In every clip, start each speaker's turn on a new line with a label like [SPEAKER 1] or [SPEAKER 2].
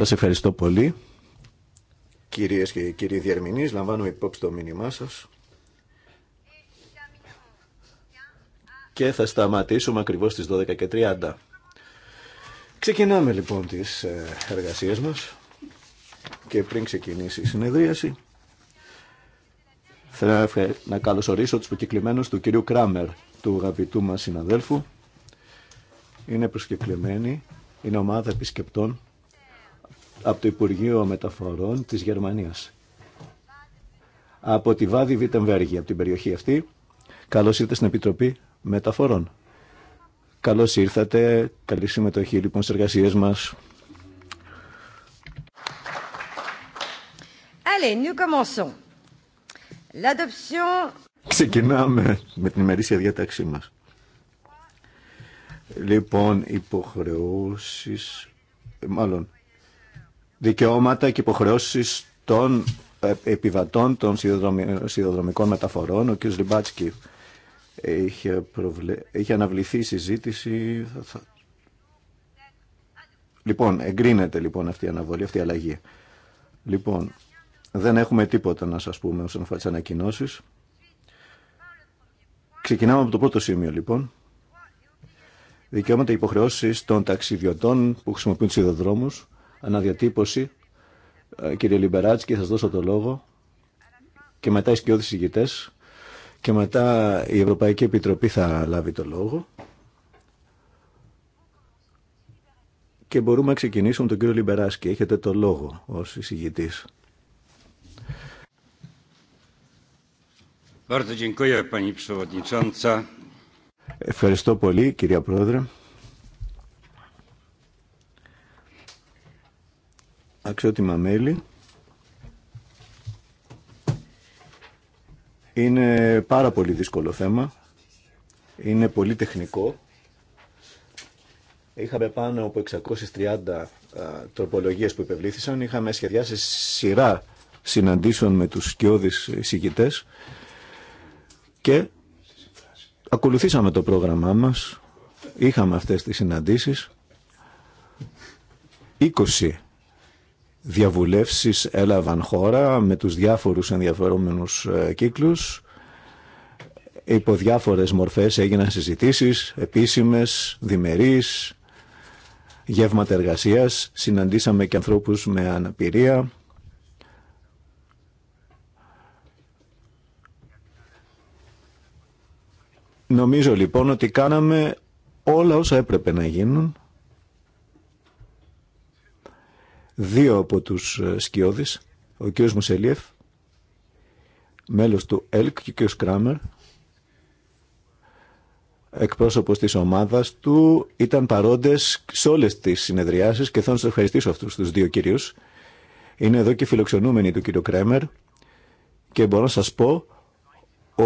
[SPEAKER 1] Σας ευχαριστώ πολύ. Κυρίες και κύριοι διερμηνείς, λαμβάνω υπόψη το μήνυμά σας. Και θα σταματήσουμε ακριβώς στις 12.30. Ξεκινάμε λοιπόν τις ε, εργασίες μας και πριν ξεκινήσει η συνεδρίαση θέλω να καλωσορίσω τους προκυκλημένους του κυρίου Κράμερ, του αγαπητού μας συναδέλφου. Είναι προσκεκλημένοι, είναι ομάδα επισκεπτών από το Υπουργείο Μεταφορών της Γερμανίας. Από τη Βάδη Βιτεμβέργη, από την περιοχή αυτή. Καλώς ήρθατε στην Επιτροπή Μεταφορών. Καλώς ήρθατε. Καλή συμμετοχή λοιπόν στις εργασίες μας. Allez, nous commençons. Ξεκινάμε με την ημερήσια διάταξή μας. Λοιπόν, υποχρεώσεις, μάλλον δικαιώματα και υποχρεώσει των ε, επιβατών των σιδηροδρομικών μεταφορών. Ο κ. Λιμπάτσκι είχε, είχε αναβληθεί η συζήτηση. Λοιπόν, εγκρίνεται λοιπόν αυτή η αναβολή, αυτή η αλλαγή. Λοιπόν, δεν έχουμε τίποτα να σας πούμε όσον αφορά τις ανακοινώσεις. Ξεκινάμε από το πρώτο σημείο λοιπόν. Δικαιώματα υποχρεώσεις των ταξιδιωτών που χρησιμοποιούν του αναδιατύπωση. Ε, κύριε Λιμπεράτσκι, θα σας δώσω το λόγο. Και μετά οι σκιώδεις ηγητέ. Και μετά η Ευρωπαϊκή Επιτροπή θα λάβει το λόγο. Και μπορούμε να ξεκινήσουμε τον κύριο Λιμπεράσκη. Έχετε το λόγο ως εισηγητής. Ευχαριστώ πολύ, κυρία Πρόεδρε. αξιότιμα μέλη. Είναι πάρα πολύ δύσκολο θέμα. Είναι πολύ τεχνικό. Είχαμε πάνω από 630 τροπολογίες που υπευλήθησαν. Είχαμε σχεδιάσει σειρά συναντήσεων με τους σκιώδεις εισηγητές και ακολουθήσαμε το πρόγραμμά μας. Είχαμε αυτές τις συναντήσεις. 20 διαβουλεύσεις έλαβαν χώρα με τους διάφορους ενδιαφερόμενους ε, κύκλους. Υπό διάφορες μορφές έγιναν συζητήσεις, επίσημες, διμερείς, γεύματα εργασίας. Συναντήσαμε και ανθρώπους με αναπηρία. Νομίζω λοιπόν ότι κάναμε όλα όσα έπρεπε να γίνουν δύο από τους ε, σκιώδεις, ο κ. Μουσελίεφ, μέλος του ΕΛΚ και ο κ. Κράμερ, εκπρόσωπος της ομάδας του, ήταν παρόντες σε όλες τις συνεδριάσεις και θέλω να σας ευχαριστήσω αυτούς τους δύο κυρίους. Είναι εδώ και φιλοξενούμενοι του κ. Κρέμερ και μπορώ να σας πω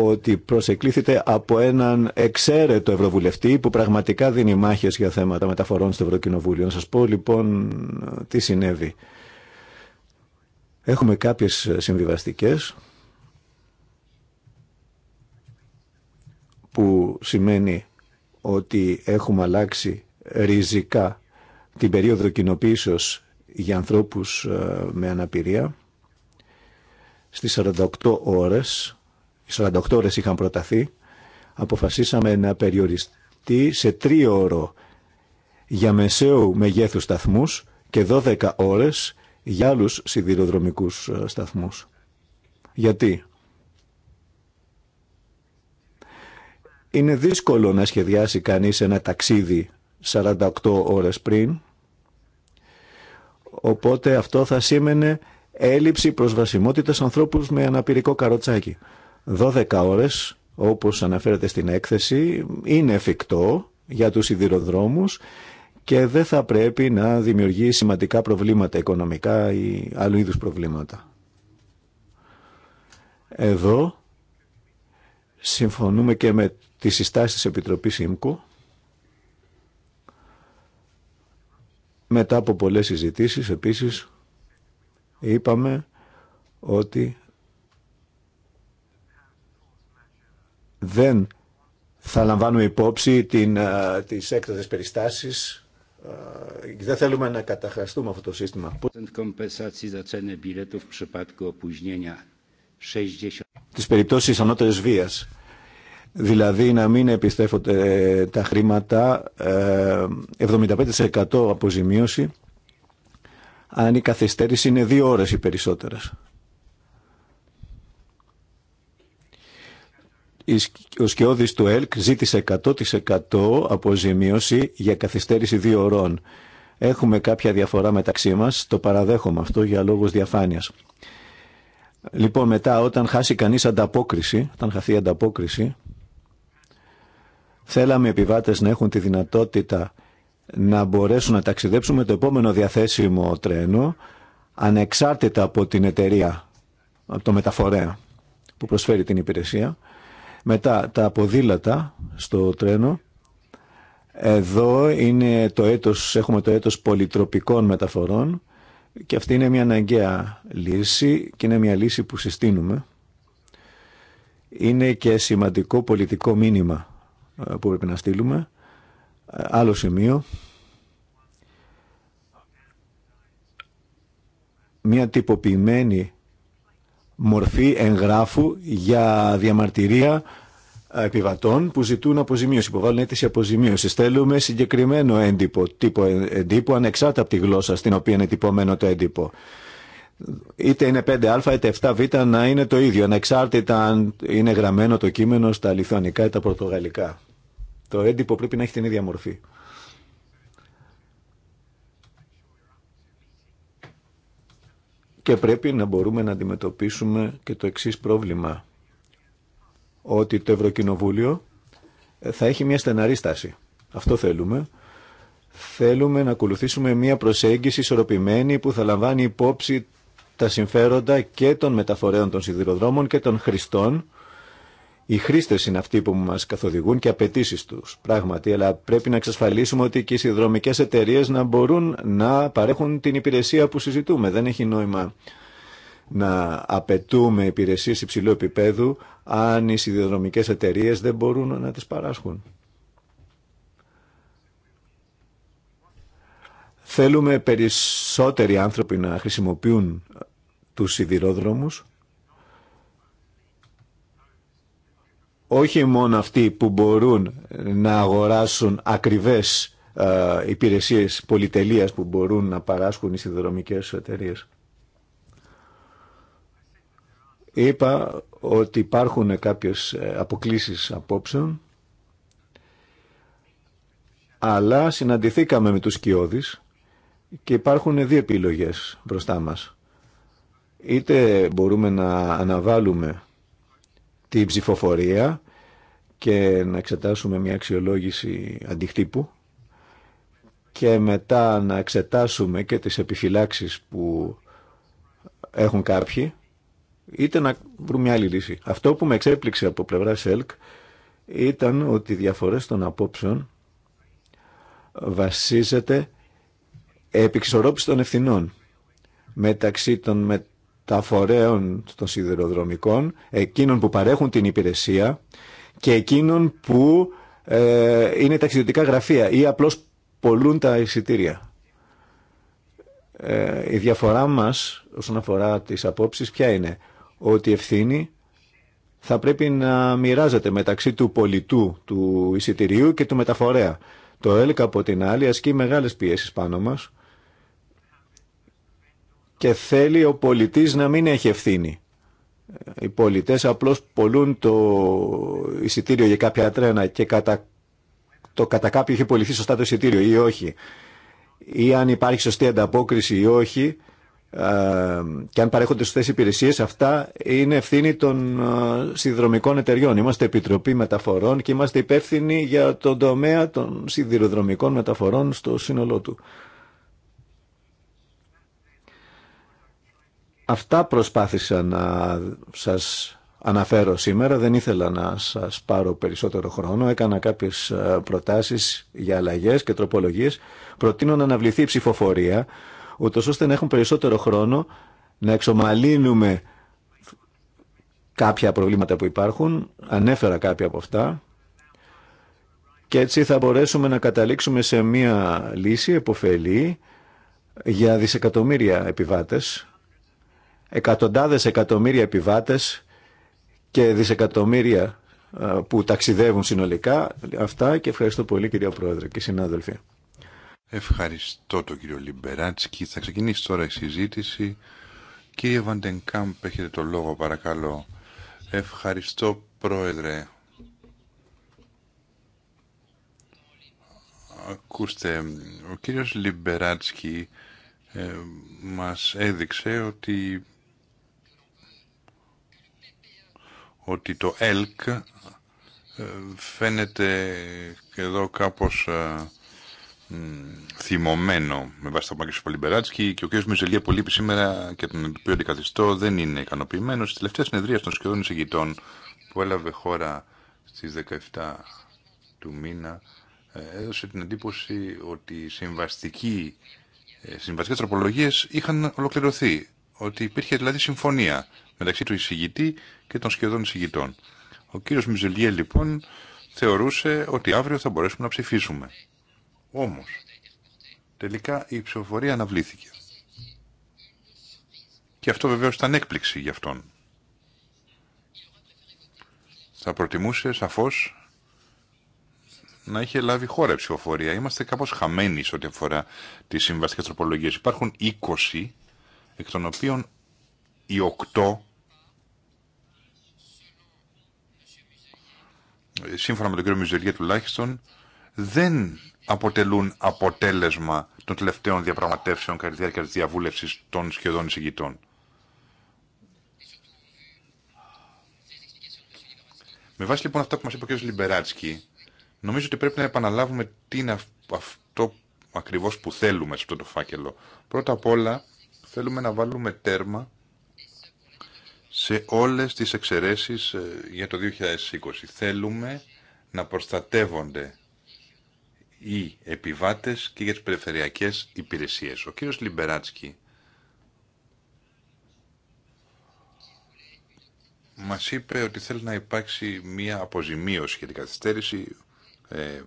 [SPEAKER 1] ότι προσεκλήθηκε από έναν εξαίρετο Ευρωβουλευτή που πραγματικά δίνει μάχες για θέματα μεταφορών στο Ευρωκοινοβούλιο. Να σας πω λοιπόν τι συνέβη. Έχουμε κάποιες συμβιβαστικέ που σημαίνει ότι έχουμε αλλάξει ριζικά την περίοδο κοινοποίησεως για ανθρώπους ε, με αναπηρία στις 48 ώρες οι 48 ώρες είχαν προταθεί, αποφασίσαμε να περιοριστεί σε ώρο για μεσαίου μεγέθου σταθμούς και 12 ώρες για άλλους σιδηροδρομικούς ε, σταθμούς. Γιατί? Είναι δύσκολο να σχεδιάσει κανείς ένα ταξίδι 48 ώρες πριν, οπότε αυτό θα σήμαινε έλλειψη προσβασιμότητας ανθρώπους με αναπηρικό καροτσάκι. 12 ώρες, όπως αναφέρεται στην έκθεση, είναι εφικτό για τους σιδηροδρόμους και δεν θα πρέπει να δημιουργεί σημαντικά προβλήματα οικονομικά ή άλλου είδους προβλήματα. Εδώ συμφωνούμε και με τις συστάσεις της Επιτροπής ΥΜΚΟ μετά από πολλές συζητήσεις επίσης είπαμε ότι δεν θα λαμβάνουμε υπόψη την, ε, τις έκτατες περιστάσεις. Ε, δεν θέλουμε να καταχραστούμε αυτό το σύστημα. Τις περιπτώσεις ανώτερης βίας. Δηλαδή να μην επιστρέφονται τα χρήματα 75% ε, αποζημίωση αν η καθυστέρηση είναι δύο ώρες ή περισσότερες. Ο σκιώδης του ΕΛΚ ζήτησε 100% αποζημίωση για καθυστέρηση δύο ωρών. Έχουμε κάποια διαφορά μεταξύ μας, το παραδέχομαι αυτό για λόγους διαφάνειας. Λοιπόν, μετά όταν χάσει κανείς ανταπόκριση, όταν χαθεί ανταπόκριση, θέλαμε οι επιβάτες να έχουν τη δυνατότητα να μπορέσουν να ταξιδέψουν με το επόμενο διαθέσιμο τρένο, ανεξάρτητα από την εταιρεία, από το μεταφορέα που προσφέρει την υπηρεσία. Μετά τα αποδήλατα στο τρένο. Εδώ είναι το έτος, έχουμε το έτος πολυτροπικών μεταφορών και αυτή είναι μια αναγκαία λύση και είναι μια λύση που συστήνουμε. Είναι και σημαντικό πολιτικό μήνυμα ε, που πρέπει να στείλουμε. Ε, άλλο σημείο. Μια τυποποιημένη μορφή εγγράφου για διαμαρτυρία ε, επιβατών που ζητούν αποζημίωση, που βάλουν αίτηση αποζημίωση. Θέλουμε συγκεκριμένο έντυπο, τύπο εντύπου ανεξάρτητα από τη γλώσσα στην οποία είναι τυπωμένο το έντυπο. Είτε είναι 5α είτε 7β να είναι το ίδιο, ανεξάρτητα αν είναι γραμμένο το κείμενο στα λιθουανικά ή τα πορτογαλικά. Το έντυπο πρέπει να έχει την ίδια μορφή. Και πρέπει να μπορούμε να αντιμετωπίσουμε και το εξής πρόβλημα. Ότι το Ευρωκοινοβούλιο ε, θα έχει μια στεναρή στάση. Αυτό θέλουμε. Θέλουμε να ακολουθήσουμε μια προσέγγιση ισορροπημένη που θα λαμβάνει υπόψη τα συμφέροντα και των μεταφορέων των σιδηροδρόμων και των χρηστών οι χρήστε είναι αυτοί που μα καθοδηγούν και απαιτήσει του. Πράγματι, αλλά πρέπει να εξασφαλίσουμε ότι και οι συνδρομικέ εταιρείε να μπορούν να παρέχουν την υπηρεσία που συζητούμε. Δεν έχει νόημα να απαιτούμε υπηρεσίε υψηλού επίπεδου αν οι συνδρομικέ εταιρείε δεν μπορούν να τι παράσχουν. Θέλουμε περισσότεροι άνθρωποι να χρησιμοποιούν τους σιδηρόδρομους όχι μόνο αυτοί που μπορούν να αγοράσουν ακριβές ε, υπηρεσίες πολυτελείας που μπορούν να παράσχουν οι σιδηρομικές εταιρείε. Είπα ότι υπάρχουν κάποιες ε, αποκλήσεις απόψεων, αλλά συναντηθήκαμε με τους κοιόδης και υπάρχουν δύο επιλογές μπροστά μας. Είτε μπορούμε να αναβάλουμε την ψηφοφορία και να εξετάσουμε μια αξιολόγηση αντιχτύπου και μετά να εξετάσουμε και τις επιφυλάξεις που έχουν κάποιοι είτε να βρούμε μια άλλη λύση. Αυτό που με εξέπληξε από πλευρά ΣΕΛΚ ήταν ότι οι διαφορές των απόψεων βασίζεται επί των ευθυνών μεταξύ των τα φορέων των σιδηροδρομικών, εκείνων που παρέχουν την υπηρεσία και εκείνων που ε, είναι ταξιδιωτικά γραφεία ή απλώς πολλούν τα εισιτήρια. Ε, η διαφορά μας όσον αφορά τις απόψεις ποια είναι ότι η ευθύνη θα πρέπει να μοιράζεται μεταξύ του πολιτού του εισιτηρίου και του μεταφορέα. Το ΕΛΚ από την άλλη ασκεί μεγάλες πιέσεις πάνω μας και θέλει ο πολιτής να μην έχει ευθύνη. Οι πολιτές απλώς πολλούν το εισιτήριο για κάποια τρένα και κατά... το κατά κάποιο έχει πολιθεί σωστά το εισιτήριο ή όχι ή αν υπάρχει σωστή ανταπόκριση ή όχι και αν παρέχονται σωστές υπηρεσίες αυτά είναι ευθύνη των σιδηροδρομικών εταιριών. Είμαστε Επιτροπή Μεταφορών και είμαστε υπεύθυνοι για τον τομέα των σιδηροδρομικών μεταφορών στο σύνολό του. Αυτά προσπάθησα να σας αναφέρω σήμερα. Δεν ήθελα να σας πάρω περισσότερο χρόνο. Έκανα κάποιες ε, προτάσεις για αλλαγές και τροπολογίες. Προτείνω να αναβληθεί η ψηφοφορία, ούτως ώστε να έχουν περισσότερο χρόνο να εξομαλύνουμε κάποια προβλήματα που υπάρχουν. Ανέφερα κάποια από αυτά. Και έτσι θα μπορέσουμε να καταλήξουμε σε μία λύση επωφελή για δισεκατομμύρια επιβάτες εκατοντάδες εκατομμύρια επιβάτες και δισεκατομμύρια που ταξιδεύουν συνολικά. Αυτά και ευχαριστώ πολύ κύριε Πρόεδρε
[SPEAKER 2] και συνάδελφοι. Ευχαριστώ τον κύριο Λιμπεράτσκι. Θα ξεκινήσει τώρα η συζήτηση. Κύριε Βαντενκάμπ, έχετε το λόγο παρακαλώ. Ευχαριστώ Πρόεδρε. Ακούστε, ο κύριος Λιμπεράτσκι ε, μας έδειξε ότι ότι το ΕΛΚ ε, φαίνεται εδώ κάπως ε, θυμωμένο με βάση τα του Πολυμπεράτσκι και ο κ. Μιζελία που λείπει σήμερα και τον οποίο αντικαθιστώ δεν είναι ικανοποιημένο. Στη τελευταία συνεδρία των σχεδόν εισηγητών που έλαβε χώρα στις 17 του μήνα ε, έδωσε την εντύπωση ότι οι συμβαστικοί, συμβαστικές τροπολογίες είχαν ολοκληρωθεί, ότι υπήρχε δηλαδή συμφωνία μεταξύ του εισηγητή και των σχεδόν εισηγητών. Ο κύριος Μιζελιέ λοιπόν θεωρούσε ότι αύριο θα μπορέσουμε να ψηφίσουμε. Όμως, τελικά η ψηφοφορία αναβλήθηκε. Και αυτό βεβαίως ήταν έκπληξη για αυτόν. Θα προτιμούσε σαφώς να είχε λάβει χώρα η ψηφοφορία. Είμαστε κάπως χαμένοι σε ό,τι αφορά τις συμβαστικές τροπολογίες. Υπάρχουν 20, εκ των οποίων οι 8 σύμφωνα με τον κύριο Μιζελιέ τουλάχιστον, δεν αποτελούν αποτέλεσμα των τελευταίων διαπραγματεύσεων κατά τη διάρκεια τη διαβούλευση των σχεδόν εισηγητών. Με βάση λοιπόν αυτά που μα είπε ο κ. Λιμπεράτσκι, νομίζω ότι πρέπει να επαναλάβουμε τι είναι αυτό ακριβώ που θέλουμε σε αυτό το φάκελο. Πρώτα απ' όλα θέλουμε να βάλουμε τέρμα σε όλες τις εξαιρέσεις ε, για το 2020. Θέλουμε να προστατεύονται οι επιβάτες και για τις περιφερειακές υπηρεσίες. Ο κύριος Λιμπεράτσκι μας είπε ότι θέλει να υπάρξει μία αποζημίωση για την καθυστέρηση ε,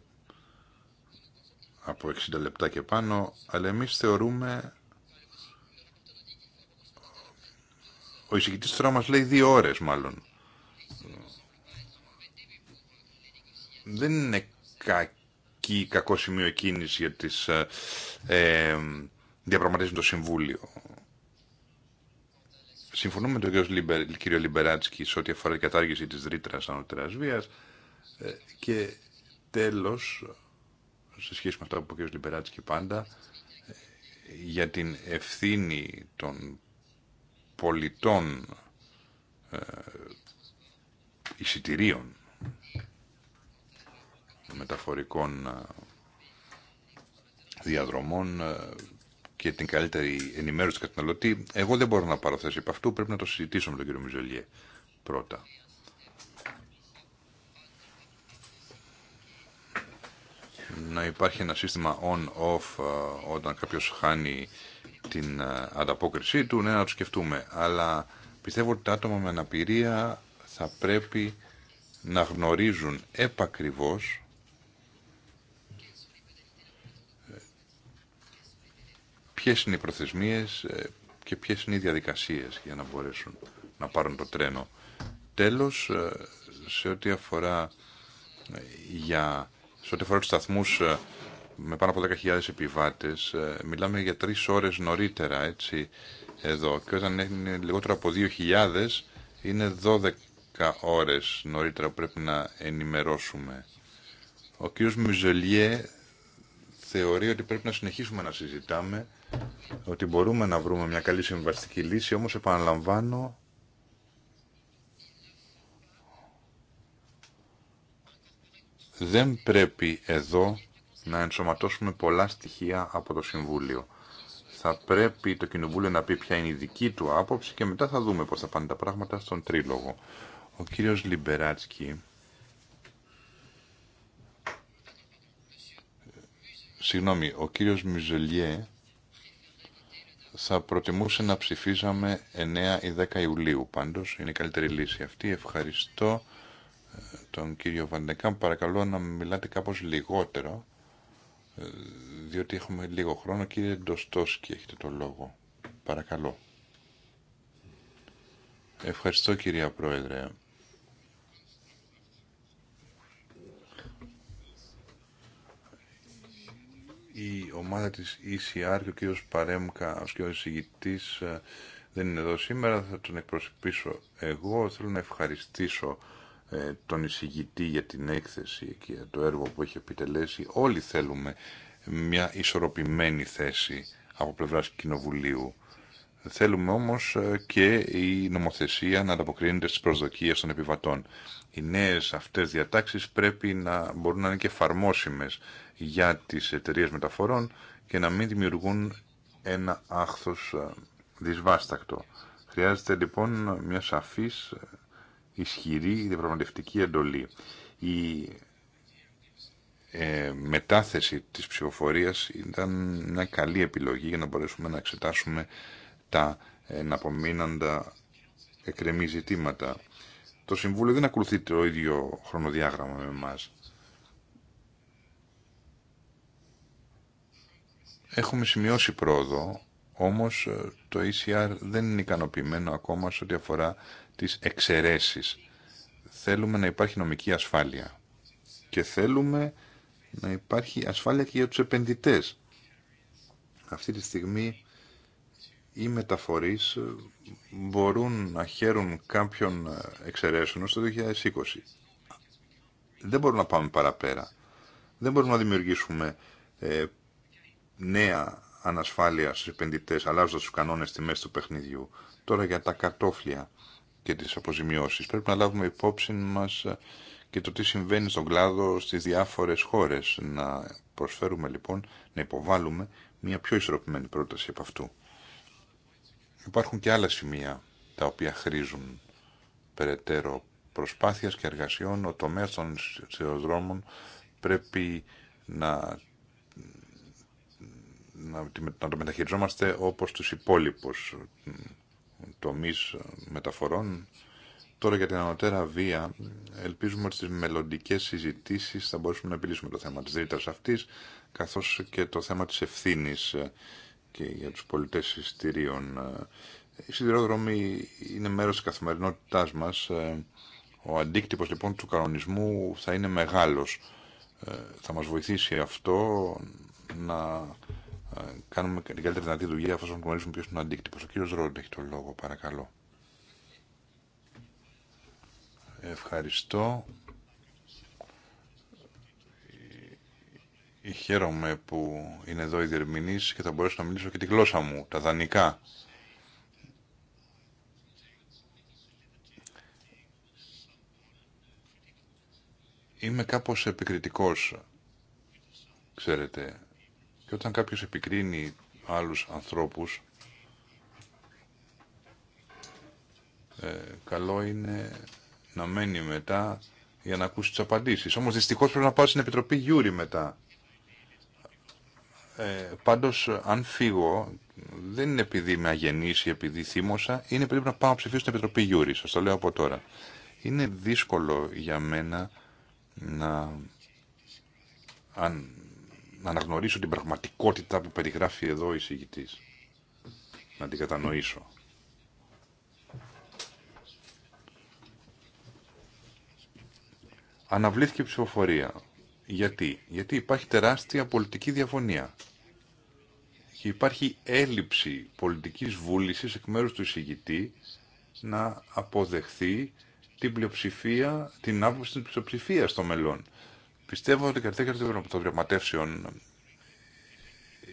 [SPEAKER 2] από 60 λεπτά και πάνω, αλλά εμείς θεωρούμε Ο εισηγητής τώρα μας λέει δύο ώρες μάλλον. Δεν είναι κακή, κακό σημείο κίνηση για τις ε, ε, διαπραγματεύσεις με το Συμβούλιο. Συμφωνούμε με τον κύριο, Λιμπεράτσκι σε ό,τι αφορά την κατάργηση της ρήτρας ανώτερας βίας ε, και τέλος, σε σχέση με αυτά που είπε ο κ. Λιμπεράτσκι πάντα, ε, για την ευθύνη των πολιτών ε, εισιτηρίων μεταφορικών ε, διαδρομών ε, και την καλύτερη ενημέρωση του καταναλωτή. Εγώ δεν μπορώ να πάρω θέση από αυτού, πρέπει να το συζητήσω με τον κύριο Μιζολιέ πρώτα. Να υπάρχει ένα σύστημα on-off όταν κάποιος χάνει την ε, ανταπόκρισή του, ναι, να το σκεφτούμε. Αλλά πιστεύω ότι τα άτομα με αναπηρία θα πρέπει να γνωρίζουν επακριβώς ε, ποιες είναι οι προθεσμίες ε, και ποιες είναι οι διαδικασίες για να μπορέσουν να πάρουν το τρένο. Τέλος, σε ό,τι αφορά για σε ό,τι αφορά τους σταθμούς με πάνω από 10.000 επιβάτες, ε, μιλάμε για τρεις ώρες νωρίτερα, έτσι, εδώ. Και όταν είναι λιγότερο από 2.000, είναι 12 ώρες νωρίτερα που πρέπει να ενημερώσουμε. Ο κύριος Μιζελιέ θεωρεί ότι πρέπει να συνεχίσουμε να συζητάμε, ότι μπορούμε να βρούμε μια καλή συμβαστική λύση, όμως επαναλαμβάνω δεν πρέπει εδώ να ενσωματώσουμε πολλά στοιχεία από το Συμβούλιο. Θα πρέπει το Κοινοβούλιο να πει ποια είναι η δική του άποψη και μετά θα δούμε πώς θα πάνε τα πράγματα στον Τρίλογο. Ο κύριος Λιμπεράτσκι Συγγνώμη, ο κύριος Μιζελιέ θα προτιμούσε να ψηφίζαμε 9 ή 10 Ιουλίου πάντως. Είναι η καλύτερη λύση αυτή. Ευχαριστώ ε, τον κύριο Βαντεκάμ. Παρακαλώ να μιλάτε κάπως λιγότερο διότι έχουμε λίγο χρόνο. Κύριε Ντοστόσκι, έχετε το λόγο. Παρακαλώ. Ευχαριστώ κυρία Πρόεδρε. Η ομάδα της ECR και ο κύριος Παρέμκα, ο κύριος εισηγητής, ε, δεν είναι εδώ σήμερα, θα τον εκπροσωπήσω εγώ. Θέλω να ευχαριστήσω ε, τον εισηγητή για την έκθεση και το έργο που έχει επιτελέσει. Όλοι θέλουμε μια ισορροπημένη θέση από πλευράς Κοινοβουλίου. Θέλουμε όμως ε, και η νομοθεσία να ανταποκρίνεται στις προσδοκίες των επιβατών. Οι νέες αυτές διατάξεις πρέπει να μπορούν να είναι και εφαρμόσιμες για τις εταιρείες μεταφορών και να μην δημιουργούν ένα άχθος ε, δυσβάστακτο. Χρειάζεται λοιπόν μια σαφής ισχυρή διαπραγματευτική εντολή. Η ε, μετάθεση της ψηφοφορίας ήταν μια καλή επιλογή για να μπορέσουμε να εξετάσουμε τα εναπομείναντα εκρεμή ζητήματα. Το Συμβούλιο δεν ακολουθεί το ίδιο χρονοδιάγραμμα με εμάς. Έχουμε σημειώσει πρόοδο, όμως ε, το ECR δεν είναι ικανοποιημένο ακόμα σε ό,τι αφορά τις εξαιρέσει. Θέλουμε να υπάρχει νομική ασφάλεια και θέλουμε να υπάρχει ασφάλεια και για τους επενδυτές. Αυτή τη στιγμή οι μεταφορείς μπορούν να χαίρουν κάποιον εξαιρέσεων στο 2020. Δεν μπορούμε να πάμε παραπέρα. Δεν μπορούμε να δημιουργήσουμε ε, νέα ανασφάλεια στους επενδυτές αλλάζοντας τους κανόνες στη μέση του παιχνιδιού. Τώρα για τα κατόφλια και τις αποζημιώσεις. Πρέπει να λάβουμε υπόψη μας ε, και το τι συμβαίνει στον κλάδο στις διάφορες χώρες. Να προσφέρουμε λοιπόν, να υποβάλουμε μια πιο ισορροπημένη πρόταση από αυτού. Υπάρχουν και άλλα σημεία τα οποία χρήζουν περαιτέρω προσπάθειας και εργασιών. Ο τομέας των σιδηροδρόμων πρέπει να να, το μεταχειριζόμαστε όπως τους υπόλοιπους τομείς ε, μεταφορών. Τώρα για την ανωτέρα βία, ελπίζουμε ότι στις μελλοντικέ συζητήσεις θα μπορέσουμε να επιλύσουμε το θέμα της ρήτρα αυτής, καθώς και το θέμα της ευθύνη ε, και για τους πολιτές εισιτηρίων. Η ε, σιδηρόδρομη είναι μέρος τη καθημερινότητάς μας. Ο αντίκτυπος λοιπόν του κανονισμού θα είναι μεγάλος. Θα μας βοηθήσει αυτό να ε, κάνουμε την καλύτερη δυνατή δουλειά αφού γνωρίζουμε ποιο είναι ο αντίκτυπο. Ο κύριο Ρόντ έχει το λόγο, παρακαλώ. Ευχαριστώ. Ε, χαίρομαι που είναι εδώ η διερμηνείς και θα μπορέσω να μιλήσω και τη γλώσσα μου, τα δανεικά. Είμαι κάπως επικριτικός, ξέρετε, και όταν κάποιος επικρίνει άλλους ανθρώπους, ε, καλό είναι να μένει μετά για να ακούσει τις απαντήσεις. Όμως δυστυχώς πρέπει να πάω στην Επιτροπή Γιούρι μετά. Ε, πάντως, αν φύγω, δεν είναι επειδή με αγενείς ή επειδή θύμωσα, είναι πρέπει να πάω να ψηφίσω στην Επιτροπή Γιούρι, σας το λέω από τώρα. Είναι δύσκολο για μένα να αν να αναγνωρίσω την πραγματικότητα που περιγράφει εδώ ο εισηγητής. Να την κατανοήσω. Αναβλήθηκε η ψηφοφορία. Γιατί? Γιατί υπάρχει τεράστια πολιτική διαφωνία. Και υπάρχει έλλειψη πολιτικής βούλησης εκ μέρους του εισηγητή να αποδεχθεί την πλειοψηφία, την άποψη της πλειοψηφίας στο μελών. Πιστεύω ότι κατά τη διάρκεια των πραγματεύσεων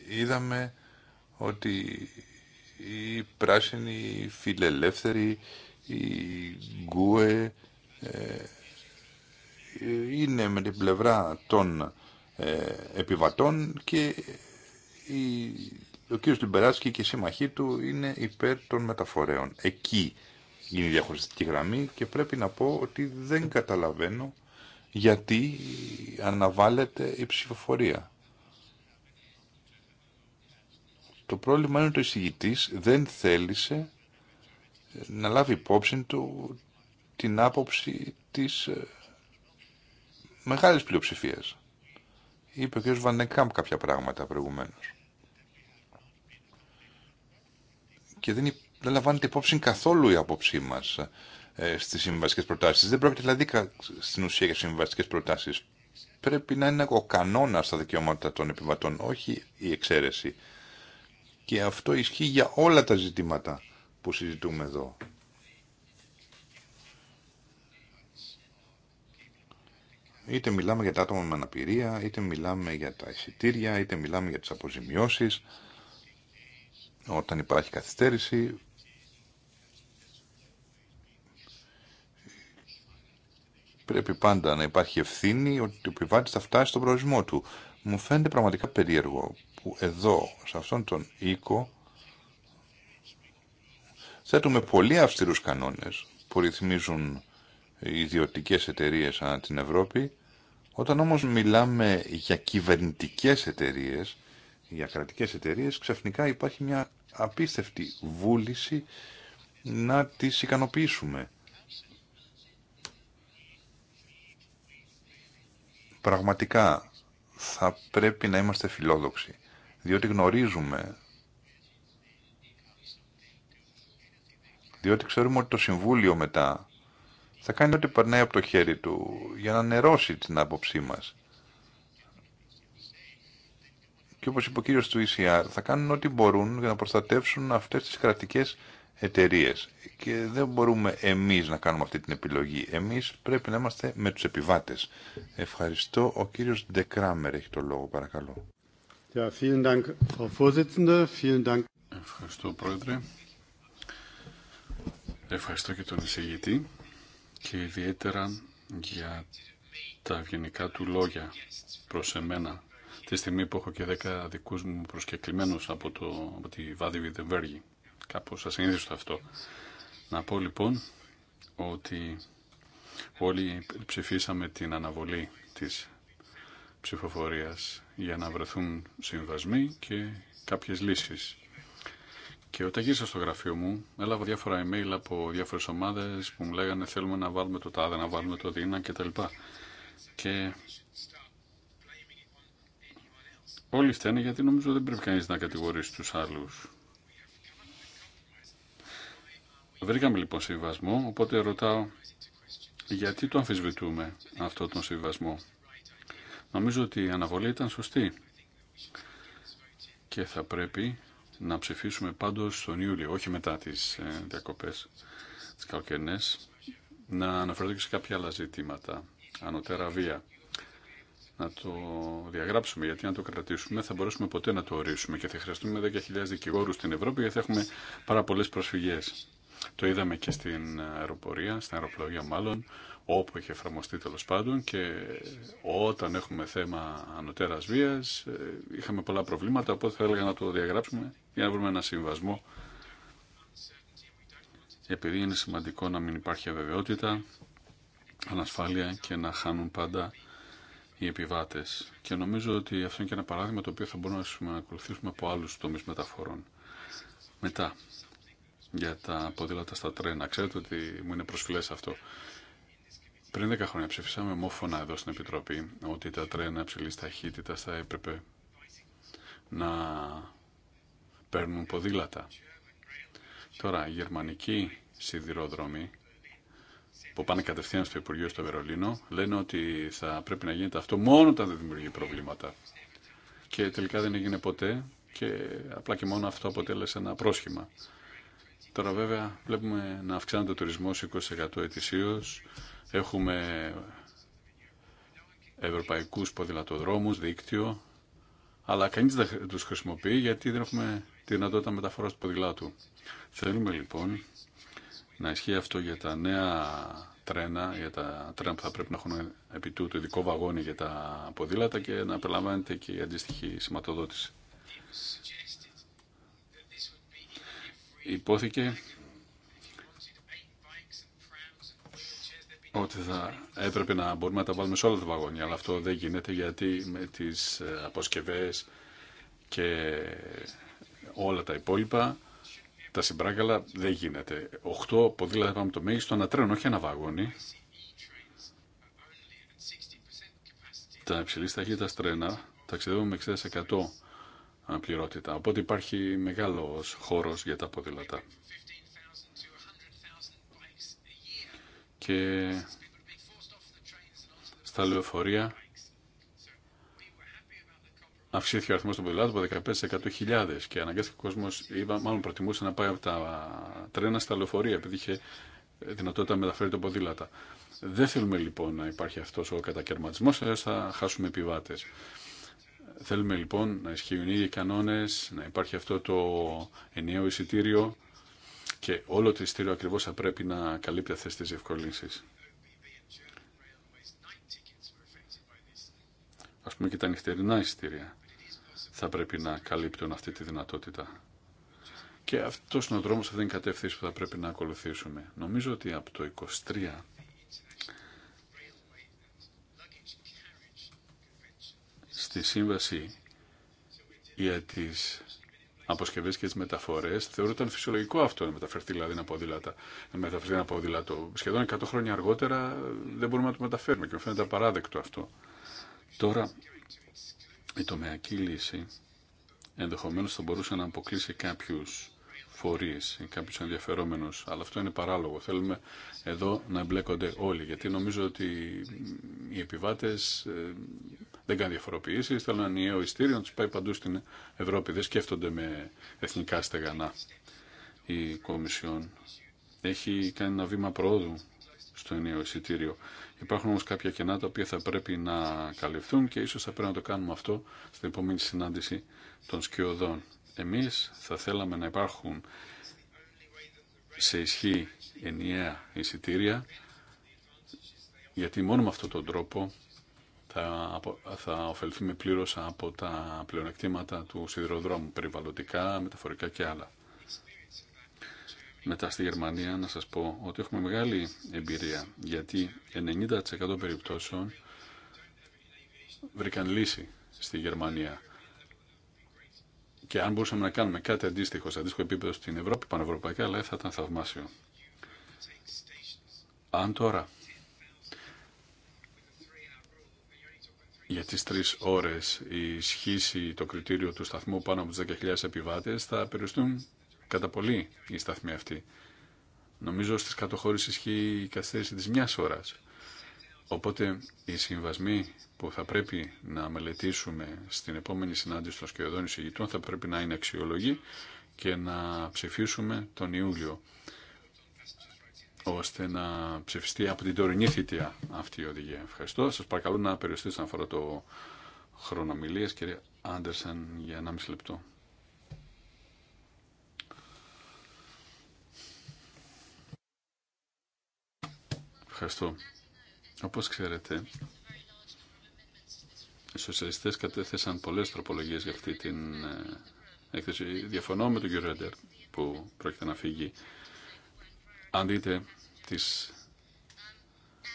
[SPEAKER 2] είδαμε ότι οι πράσινοι, οι φιλελεύθεροι, οι γκουε ε, είναι με την πλευρά των ε, επιβατών και η, ο κ. Λιμπεράσκη και η σύμμαχή του είναι υπέρ των μεταφορέων. Εκεί είναι η διαχωριστική γραμμή και πρέπει να πω ότι δεν καταλαβαίνω γιατί αναβάλλεται η ψηφοφορία. Το πρόβλημα είναι ότι ο εισηγητής δεν θέλησε ε, να λάβει υπόψη του την άποψη της ε, μεγάλης πλειοψηφίας. Είπε ο κ. Βανεκάμπ κάποια πράγματα προηγουμένως. Και δεν, δεν λαμβάνεται υπόψη καθόλου η άποψή μας. Ε, Στι συμβαστικέ προτάσεις. Δεν πρόκειται δηλαδή στην ουσία για συμβαστικέ προτάσεις. Πρέπει να είναι ο κανόνας στα δικαιώματα των επιβατών, όχι η εξαίρεση. Και αυτό ισχύει για όλα τα ζητήματα που συζητούμε εδώ. Είτε μιλάμε για τα άτομα με αναπηρία, είτε μιλάμε για τα εισιτήρια, είτε μιλάμε για τις αποζημιώσεις. Όταν υπάρχει καθυστέρηση πρέπει πάντα να υπάρχει ευθύνη ότι ο επιβάτη θα φτάσει στον προορισμό του. Μου φαίνεται πραγματικά περίεργο που εδώ, σε αυτόν τον οίκο, θέτουμε πολύ αυστηρούς κανόνες που ρυθμίζουν ιδιωτικέ εταιρείε ανά την Ευρώπη. Όταν όμως μιλάμε για κυβερνητικές εταιρείες, για κρατικές εταιρείες, ξαφνικά υπάρχει μια απίστευτη βούληση να τις ικανοποιήσουμε. Πραγματικά θα πρέπει να είμαστε φιλόδοξοι, διότι γνωρίζουμε, διότι ξέρουμε ότι το Συμβούλιο μετά θα κάνει ό,τι περνάει από το χέρι του για να νερώσει την άποψή μας. Και όπως είπε ο κύριος του ECR, θα κάνουν ό,τι μπορούν για να προστατεύσουν αυτές τις κρατικές εταιρείε. Και δεν μπορούμε εμείς να κάνουμε αυτή την επιλογή. Εμείς πρέπει να είμαστε με τους επιβάτες. Ευχαριστώ. Ο κύριος Ντεκράμερ έχει το λόγο, παρακαλώ. Ευχαριστώ, Πρόεδρε.
[SPEAKER 3] Ευχαριστώ και τον εισηγητή και ιδιαίτερα για τα γενικά του λόγια προς εμένα τη στιγμή που έχω και δέκα δικούς μου προσκεκλημένους από, από τη Βάδη Βιντεμβέργη Κάπως ασυνήθιστο αυτό. Να πω λοιπόν ότι όλοι ψηφίσαμε την αναβολή της ψηφοφορίας για να βρεθούν συμβασμοί και κάποιες λύσεις. Και όταν γύρισα στο γραφείο μου, έλαβα διάφορα email από διάφορες ομάδες που μου λέγανε θέλουμε να βάλουμε το τάδε, να βάλουμε το δίνα κτλ. Και όλοι φταίνε γιατί νομίζω δεν πρέπει κανεί να κατηγορήσει του άλλου. Βρήκαμε λοιπόν συμβιβασμό, οπότε ρωτάω γιατί το αμφισβητούμε αυτό τον συμβασμό. Νομίζω ότι η αναβολή ήταν σωστή και θα πρέπει να ψηφίσουμε πάντως τον Ιούλιο, όχι μετά τις ε, διακοπές τις καλοκαιρινές, να αναφερθώ και σε κάποια άλλα ζητήματα, ανωτέρα βία. Να το διαγράψουμε, γιατί αν το κρατήσουμε θα μπορέσουμε ποτέ να το ορίσουμε και θα χρειαστούμε 10.000 δικηγόρους στην Ευρώπη γιατί θα έχουμε πάρα πολλές προσφυγές. Το είδαμε και στην αεροπορία, στην αεροπλογία μάλλον, όπου είχε εφαρμοστεί τέλο πάντων και όταν έχουμε θέμα ανωτέρας βίας ε, είχαμε πολλά προβλήματα, οπότε θα έλεγα να το διαγράψουμε για να βρούμε ένα συμβασμό επειδή είναι σημαντικό να μην υπάρχει αβεβαιότητα, ανασφάλεια και να χάνουν πάντα οι επιβάτες. Και νομίζω ότι αυτό είναι και ένα παράδειγμα το οποίο θα μπορούμε να ακολουθήσουμε από άλλους τομείς μεταφορών. Μετά, για τα ποδήλατα στα τρένα. Ξέρετε ότι μου είναι προσφυλές αυτό. Πριν 10 χρόνια ψηφίσαμε μόφωνα εδώ στην Επιτροπή ότι τα τρένα ψηλή ταχύτητα θα έπρεπε να παίρνουν ποδήλατα. Τώρα, οι γερμανικοί σιδηρόδρομοι που πάνε κατευθείαν στο Υπουργείο στο Βερολίνο λένε ότι θα πρέπει να γίνεται αυτό μόνο όταν δεν δημιουργεί προβλήματα. Και τελικά δεν έγινε ποτέ και απλά και μόνο αυτό αποτέλεσε ένα πρόσχημα. Τώρα βέβαια βλέπουμε να αυξάνεται ο τουρισμός 20% ετησίως. Έχουμε ευρωπαϊκούς ποδηλατοδρόμους, δίκτυο, αλλά κανείς δεν τους χρησιμοποιεί γιατί δεν έχουμε τη δυνατότητα μεταφοράς του ποδηλάτου. Θέλουμε λοιπόν να ισχύει αυτό για τα νέα τρένα, για τα τρένα που θα πρέπει να έχουν επί τούτου ειδικό βαγόνι για τα ποδήλατα και να περιλαμβάνεται και η αντίστοιχη σηματοδότηση υπόθηκε ότι θα έπρεπε να μπορούμε να τα βάλουμε σε όλα τα βαγόνια, αλλά αυτό δεν γίνεται γιατί με τις ε, αποσκευές και όλα τα υπόλοιπα, τα συμπράγκαλα δεν γίνεται. Οχτώ ποδήλατα πάμε το μέγιστο, ένα τρένο, όχι ένα βαγόνι. Τα υψηλή ταχύτητα τρένα ταξιδεύουν με 60% Οπότε υπάρχει μεγάλος χώρος για τα ποδήλατα. Και στα λεωφορεία αυξήθηκε ο αριθμός των ποδηλάτων από 15 και αναγκάστηκε ο κόσμος, είπα, μάλλον προτιμούσε να πάει από τα τρένα στα λεωφορεία επειδή είχε δυνατότητα να μεταφέρει τα ποδήλατα. Δεν θέλουμε λοιπόν να υπάρχει αυτός ο κατακαιρματισμός, αλλιώς ε, θα χάσουμε επιβάτες. Θέλουμε λοιπόν να ισχύουν οι κανόνες, να υπάρχει αυτό το ενιαίο εισιτήριο και όλο το εισιτήριο ακριβώς θα πρέπει να καλύπτει αυτές τις ευκολύνσεις. Ας πούμε και τα νυχτερινά εισιτήρια θα πρέπει να καλύπτουν αυτή τη δυνατότητα. Και αυτός είναι ο δρόμος, αυτή είναι η κατεύθυνση που θα πρέπει να ακολουθήσουμε. Νομίζω ότι από το 23 στη σύμβαση για τις αποσκευές και τις μεταφορές θεωρούταν φυσιολογικό αυτό να μεταφερθεί δηλαδή ένα ποδήλατο, να μεταφερθεί ένα ποδήλατο. Σχεδόν 100 χρόνια αργότερα δεν μπορούμε να το μεταφέρουμε και μου φαίνεται απαράδεκτο αυτό. Τώρα η τομεακή λύση ενδεχομένως θα μπορούσε να αποκλείσει κάποιους φορείς ή κάποιους ενδιαφερόμενους, αλλά αυτό είναι παράλογο. Θέλουμε εδώ να εμπλέκονται όλοι, γιατί νομίζω ότι οι επιβάτες ε, δεν κάνει διαφοροποιήσει. Θέλουν ένα ενιαίο ειστήριο να του πάει παντού στην Ευρώπη. Δεν σκέφτονται με εθνικά στεγανά. Η Κομισιόν έχει κάνει ένα βήμα προόδου στο ενιαίο εισιτήριο. Υπάρχουν όμω κάποια κενά τα οποία θα πρέπει να καλυφθούν και ίσω θα πρέπει να το κάνουμε αυτό στην επόμενη συνάντηση των σκιωδών. Εμεί θα θέλαμε να υπάρχουν σε ισχύ ενιαία εισιτήρια γιατί μόνο με αυτόν τον τρόπο θα, θα ωφεληθούμε πλήρως από τα πλεονεκτήματα του σιδηροδρόμου, περιβαλλοντικά, μεταφορικά και άλλα. Μετά στη Γερμανία να σας πω ότι έχουμε μεγάλη εμπειρία, γιατί 90% περιπτώσεων βρήκαν λύση στη Γερμανία. Και αν μπορούσαμε να κάνουμε κάτι αντίστοιχο, σε αντίστοιχο επίπεδο στην Ευρώπη, πανευρωπαϊκά, αλλά θα ήταν θαυμάσιο. Αν τώρα για τις τρεις ώρες ισχύσει το κριτήριο του σταθμού πάνω από τους 10.000 επιβάτες, θα περιοριστούν κατά πολύ οι σταθμοί αυτοί. Νομίζω στις κατοχώρες ισχύει η καθυστέρηση της μιας ώρας. Οπότε οι συμβασμοί που θα πρέπει να μελετήσουμε στην επόμενη συνάντηση των σκιωδών εισηγητών θα πρέπει να είναι αξιολογή και να ψηφίσουμε τον Ιούλιο ώστε να ψηφιστεί από την τωρινή θητεία αυτή η οδηγία. Ευχαριστώ. Σας παρακαλώ να περιοριστείτε σαν αφορά το χρόνο μιλίας, κύριε Άντερσεν, για 1,5 λεπτό. Ευχαριστώ. Όπως ξέρετε, οι σοσιαλιστές κατέθεσαν πολλές τροπολογίες για αυτή την ε, έκθεση. Διαφωνώ με τον κύριο Ρέντερ που πρόκειται να φύγει αν δείτε τις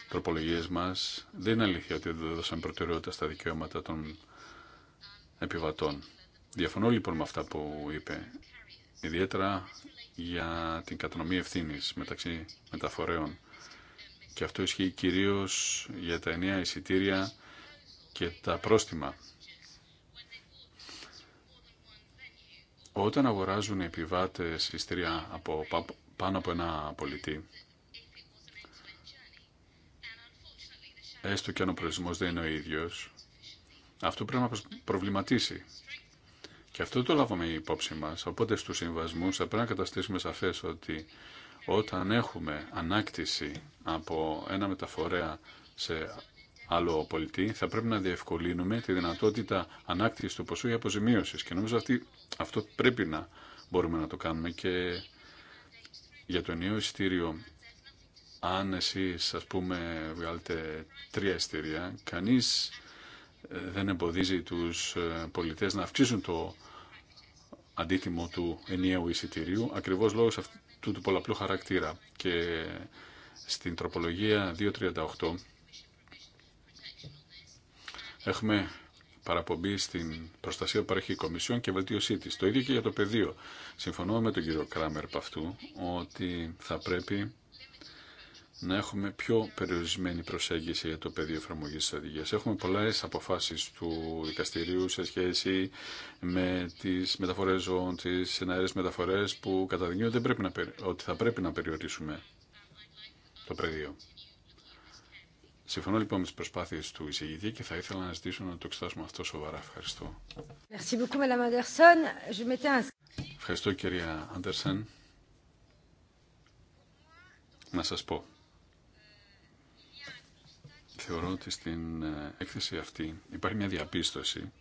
[SPEAKER 3] τροπολογίες μας, δεν είναι αλήθεια ότι δεν δώσαμε προτεραιότητα στα δικαιώματα των επιβατών. Διαφωνώ λοιπόν με αυτά που είπε, ιδιαίτερα για την κατανομή ευθύνη μεταξύ μεταφορέων. Και αυτό ισχύει κυρίως για τα ενιαία εισιτήρια και τα πρόστιμα. Όταν αγοράζουν οι επιβάτες εισιτήρια από πάνω από ένα πολιτή. Έστω και αν ο προορισμός δεν είναι ο ίδιος, αυτό πρέπει να προβληματίσει. Και αυτό το λάβαμε υπόψη μας. Οπότε στους συμβασμούς θα πρέπει να καταστήσουμε σαφές ότι όταν έχουμε ανάκτηση από ένα μεταφορέα σε άλλο πολιτή, θα πρέπει να διευκολύνουμε τη δυνατότητα ανάκτησης του ποσού ή αποζημίωσης. Και νομίζω ότι αυτό πρέπει να μπορούμε να το κάνουμε και για το νέο εισιτήριο, αν εσείς, ας πούμε, βγάλετε τρία εισιτήρια, κανείς ε, δεν εμποδίζει τους ε, πολιτές να αυξήσουν το αντίτιμο του ενιαίου εισιτηρίου, ακριβώς λόγω αυτού του πολλαπλού χαρακτήρα. Και στην τροπολογία 238 έχουμε παραπομπή στην προστασία που παρέχει η και βελτίωσή τη. Το ίδιο και για το πεδίο. Συμφωνώ με τον κύριο Κράμερ από αυτού ότι θα πρέπει να έχουμε πιο περιορισμένη προσέγγιση για το πεδίο εφαρμογή τη οδηγία. Έχουμε πολλέ αποφάσει του δικαστηρίου σε σχέση με τι μεταφορέ ζώων, τι εναέρε μεταφορέ που καταδεικνύονται ότι θα πρέπει να περιορίσουμε το πεδίο. Συμφωνώ λοιπόν με τι προσπάθειες του εισηγητή και θα ήθελα να ζητήσω να το εξετάσουμε αυτό σοβαρά. Ευχαριστώ. Ευχαριστώ κυρία Άντερσεν. Να σας πω. Θεωρώ ότι στην ε, έκθεση αυτή υπάρχει μια διαπίστωση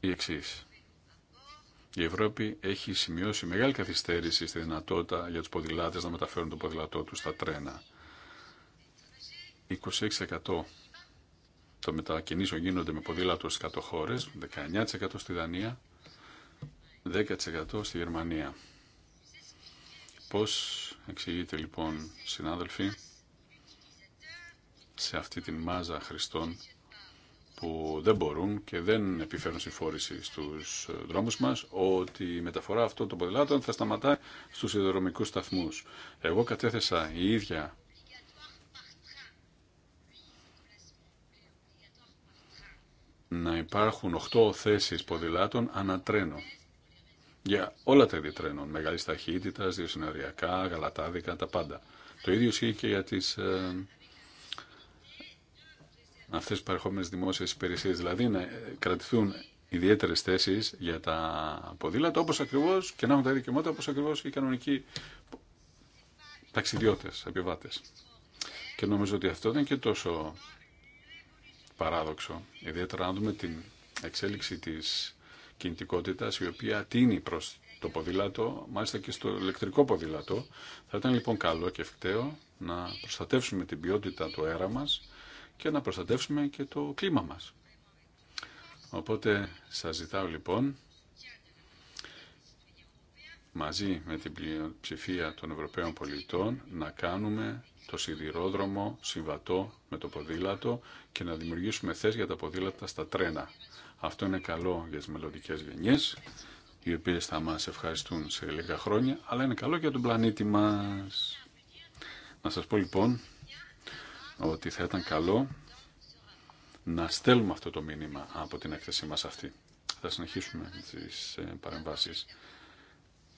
[SPEAKER 3] η εξής η Ευρώπη έχει σημειώσει μεγάλη καθυστέρηση στη δυνατότητα για τους ποδηλάτες να μεταφέρουν το ποδηλατό τους στα τρένα. 26% των μετακινήσεων γίνονται με ποδήλατο στις 100 χώρες, 19% στη Δανία, 10% στη Γερμανία. Πώς εξηγείται λοιπόν, συνάδελφοι, σε αυτή την μάζα χρηστών που δεν μπορούν και δεν επιφέρουν συμφόρηση στους ε, δρόμους μας ότι η μεταφορά αυτών των ποδηλάτων θα σταματάει στους ιδρομικούς σταθμούς. Εγώ κατέθεσα η ίδια να υπάρχουν 8 θέσεις ποδηλάτων ανατρένω. Για όλα τα είδη τρένων, μεγάλη ταχύτητα, διοσυναριακά, γαλατάδικα, τα πάντα. Το ίδιο ισχύει και για τις ε, αυτές τις παρεχόμενες δημόσιες υπηρεσίες, δηλαδή να κρατηθούν ιδιαίτερες θέσεις για τα ποδήλατα, όπως ακριβώς και να έχουν τα δικαιώματα, όπως ακριβώς και οι κανονικοί ταξιδιώτες, επιβάτες. Και νομίζω ότι αυτό ήταν και τόσο παράδοξο, ιδιαίτερα να δούμε την εξέλιξη της κινητικότητας, η οποία τίνει προς το ποδήλατο, μάλιστα και στο ηλεκτρικό ποδήλατο. Θα ήταν λοιπόν καλό και ευκταίο να προστατεύσουμε την ποιότητα του αέρα μας, και να προστατεύσουμε και το κλίμα μας. Οπότε σας ζητάω λοιπόν μαζί με την πλειοψηφία των Ευρωπαίων πολιτών να κάνουμε το σιδηρόδρομο συμβατό με το ποδήλατο και να δημιουργήσουμε θέσεις για τα ποδήλατα στα τρένα. Αυτό είναι καλό για τις μελλοντικές γενιές, οι οποίες θα μας ευχαριστούν σε λίγα χρόνια, αλλά είναι καλό και για τον πλανήτη μας. Να σας πω λοιπόν ότι θα ήταν καλό να στέλνουμε αυτό το μήνυμα από την έκθεσή μας αυτή. Θα συνεχίσουμε τις ε, παρεμβάσεις.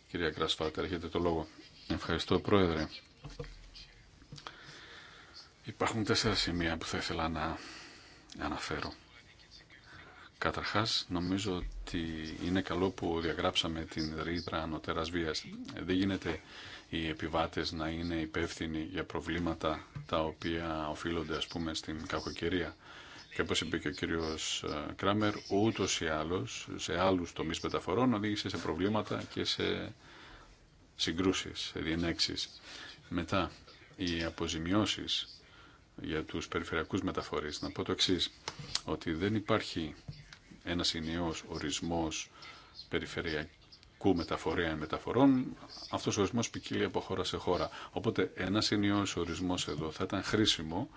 [SPEAKER 3] Κυρία Κρασφάτερ, έχετε το λόγο. Ευχαριστώ, Πρόεδρε. Υπάρχουν τέσσερα σημεία που θα ήθελα να αναφέρω. Καταρχάς, νομίζω ότι είναι καλό που διαγράψαμε την ρήτρα ανωτέρας βίας. Δεν γίνεται οι επιβάτες να είναι υπεύθυνοι για προβλήματα τα οποία οφείλονται ας πούμε στην κακοκαιρία. Και όπως είπε και ο κύριος ε, Κράμερ, ούτως ή άλλως σε άλλους τομείς μεταφορών οδήγησε σε προβλήματα και σε συγκρούσεις, σε διενέξεις. Μετά, οι αποζημιώσεις για τους περιφερειακούς μεταφορείς. Να πω το εξή ότι δεν υπάρχει ένας ενιαίος ορισμός περιφερειακή μεταφορία μεταφορέα μεταφορών, αυτό ο ορισμό ποικίλει από χώρα σε χώρα. Οπότε ένα ενιαίο ορισμό εδώ θα ήταν χρήσιμο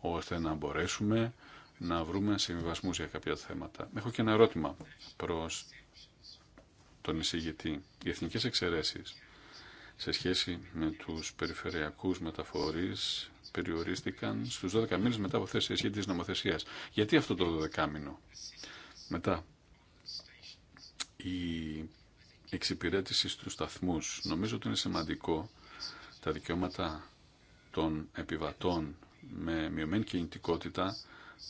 [SPEAKER 3] ώστε να μπορέσουμε να βρούμε συμβιβασμού για κάποια θέματα. Έχω και ένα ερώτημα προ τον εισηγητή. Οι εθνικέ εξαιρέσει σε σχέση με του περιφερειακού μεταφορεί περιορίστηκαν στου 12 μήνε μετά από θέση ισχύ τη νομοθεσία. Γιατί αυτό το 12 μήνο. Μετά, οι εξυπηρέτηση του σταθμούς. Νομίζω ότι είναι σημαντικό τα δικαιώματα των επιβατών με μειωμένη κινητικότητα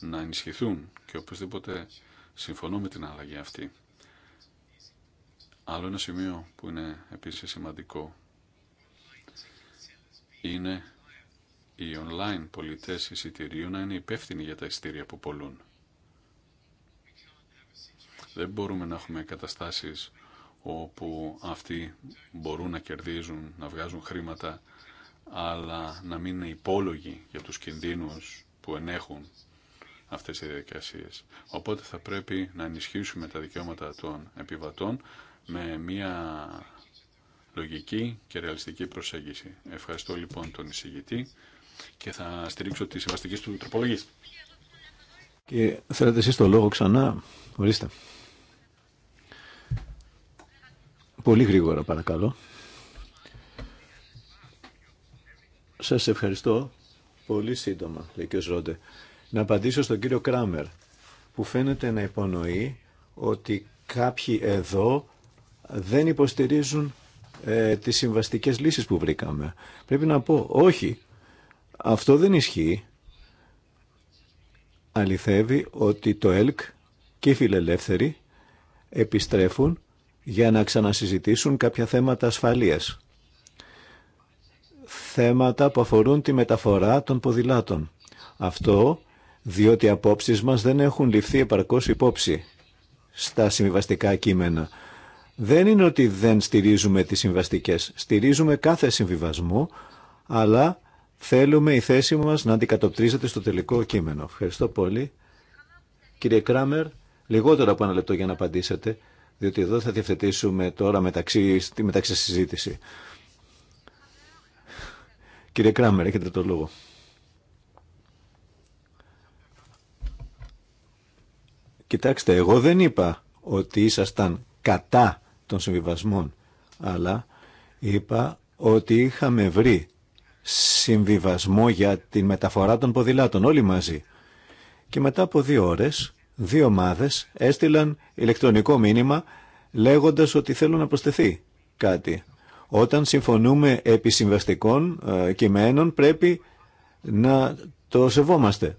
[SPEAKER 3] να ενισχυθούν και οπωσδήποτε συμφωνώ με την αλλαγή αυτή. Άλλο ένα σημείο που είναι επίσης σημαντικό είναι οι online πολιτές εισιτηρίου να είναι υπεύθυνοι για τα εισιτήρια που πολλούν. Δεν μπορούμε να έχουμε καταστάσεις όπου αυτοί μπορούν να κερδίζουν, να βγάζουν χρήματα, αλλά να μην είναι υπόλογοι για τους κινδύνους που ενέχουν αυτές οι διαδικασίες. Οπότε θα πρέπει να ενισχύσουμε τα δικαιώματα των επιβατών με μια λογική και ρεαλιστική προσέγγιση. Ευχαριστώ λοιπόν τον εισηγητή και θα στηρίξω τη συμβαστική του τροπολογή.
[SPEAKER 1] Και θέλετε εσείς το λόγο ξανά. Ορίστε. Πολύ γρήγορα παρακαλώ. Σας ευχαριστώ. Πολύ σύντομα, λέει και ο Να απαντήσω στον κύριο Κράμερ, που φαίνεται να υπονοεί ότι κάποιοι εδώ δεν υποστηρίζουν ε, τις συμβαστικές λύσεις που βρήκαμε. Πρέπει να πω, όχι, αυτό δεν ισχύει. Αληθεύει ότι το ΕΛΚ και οι φιλελεύθεροι επιστρέφουν για να ξανασυζητήσουν κάποια θέματα ασφαλείας. Θέματα που αφορούν τη μεταφορά των ποδηλάτων. Αυτό διότι οι απόψεις μας δεν έχουν ληφθεί επαρκώς υπόψη στα συμβιβαστικά κείμενα. Δεν είναι ότι δεν στηρίζουμε τις συμβαστικές. Στηρίζουμε κάθε συμβιβασμό, αλλά θέλουμε η θέση μας να αντικατοπτρίζεται στο τελικό κείμενο. Ευχαριστώ πολύ. Κύριε Κράμερ, λιγότερο από ένα λεπτό για να απαντήσετε διότι εδώ θα διευθετήσουμε τώρα μεταξύ, τη μεταξύ συζήτηση. Κύριε Κράμερ, έχετε το λόγο. Κοιτάξτε, εγώ δεν είπα ότι ήσασταν κατά των συμβιβασμών, αλλά είπα ότι είχαμε βρει συμβιβασμό για τη μεταφορά των ποδηλάτων όλοι μαζί. Και μετά από δύο ώρες δύο ομάδες έστειλαν ηλεκτρονικό μήνυμα λέγοντας ότι θέλουν να προσθεθεί κάτι. Όταν συμφωνούμε επί συμβαστικών ε, κειμένων πρέπει να το σεβόμαστε.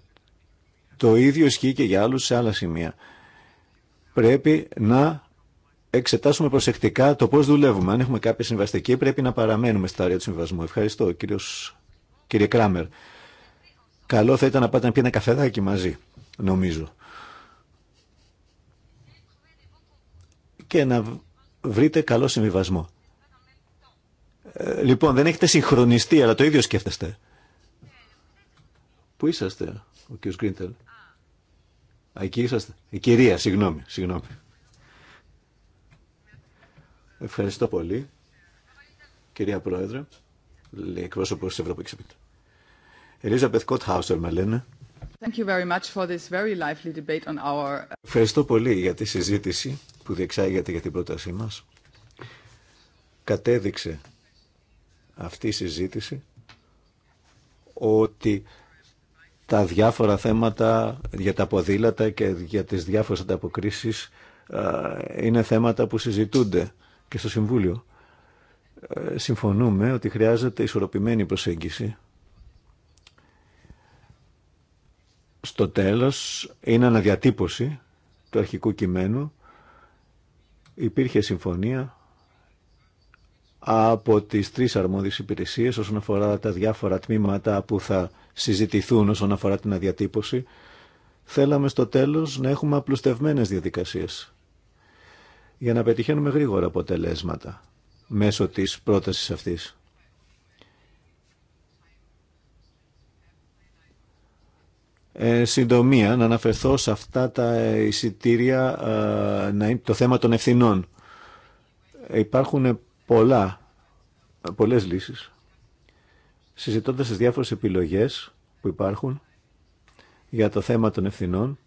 [SPEAKER 1] Το ίδιο ισχύει και για άλλους σε άλλα σημεία. Πρέπει να εξετάσουμε προσεκτικά το πώς δουλεύουμε. Αν έχουμε κάποια συμβαστική πρέπει να παραμένουμε στα αριά του συμβασμού. Ευχαριστώ κύριος, κύριε Κράμερ. Καλό θα ήταν να πάτε να πει ένα καφεδάκι μαζί, νομίζω. και να βρείτε καλό συμβιβασμό. Ε, λοιπόν, δεν έχετε συγχρονιστεί, αλλά το ίδιο σκέφτεστε. Πού είσαστε, ο κ. Γκρίντελ. Α, εκεί είσαστε. Η κυρία, συγγνώμη, συγγνώμη. Ευχαριστώ πολύ, κυρία Πρόεδρε, λέει εκπρόσωπο τη Ευρωπαϊκή Επιτροπή. Ελίζα Πεθκότ Χάουσερ, με λένε. Ευχαριστώ πολύ για τη συζήτηση που διεξάγεται για την πρότασή μας. Κατέδειξε αυτή η συζήτηση ότι τα διάφορα θέματα για τα ποδήλατα και για τις διάφορες ανταποκρίσεις είναι θέματα που συζητούνται και στο Συμβούλιο. Ε, συμφωνούμε ότι χρειάζεται ισορροπημένη προσέγγιση στο τέλος είναι αναδιατύπωση του αρχικού κειμένου. Υπήρχε συμφωνία από τις τρεις αρμόδιες υπηρεσίες όσον αφορά τα διάφορα τμήματα που θα συζητηθούν όσον αφορά την αδιατύπωση. Θέλαμε στο τέλος να έχουμε απλουστευμένες διαδικασίες για να πετυχαίνουμε γρήγορα αποτελέσματα μέσω της πρότασης αυτής. Ε, συντομία, να αναφερθώ σε αυτά τα εισιτήρια, ε, να το θέμα των ευθυνών. Υπάρχουν πολλά, πολλές λύσεις. Συζητώντας τις διάφορες επιλογές που υπάρχουν για το θέμα των ευθυνών,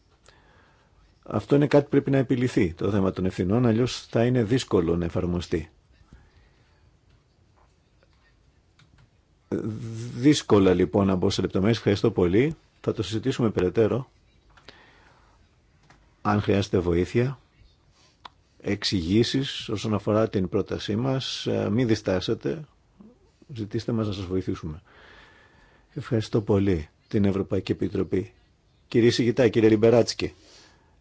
[SPEAKER 1] αυτό είναι κάτι που πρέπει να επιληθεί το θέμα των ευθυνών, αλλιώς θα είναι δύσκολο να εφαρμοστεί. Δύσκολα λοιπόν να μπω σε λεπτομέρειες. Ευχαριστώ πολύ. Θα το συζητήσουμε περαιτέρω. Αν χρειάζεται βοήθεια, εξηγήσεις όσον αφορά την πρότασή μας, ε, μην διστάσετε, ζητήστε μας να σας βοηθήσουμε. Ευχαριστώ πολύ την Ευρωπαϊκή Επιτροπή. Κύριε Σιγητά, κύριε Λιμπεράτσκι,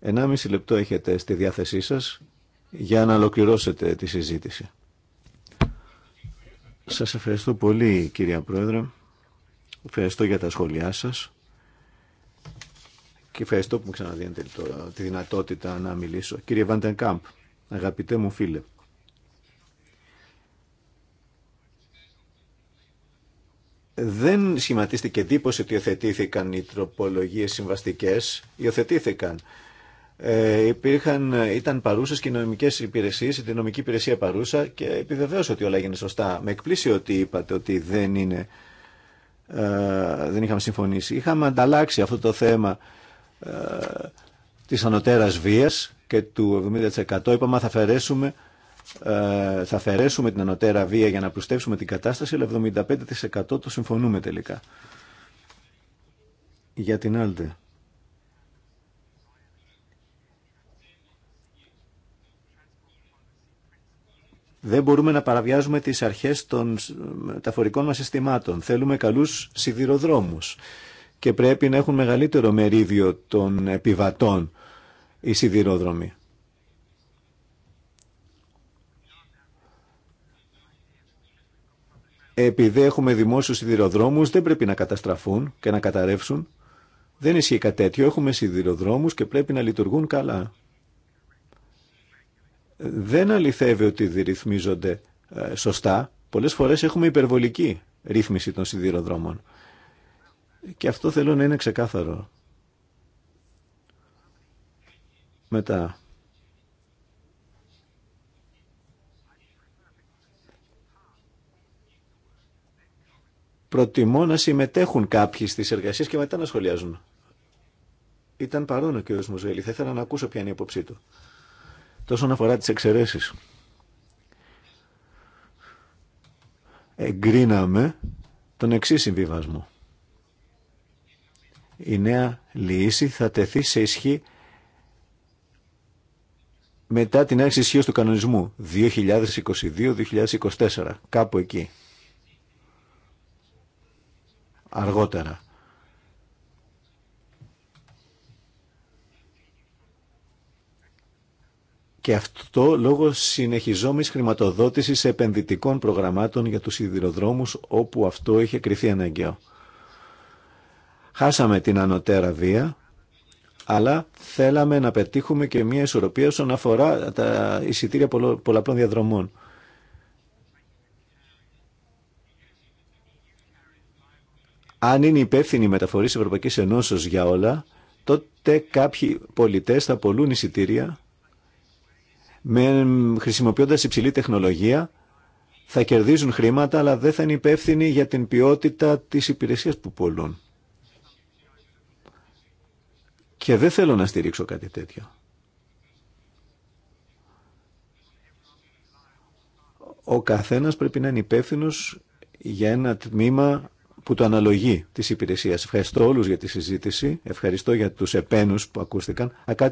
[SPEAKER 1] 1,5 λεπτό έχετε στη διάθεσή σας για να ολοκληρώσετε τη συζήτηση. Σας ευχαριστώ πολύ κυρία Πρόεδρε. Ευχαριστώ για τα σχόλιά σας και ευχαριστώ που μου ξαναδίνετε τη δυνατότητα να μιλήσω. Κύριε Βαντεν Κάμπ, αγαπητέ μου φίλε. Δεν σχηματίστηκε εντύπωση ότι υιοθετήθηκαν οι τροπολογίες συμβαστικές. Υιοθετήθηκαν. Ε, υπήρχαν, ήταν παρούσες και οι νομικές υπηρεσίες, η νομική υπηρεσία παρούσα και επιβεβαίωσε ότι όλα έγινε σωστά. Με εκπλήσει ότι είπατε ότι δεν ε, δεν είχαμε συμφωνήσει. Είχαμε ανταλλάξει αυτό το θέμα ε, της ανωτέρας βίας και του 70% είπαμε θα αφαιρέσουμε, ε, θα αφαιρέσουμε την ανωτέρα βία για να προστέψουμε την κατάσταση αλλά 75% το συμφωνούμε τελικά. Για την άλλη. Δεν μπορούμε να παραβιάζουμε τις αρχές των μεταφορικών μας συστημάτων. Θέλουμε καλούς σιδηροδρόμους και πρέπει να έχουν μεγαλύτερο μερίδιο των επιβατών οι σιδηρόδρομοι. Επειδή έχουμε δημόσιους σιδηροδρόμους δεν πρέπει να καταστραφούν και να καταρρεύσουν. Δεν ισχύει κάτι τέτοιο. Έχουμε σιδηροδρόμους και πρέπει να λειτουργούν καλά. Δεν αληθεύει ότι ρυθμίζονται ε, σωστά. Πολλές φορές έχουμε υπερβολική ρύθμιση των σιδηροδρόμων. Και αυτό θέλω να είναι ξεκάθαρο. Μετά. Προτιμώ να συμμετέχουν κάποιοι στις εργασίες και μετά να σχολιάζουν. Ήταν παρόν ο κ. Μουζέλη. Θα ήθελα να ακούσω ποια είναι η απόψή του. Τόσον αφορά τις εξαιρέσεις. Εγκρίναμε τον εξή συμβιβασμό. Η νέα λύση θα τεθεί σε ισχύ μετά την άρχιση ισχύω του κανονισμού 2022-2024, κάπου εκεί. Αργότερα. Και αυτό λόγω συνεχιζόμενης χρηματοδότησης επενδυτικών προγραμμάτων για τους σιδηροδρόμους όπου αυτό είχε κριθεί αναγκαίο. Χάσαμε την ανωτέρα βία, αλλά θέλαμε να πετύχουμε και μια ισορροπία όσον αφορά τα εισιτήρια πολλαπλών διαδρομών. Αν είναι υπεύθυνη η μεταφορή της Ευρωπαϊκής Ενώσεως για όλα, τότε κάποιοι πολιτές θα πολλούν εισιτήρια με, χρησιμοποιώντας υψηλή τεχνολογία, θα κερδίζουν χρήματα, αλλά δεν θα είναι υπεύθυνοι για την ποιότητα της υπηρεσίας που πολλούν. Και δεν θέλω να στηρίξω κάτι τέτοιο. Ο καθένας πρέπει να είναι υπεύθυνο για ένα τμήμα που το αναλογεί της υπηρεσίας. Ευχαριστώ όλους για τη συζήτηση. Ευχαριστώ για τους επένους που ακούστηκαν. Α,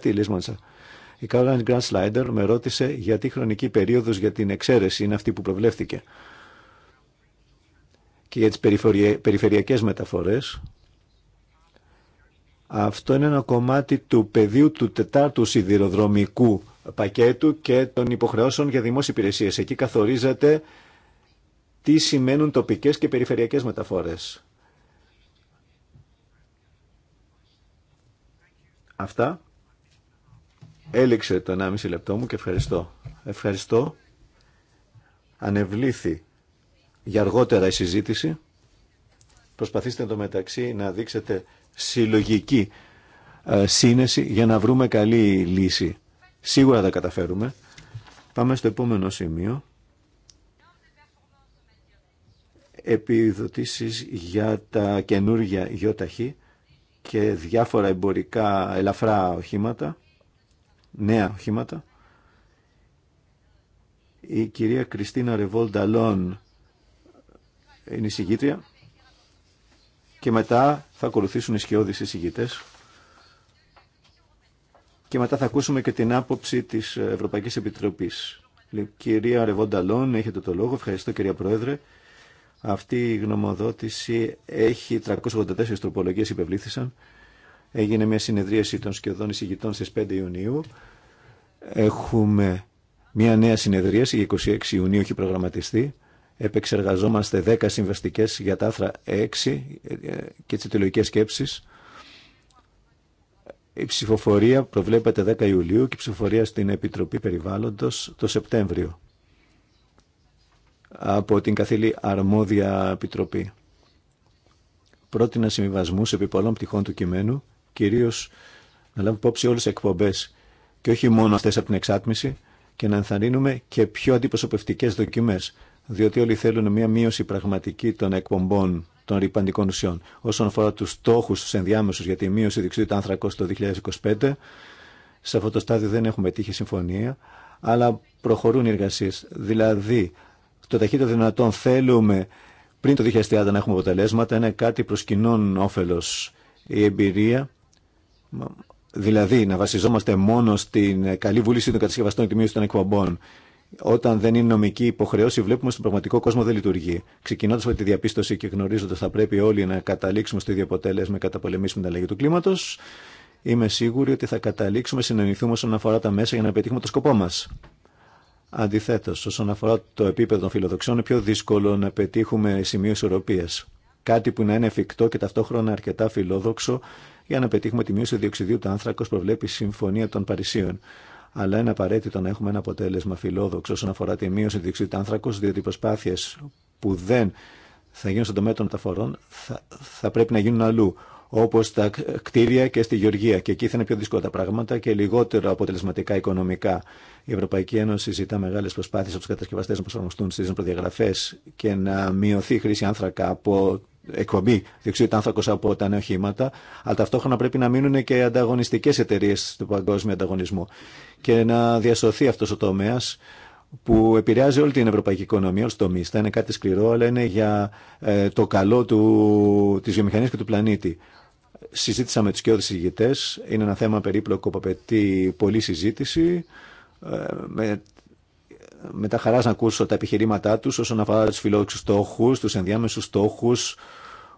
[SPEAKER 1] Η Caroline Grand Slider με ρώτησε γιατί χρονική περίοδος για την εξαίρεση είναι αυτή που προβλέφθηκε. Και για τις περιφερειακές μεταφορές αυτό είναι ένα κομμάτι του πεδίου του τετάρτου σιδηροδρομικού πακέτου και των υποχρεώσεων για δημόσιες υπηρεσίες. Εκεί καθορίζεται τι σημαίνουν τοπικές και περιφερειακές μεταφορές. Αυτά. Έληξε το 1,5 λεπτό μου και ευχαριστώ. Ευχαριστώ. Ανεβλήθη για αργότερα η συζήτηση. Προσπαθήστε το μεταξύ να δείξετε συλλογική ε, σύνεση για να βρούμε καλή λύση. Σίγουρα θα καταφέρουμε. Πάμε στο επόμενο σημείο. Επιδοτήσεις για τα καινούργια γιοταχή και διάφορα εμπορικά ελαφρά οχήματα, νέα οχήματα. Η κυρία Κριστίνα Ρεβόλ είναι η συγκήτρια και μετά θα ακολουθήσουν οι σκιώδεις εισηγητές και μετά θα ακούσουμε και την άποψη της Ευρωπαϊκής Επιτροπής. Κυρία Ρεβόνταλόν, έχετε το λόγο. Ευχαριστώ κυρία Πρόεδρε. Αυτή η γνωμοδότηση έχει 384 τροπολογίες υπευλήθησαν. Έγινε μια συνεδρίαση των σχεδόν εισηγητών στις 5 Ιουνίου. Έχουμε μια νέα συνεδρίαση 26 Ιουνίου έχει προγραμματιστεί επεξεργαζόμαστε 10 συμβαστικές για τα άθρα 6 ε, ε, και τις αιτιολογικές σκέψεις. Η ψηφοφορία προβλέπεται 10 Ιουλίου και η ψηφοφορία στην Επιτροπή Περιβάλλοντος το Σεπτέμβριο από την καθήλη αρμόδια επιτροπή. Πρότεινα συμβιβασμού επί πολλών πτυχών του κειμένου, κυρίως να λάβουμε υπόψη όλες τις εκπομπές και όχι μόνο αυτές από την εξάτμιση και να ενθαρρύνουμε και πιο αντιπροσωπευτικές δοκιμές διότι όλοι θέλουν μια μείωση πραγματική των εκπομπών των ρηπαντικών ουσιών. Όσον αφορά του στόχου του ενδιάμεσου για τη μείωση διοξείδου του άνθρακος το 2025, σε αυτό το στάδιο δεν έχουμε τύχει συμφωνία, αλλά προχωρούν οι εργασίε. Δηλαδή, το ταχύτερο δυνατόν θέλουμε πριν το 2030 να έχουμε αποτελέσματα, είναι κάτι προ κοινών όφελο η εμπειρία, δηλαδή να βασιζόμαστε μόνο στην καλή βούληση των κατασκευαστών και τη μείωση των εκπομπών όταν δεν είναι νομική υποχρέωση, βλέπουμε στον πραγματικό κόσμο δεν λειτουργεί. Ξεκινώντα από τη διαπίστωση και γνωρίζοντα θα πρέπει όλοι να καταλήξουμε στο ίδιο αποτέλεσμα και καταπολεμήσουμε την αλλαγή του κλίματο, είμαι σίγουρη ότι θα καταλήξουμε, συνεννηθούμε όσον αφορά τα μέσα για να πετύχουμε το σκοπό μα. Αντιθέτω, όσον αφορά το επίπεδο των φιλοδοξιών, είναι πιο δύσκολο να πετύχουμε σημείο ισορροπία. Κάτι που να είναι εφικτό και ταυτόχρονα αρκετά φιλόδοξο για να πετύχουμε τη μείωση του διοξιδίου του άνθρακο προβλέπει η Συμφωνία των Παρισίων αλλά είναι απαραίτητο να έχουμε ένα αποτέλεσμα φιλόδοξο όσον αφορά τη μείωση του άνθρακο, διότι οι προσπάθειε που δεν θα γίνουν στον τομέα των μεταφορών θα, θα πρέπει να γίνουν αλλού. Όπω στα κτίρια και στη γεωργία. Και εκεί θα είναι πιο δύσκολα τα πράγματα και λιγότερο αποτελεσματικά οικονομικά. Η Ευρωπαϊκή Ένωση ζητά μεγάλε προσπάθειε από του κατασκευαστέ να προσαρμοστούν στι προδιαγραφέ και να μειωθεί η χρήση άνθρακα από εκπομπή διοξείδιο του άνθρακο από τα νέα οχήματα, αλλά ταυτόχρονα πρέπει να μείνουν και ανταγωνιστικέ εταιρείε του παγκόσμιου ανταγωνισμού και να διασωθεί αυτό ο τομέα που επηρεάζει όλη την ευρωπαϊκή οικονομία, όλου τομεί. Θα είναι κάτι σκληρό, αλλά είναι για ε, το καλό τη βιομηχανία και του πλανήτη. Συζήτησα με του κοιόδη ηγητέ. Είναι ένα θέμα περίπλοκο που απαιτεί πολλή συζήτηση. Ε, με με τα χαρά να ακούσω τα επιχειρήματά του όσον αφορά του φιλόδοξου στόχου, του ενδιάμεσου στόχου,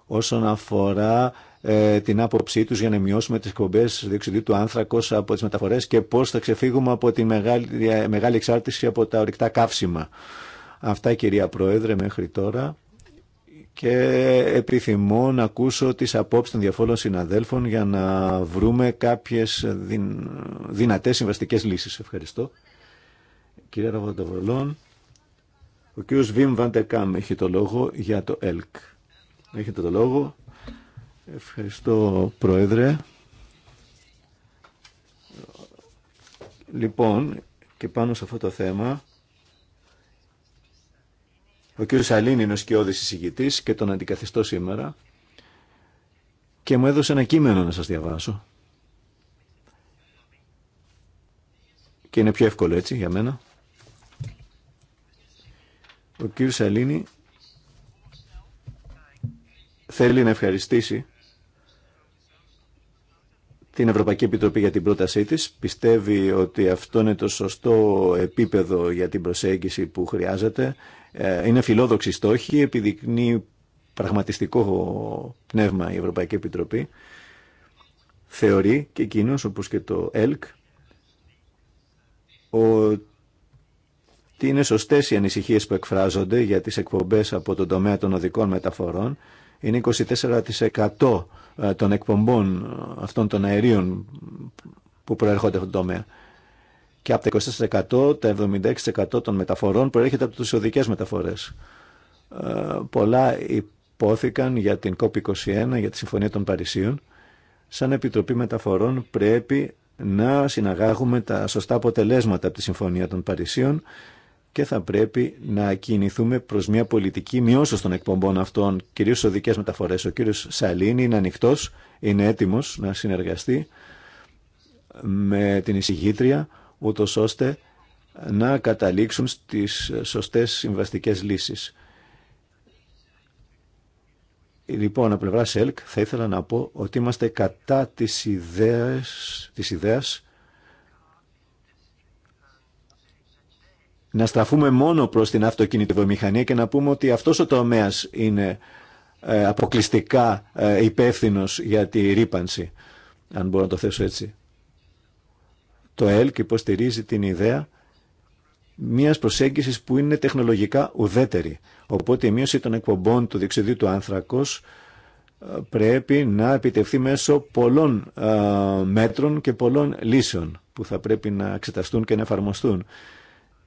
[SPEAKER 1] όσον αφορά ε, την άποψή του για να μειώσουμε τι κομπές διοξιδίου του άνθρακο από τι μεταφορέ και πώ θα ξεφύγουμε από τη μεγάλη, ε, μεγάλη εξάρτηση από τα ορυκτά καύσιμα. Αυτά κυρία Πρόεδρε μέχρι τώρα και επιθυμώ να ακούσω τις απόψεις των διαφόρων συναδέλφων για να βρούμε κάποιες δυνατές συμβαστικές λύσεις. Ευχαριστώ κυρία Ραβαντοβολών. Ο κύριος Βιμ Βαντεκάμ έχει το λόγο για το ΕΛΚ. Έχετε το λόγο. Ευχαριστώ, Πρόεδρε. Λοιπόν, και πάνω σε αυτό το θέμα, ο κύριος Αλήν είναι ο σκιώδης εισηγητής και τον αντικαθιστώ σήμερα και μου έδωσε ένα κείμενο να σας διαβάσω. Και είναι πιο εύκολο έτσι για μένα. Ο κύριο Σελήνη θέλει να ευχαριστήσει την Ευρωπαϊκή Επιτροπή για την πρότασή της. Πιστεύει ότι αυτό είναι το σωστό επίπεδο για την προσέγγιση που χρειάζεται. Ε, είναι φιλόδοξη στόχη, επιδεικνύει πραγματιστικό πνεύμα η Ευρωπαϊκή Επιτροπή. Θεωρεί και εκείνος, όπως και το ΕΛΚ, ότι είναι σωστέ οι ανησυχίε που εκφράζονται για τι εκπομπέ από τον τομέα των οδικών μεταφορών. Είναι 24% ε, των εκπομπών ε, αυτών των αερίων που προέρχονται από τον τομέα. Και από τα 24% τα 76% των μεταφορών προέρχεται από τι οδικέ μεταφορέ. Ε, πολλά υπόθηκαν για την COP21, για τη Συμφωνία των Παρισίων. Σαν Επιτροπή Μεταφορών πρέπει να συναγάγουμε τα σωστά αποτελέσματα από τη Συμφωνία των Παρισίων και θα πρέπει να κινηθούμε προ μια πολιτική μειώσεω των εκπομπών αυτών, κυρίω στι οδικέ μεταφορέ. Ο κύριο Σαλίνη είναι ανοιχτό, είναι έτοιμο να συνεργαστεί με την εισηγήτρια, ούτω ώστε να καταλήξουν στις σωστές συμβαστικέ λύσεις. Λοιπόν, από πλευρά ΣΕΛΚ θα ήθελα να πω ότι είμαστε κατά της ιδέα της ιδέας να στραφούμε μόνο προς την αυτοκινητοβιομηχανία και να πούμε ότι αυτός ο τομέας είναι ε, αποκλειστικά ε, υπεύθυνο για τη ρήπανση, αν μπορώ να το θέσω έτσι. Το ΕΛΚ υποστηρίζει την ιδέα μιας προσέγγισης που είναι τεχνολογικά ουδέτερη. Οπότε η μείωση των εκπομπών του διεξιδίου του άνθρακος ε, πρέπει να επιτευχθεί μέσω πολλών μέτρων και πολλών λύσεων που θα πρέπει να εξεταστούν και να εφαρμοστούν.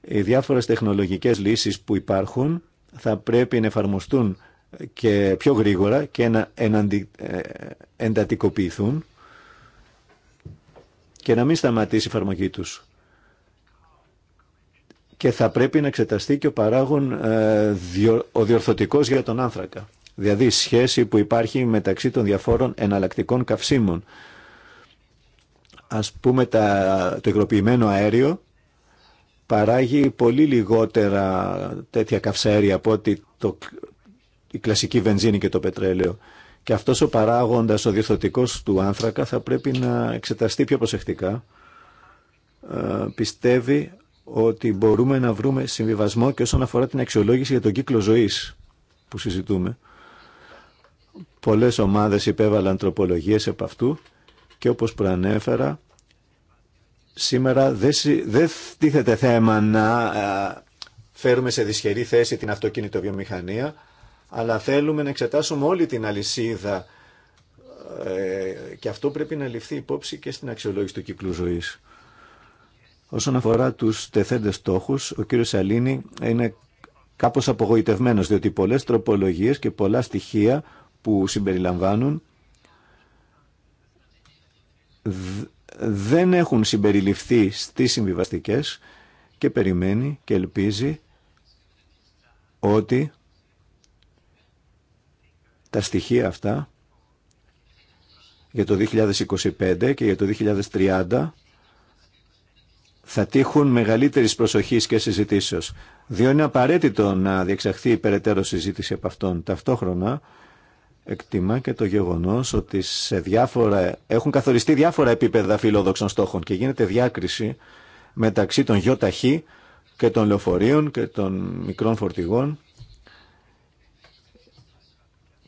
[SPEAKER 1] Οι διάφορες τεχνολογικές λύσεις που υπάρχουν θα πρέπει να εφαρμοστούν και πιο γρήγορα και να ε, εντατικοποιηθούν και να μην σταματήσει η εφαρμογή τους. Και θα πρέπει να εξεταστεί και ο παράγων ε, ο διορθωτικός για τον άνθρακα. Δηλαδή σχέση που υπάρχει μεταξύ των διαφόρων εναλλακτικών καυσίμων. Ας πούμε τα, το υγροποιημένο αέριο παράγει πολύ λιγότερα τέτοια καυσαέρια από ότι το, η κλασική βενζίνη και το πετρέλαιο. Και αυτός ο παράγοντας, ο διορθωτικός του άνθρακα θα πρέπει να εξεταστεί πιο προσεκτικά. Ε, πιστεύει ότι μπορούμε να βρούμε συμβιβασμό και όσον αφορά την αξιολόγηση για τον κύκλο ζωής που συζητούμε. Πολλές ομάδες υπέβαλαν τροπολογίες επ' αυτού και όπως προανέφερα Σήμερα δεν, δεν θέμα να φέρουμε σε δυσχερή θέση την αυτοκινητοβιομηχανία, αλλά θέλουμε να εξετάσουμε όλη την αλυσίδα ε, και αυτό πρέπει να ληφθεί υπόψη και στην αξιολόγηση του κύκλου ζωής. Όσον αφορά τους τεθέντες στόχους, ο κύριος Σαλίνη είναι κάπως απογοητευμένος, διότι πολλές τροπολογίες και πολλά στοιχεία που συμπεριλαμβάνουν δεν έχουν συμπεριληφθεί στις συμβιβαστικές και περιμένει και ελπίζει ότι τα στοιχεία αυτά για το 2025 και για το 2030 θα τύχουν μεγαλύτερης προσοχής και συζητήσεως. Διότι είναι απαραίτητο να διεξαχθεί περαιτέρω συζήτηση από αυτόν. Ταυτόχρονα εκτιμά και το γεγονός ότι σε διάφορα, έχουν καθοριστεί διάφορα επίπεδα φιλόδοξων στόχων και γίνεται διάκριση μεταξύ των γιοταχή και των λεωφορείων και των μικρών φορτηγών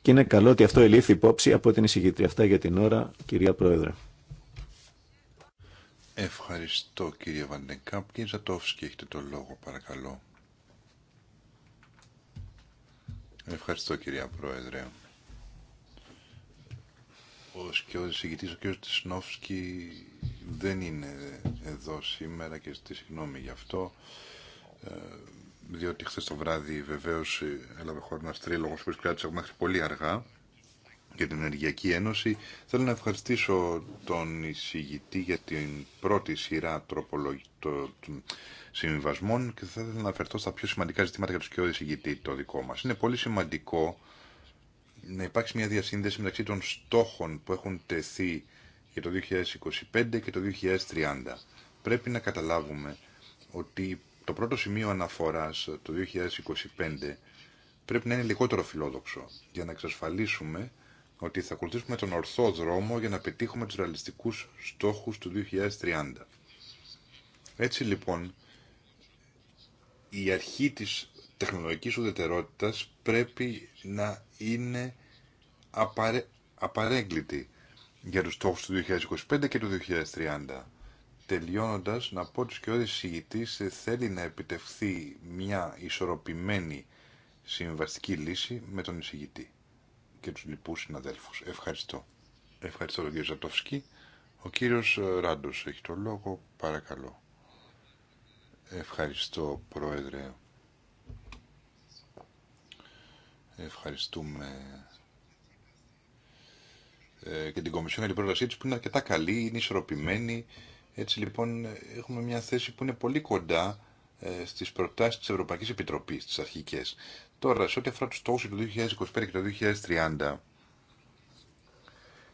[SPEAKER 1] και είναι καλό ότι αυτό ελήφθη υπόψη από την εισηγήτρια. Αυτά για την ώρα, κυρία Πρόεδρε.
[SPEAKER 2] Ευχαριστώ κύριε Βαντεκάπ. Κύριε Ζατόφσκι, έχετε το λόγο παρακαλώ. Ευχαριστώ κυρία Πρόεδρε ο σκιώδης συγκητής, ο κ. Τσνόφσκι δεν είναι εδώ σήμερα και στη συγγνώμη γι' αυτό ε, διότι χθε το βράδυ βεβαίως ε, έλαβε χώρο ένας τρίλογος που κράτησε μέχρι πολύ αργά για την Ενεργειακή Ένωση. Θέλω να ευχαριστήσω τον εισηγητή για την πρώτη σειρά τροπολογικών συμβιβασμών και θα ήθελα να αναφερθώ στα πιο σημαντικά ζητήματα για τους και εισηγητή το δικό μας. Είναι πολύ σημαντικό να υπάρξει μια διασύνδεση μεταξύ των στόχων που έχουν τεθεί για το 2025 και το 2030. Πρέπει να καταλάβουμε ότι το πρώτο σημείο αναφοράς το 2025 πρέπει να είναι λιγότερο φιλόδοξο για να εξασφαλίσουμε ότι θα ακολουθήσουμε τον ορθό δρόμο για να πετύχουμε τους ρεαλιστικούς στόχους του 2030. Έτσι λοιπόν η αρχή της τεχνολογικής ουδετερότητας πρέπει να είναι απαρέ... απαρέγκλητη για τους στόχους του 2025 και του 2030. Τελειώνοντας, να πω ότι και ο συγητής ε, θέλει να επιτευχθεί μια ισορροπημένη συμβαστική λύση με τον εισηγητή και τους λοιπούς συναδέλφους. Ευχαριστώ. Ευχαριστώ τον κύριο Ζατοφσκή. Ο κύριος ε, Ράντος έχει το λόγο. Παρακαλώ. Ευχαριστώ, Πρόεδρε. Ευχαριστούμε ε, και την Κομισιόν για την πρότασή τη που είναι αρκετά καλή, είναι ισορροπημένη. Έτσι λοιπόν έχουμε μια θέση που είναι πολύ κοντά ε, στι προτάσει τη Ευρωπαϊκή Επιτροπή, τι αρχικέ. Τώρα, σε ό,τι αφορά του στόχου του 2025 και του 2030,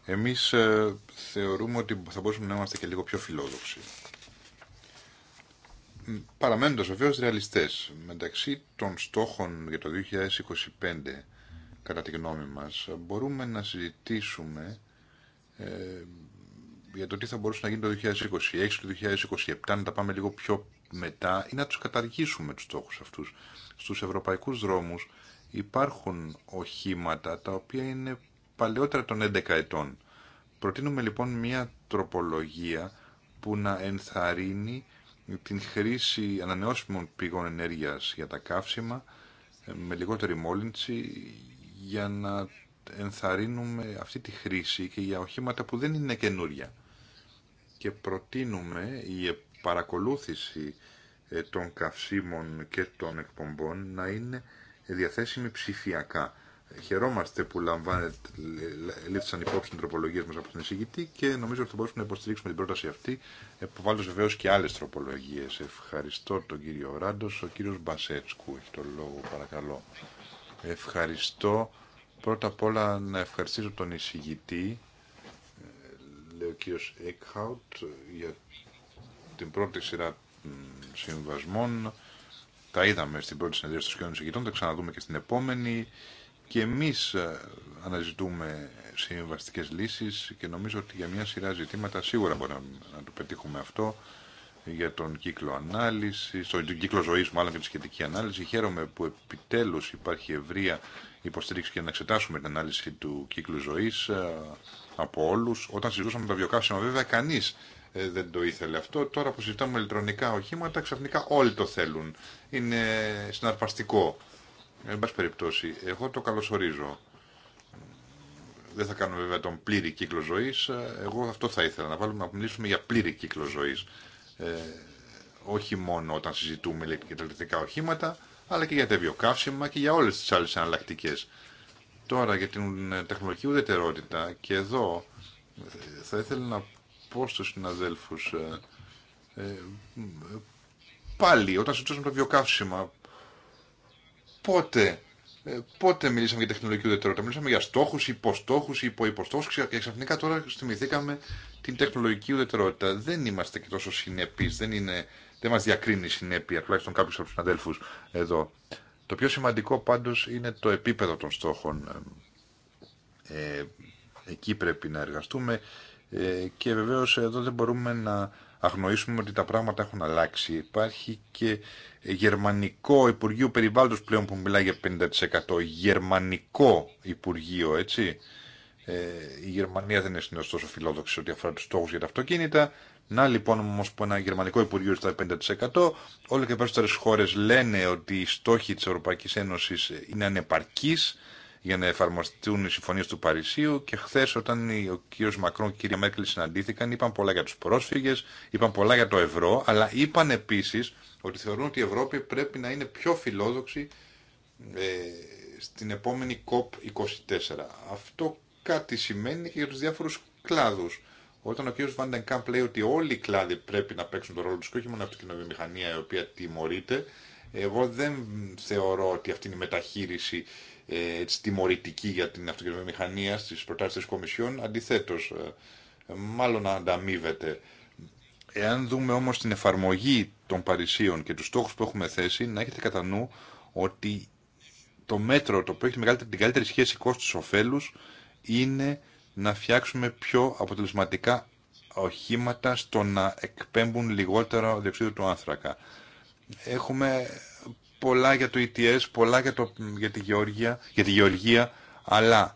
[SPEAKER 2] εμεί θεωρούμε ότι θα μπορούσαμε να είμαστε και λίγο πιο φιλόδοξοι παραμένοντας βεβαίως ρεαλιστές μεταξύ των στόχων για το 2025 κατά τη γνώμη μας μπορούμε να συζητήσουμε ε, για το τι θα μπορούσε να γίνει το 2026 και το 2027 να τα πάμε λίγο πιο μετά ή να τους καταργήσουμε τους στόχους αυτούς στους ευρωπαϊκούς δρόμους υπάρχουν οχήματα τα οποία είναι παλαιότερα των 11 ετών προτείνουμε λοιπόν μια τροπολογία που να ενθαρρύνει την χρήση ανανεώσιμων πηγών ενέργειας για τα καύσιμα ε, με λιγότερη μόλυνση για να ενθαρρύνουμε αυτή τη χρήση και για οχήματα που δεν είναι καινούρια. Και προτείνουμε η παρακολούθηση ε, των καυσίμων και των εκπομπών να είναι διαθέσιμη ψηφιακά. Χαιρόμαστε που λήφθησαν υπόψη οι τροπολογίε μα από την εισηγητή και νομίζω ότι θα μπορούσαμε να υποστηρίξουμε την πρόταση αυτή, Επιβάλλοντα βεβαίω και άλλε τροπολογίε. Ευχαριστώ τον κύριο Ράντο. Ο κύριο Μπασέτσκου έχει το λόγο, παρακαλώ. Ευχαριστώ. Πρώτα απ' όλα να ευχαριστήσω τον εισηγητή, ε, λέει ο κύριο Έκχαουτ, για την πρώτη σειρά συμβασμών. Τα είδαμε στην πρώτη συνεδρία των σκηνών εισηγητών, τα ξαναδούμε και στην επόμενη. Και εμείς ε, αναζητούμε συμβαστικές λύσεις και νομίζω ότι για μια σειρά ζητήματα σίγουρα μπορούμε να το πετύχουμε αυτό για τον κύκλο ανάλυση, τον κύκλο ζωή μάλλον και τη σχετική ανάλυση. Χαίρομαι που επιτέλου υπάρχει ευρεία υποστήριξη και να εξετάσουμε την ανάλυση του κύκλου ζωή ε, από όλου. Όταν συζητούσαμε τα βιοκάψιμα βέβαια, κανεί ε, δεν το ήθελε αυτό. Τώρα που συζητάμε ηλεκτρονικά οχήματα, ξαφνικά όλοι το θέλουν. Είναι συναρπαστικό. Ε, εν πάση περιπτώσει, εγώ το καλωσορίζω. Δεν θα κάνουμε βέβαια τον πλήρη κύκλο ζωή. Ε, εγώ αυτό θα ήθελα να, βάλουμε, να μιλήσουμε για πλήρη κύκλο ζωή. Ε, όχι μόνο όταν συζητούμε για τα οχήματα, αλλά και για τα βιοκαύσιμα και για όλε τι άλλε εναλλακτικέ. Τώρα για την τεχνολογική ουδετερότητα και εδώ ε, θα ήθελα να πω στους συναδέλφους ε, πάλι όταν συζητούσαμε το βιοκαύσιμα πότε, ε, πότε μιλήσαμε για τεχνολογική ουδετερότητα. Μιλήσαμε για στόχους, υποστόχους, υποϊποστόχου και ξαφνικά τώρα θυμηθήκαμε την τεχνολογική ουδετερότητα. Δεν είμαστε και τόσο συνεπεί. δεν, είναι, δεν μας διακρίνει η συνέπεια, τουλάχιστον κάποιου από του συναδέλφου εδώ. Το πιο σημαντικό πάντως είναι το επίπεδο των στόχων. Ε, ε εκεί πρέπει να εργαστούμε ε, και βεβαίως εδώ δεν μπορούμε να αγνοήσουμε ότι τα πράγματα έχουν αλλάξει. Υπάρχει και γερμανικό Υπουργείο Περιβάλλοντος πλέον που μιλάει για 50%. Γερμανικό Υπουργείο, έτσι. Ε, η Γερμανία δεν είναι τόσο φιλόδοξη ό,τι αφορά τους στόχους για τα αυτοκίνητα. Να λοιπόν όμω που ένα γερμανικό Υπουργείο στα 50%. όλο και περισσότερε χώρες λένε ότι οι στόχοι της Ευρωπαϊκής Ένωσης είναι ανεπαρκείς για να εφαρμοστούν οι συμφωνίε του Παρισίου και χθε όταν ο κ. Μακρόν και η κυρία Μέρκελ συναντήθηκαν είπαν πολλά για του πρόσφυγε, είπαν πολλά για το ευρώ, αλλά είπαν επίση ότι θεωρούν ότι η Ευρώπη πρέπει να είναι πιο φιλόδοξη ε, στην επόμενη COP24. Αυτό κάτι σημαίνει και για του διάφορου κλάδου. Όταν ο κ. Καμπ λέει ότι όλοι οι κλάδοι πρέπει να παίξουν τον ρόλο του και όχι μόνο αυτή η κοινοβιομηχανία η οποία τιμωρείται, εγώ δεν θεωρώ ότι αυτή είναι η μεταχείριση ε, έτσι, τιμωρητική για την αυτοκινητομηχανία στις προτάσει της Κομισιόν. Αντιθέτως, ε, ε, μάλλον να ανταμείβεται. Εάν δούμε όμως την εφαρμογή των Παρισίων και του στόχου που έχουμε θέσει, να έχετε κατά νου ότι το μέτρο το οποίο έχει μεγαλύτερη, την καλύτερη σχέση κόστου κόστος-οφέλους είναι να φτιάξουμε πιο αποτελεσματικά οχήματα στο να εκπέμπουν λιγότερο διοξείδιο του άνθρακα. Έχουμε πολλά για το ETS, πολλά για, το, για, τη, γεωργία, για τη γεωργία, αλλά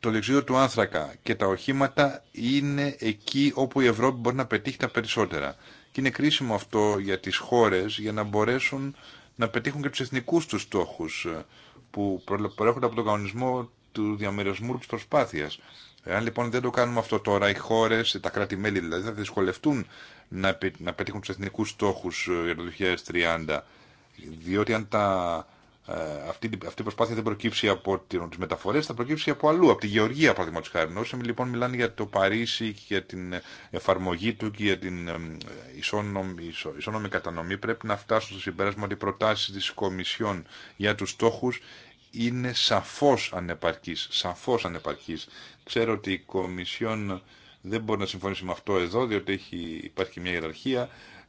[SPEAKER 2] το λεξίδιο του άνθρακα και τα οχήματα είναι εκεί όπου η Ευρώπη μπορεί να πετύχει τα περισσότερα. Και είναι κρίσιμο αυτό για τις χώρες για να μπορέσουν να πετύχουν και τους εθνικούς τους στόχους ε, που προέρχονται από τον κανονισμό του διαμερισμού της προσπάθειας. Εάν λοιπόν δεν το κάνουμε αυτό τώρα, οι χώρες, τα κράτη-μέλη δηλαδή, θα δυσκολευτούν να, πετύχουν τους εθνικούς στόχους ε, για το 2030. Διότι αν τα, ε, αυτή, η προσπάθεια δεν προκύψει από τι μεταφορέ, θα προκύψει από αλλού, από τη γεωργία παραδείγματο χάρη. Όσοι λοιπόν μιλάνε για το Παρίσι και για την εφαρμογή του και για την ε, ισόνομη, ισόνομη κατανομή, πρέπει να φτάσουν στο συμπέρασμα ότι οι προτάσει τη Κομισιόν για του στόχου είναι σαφώ ανεπαρκής, σαφώς ανεπαρκής. Ξέρω ότι η Κομισιόν δεν μπορεί να συμφωνήσει με αυτό εδώ, διότι έχει, υπάρχει μια ιεραρχία.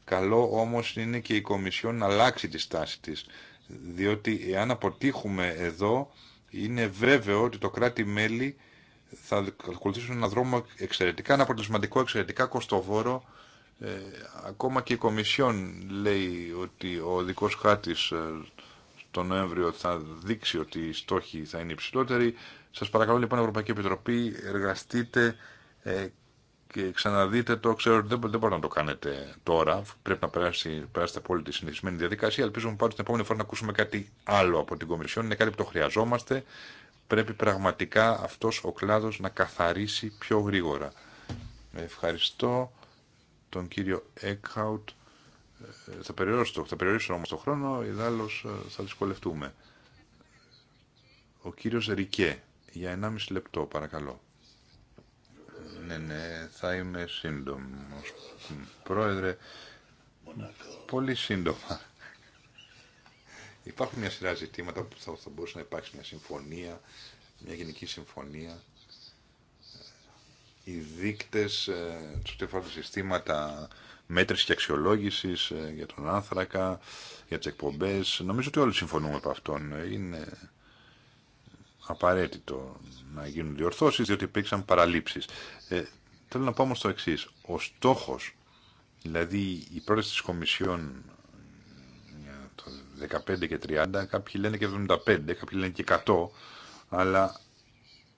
[SPEAKER 2] Καλό όμως είναι και η Κομισιόν να αλλάξει τη στάση της, διότι εάν αποτύχουμε εδώ, είναι βέβαιο ότι το κράτη-μέλη θα ακολουθήσουν ένα δρόμο εξαιρετικά, ένα αποτελεσματικό, εξαιρετικά κοστοβόρο. Ε, ακόμα και η Κομισιόν λέει ότι ο δικός χάτης ε, τον Νοέμβριο θα δείξει ότι οι στόχοι θα είναι υψηλότεροι. Σας παρακαλώ λοιπόν Ευρωπαϊκή Επιτροπή, εργαστείτε ε, και ξαναδείτε το, ξέρω δεν, δεν μπορείτε να το κάνετε τώρα, πρέπει να περάσει, περάσετε από όλη τη συνηθισμένη διαδικασία, ελπίζουμε πάντως την επόμενη φορά να ακούσουμε κάτι άλλο από την Κομισιόν, είναι κάτι που το χρειαζόμαστε, πρέπει πραγματικά αυτός ο κλάδος να καθαρίσει πιο γρήγορα. Ευχαριστώ τον κύριο Έκχαουτ. Ε, θα περιορίσω, θα περιορίσω όμως το χρόνο, ιδάλλως ε, θα δυσκολευτούμε. Ο κύριος Ρικέ, για 1,5 λεπτό παρακαλώ. Ναι, ναι, θα είμαι σύντομος. Πρόεδρε, πολύ σύντομα. Υπάρχουν μια σειρά ζητήματα που θα, θα μπορούσε να υπάρξει μια συμφωνία, μια γενική συμφωνία. Οι δείκτες, ε, τους συστήματα μέτρηση και αξιολόγηση ε, για τον άνθρακα, για τι εκπομπέ. Νομίζω ότι όλοι συμφωνούμε από αυτόν. Είναι απαραίτητο να γίνουν διορθώσεις διότι υπήρξαν παραλήψεις. Ε, θέλω να πάω όμως στο εξή. Ο στόχος, δηλαδή η πρόταση της Κομισιόν το 15 και 30, κάποιοι λένε και 75, κάποιοι λένε και 100, αλλά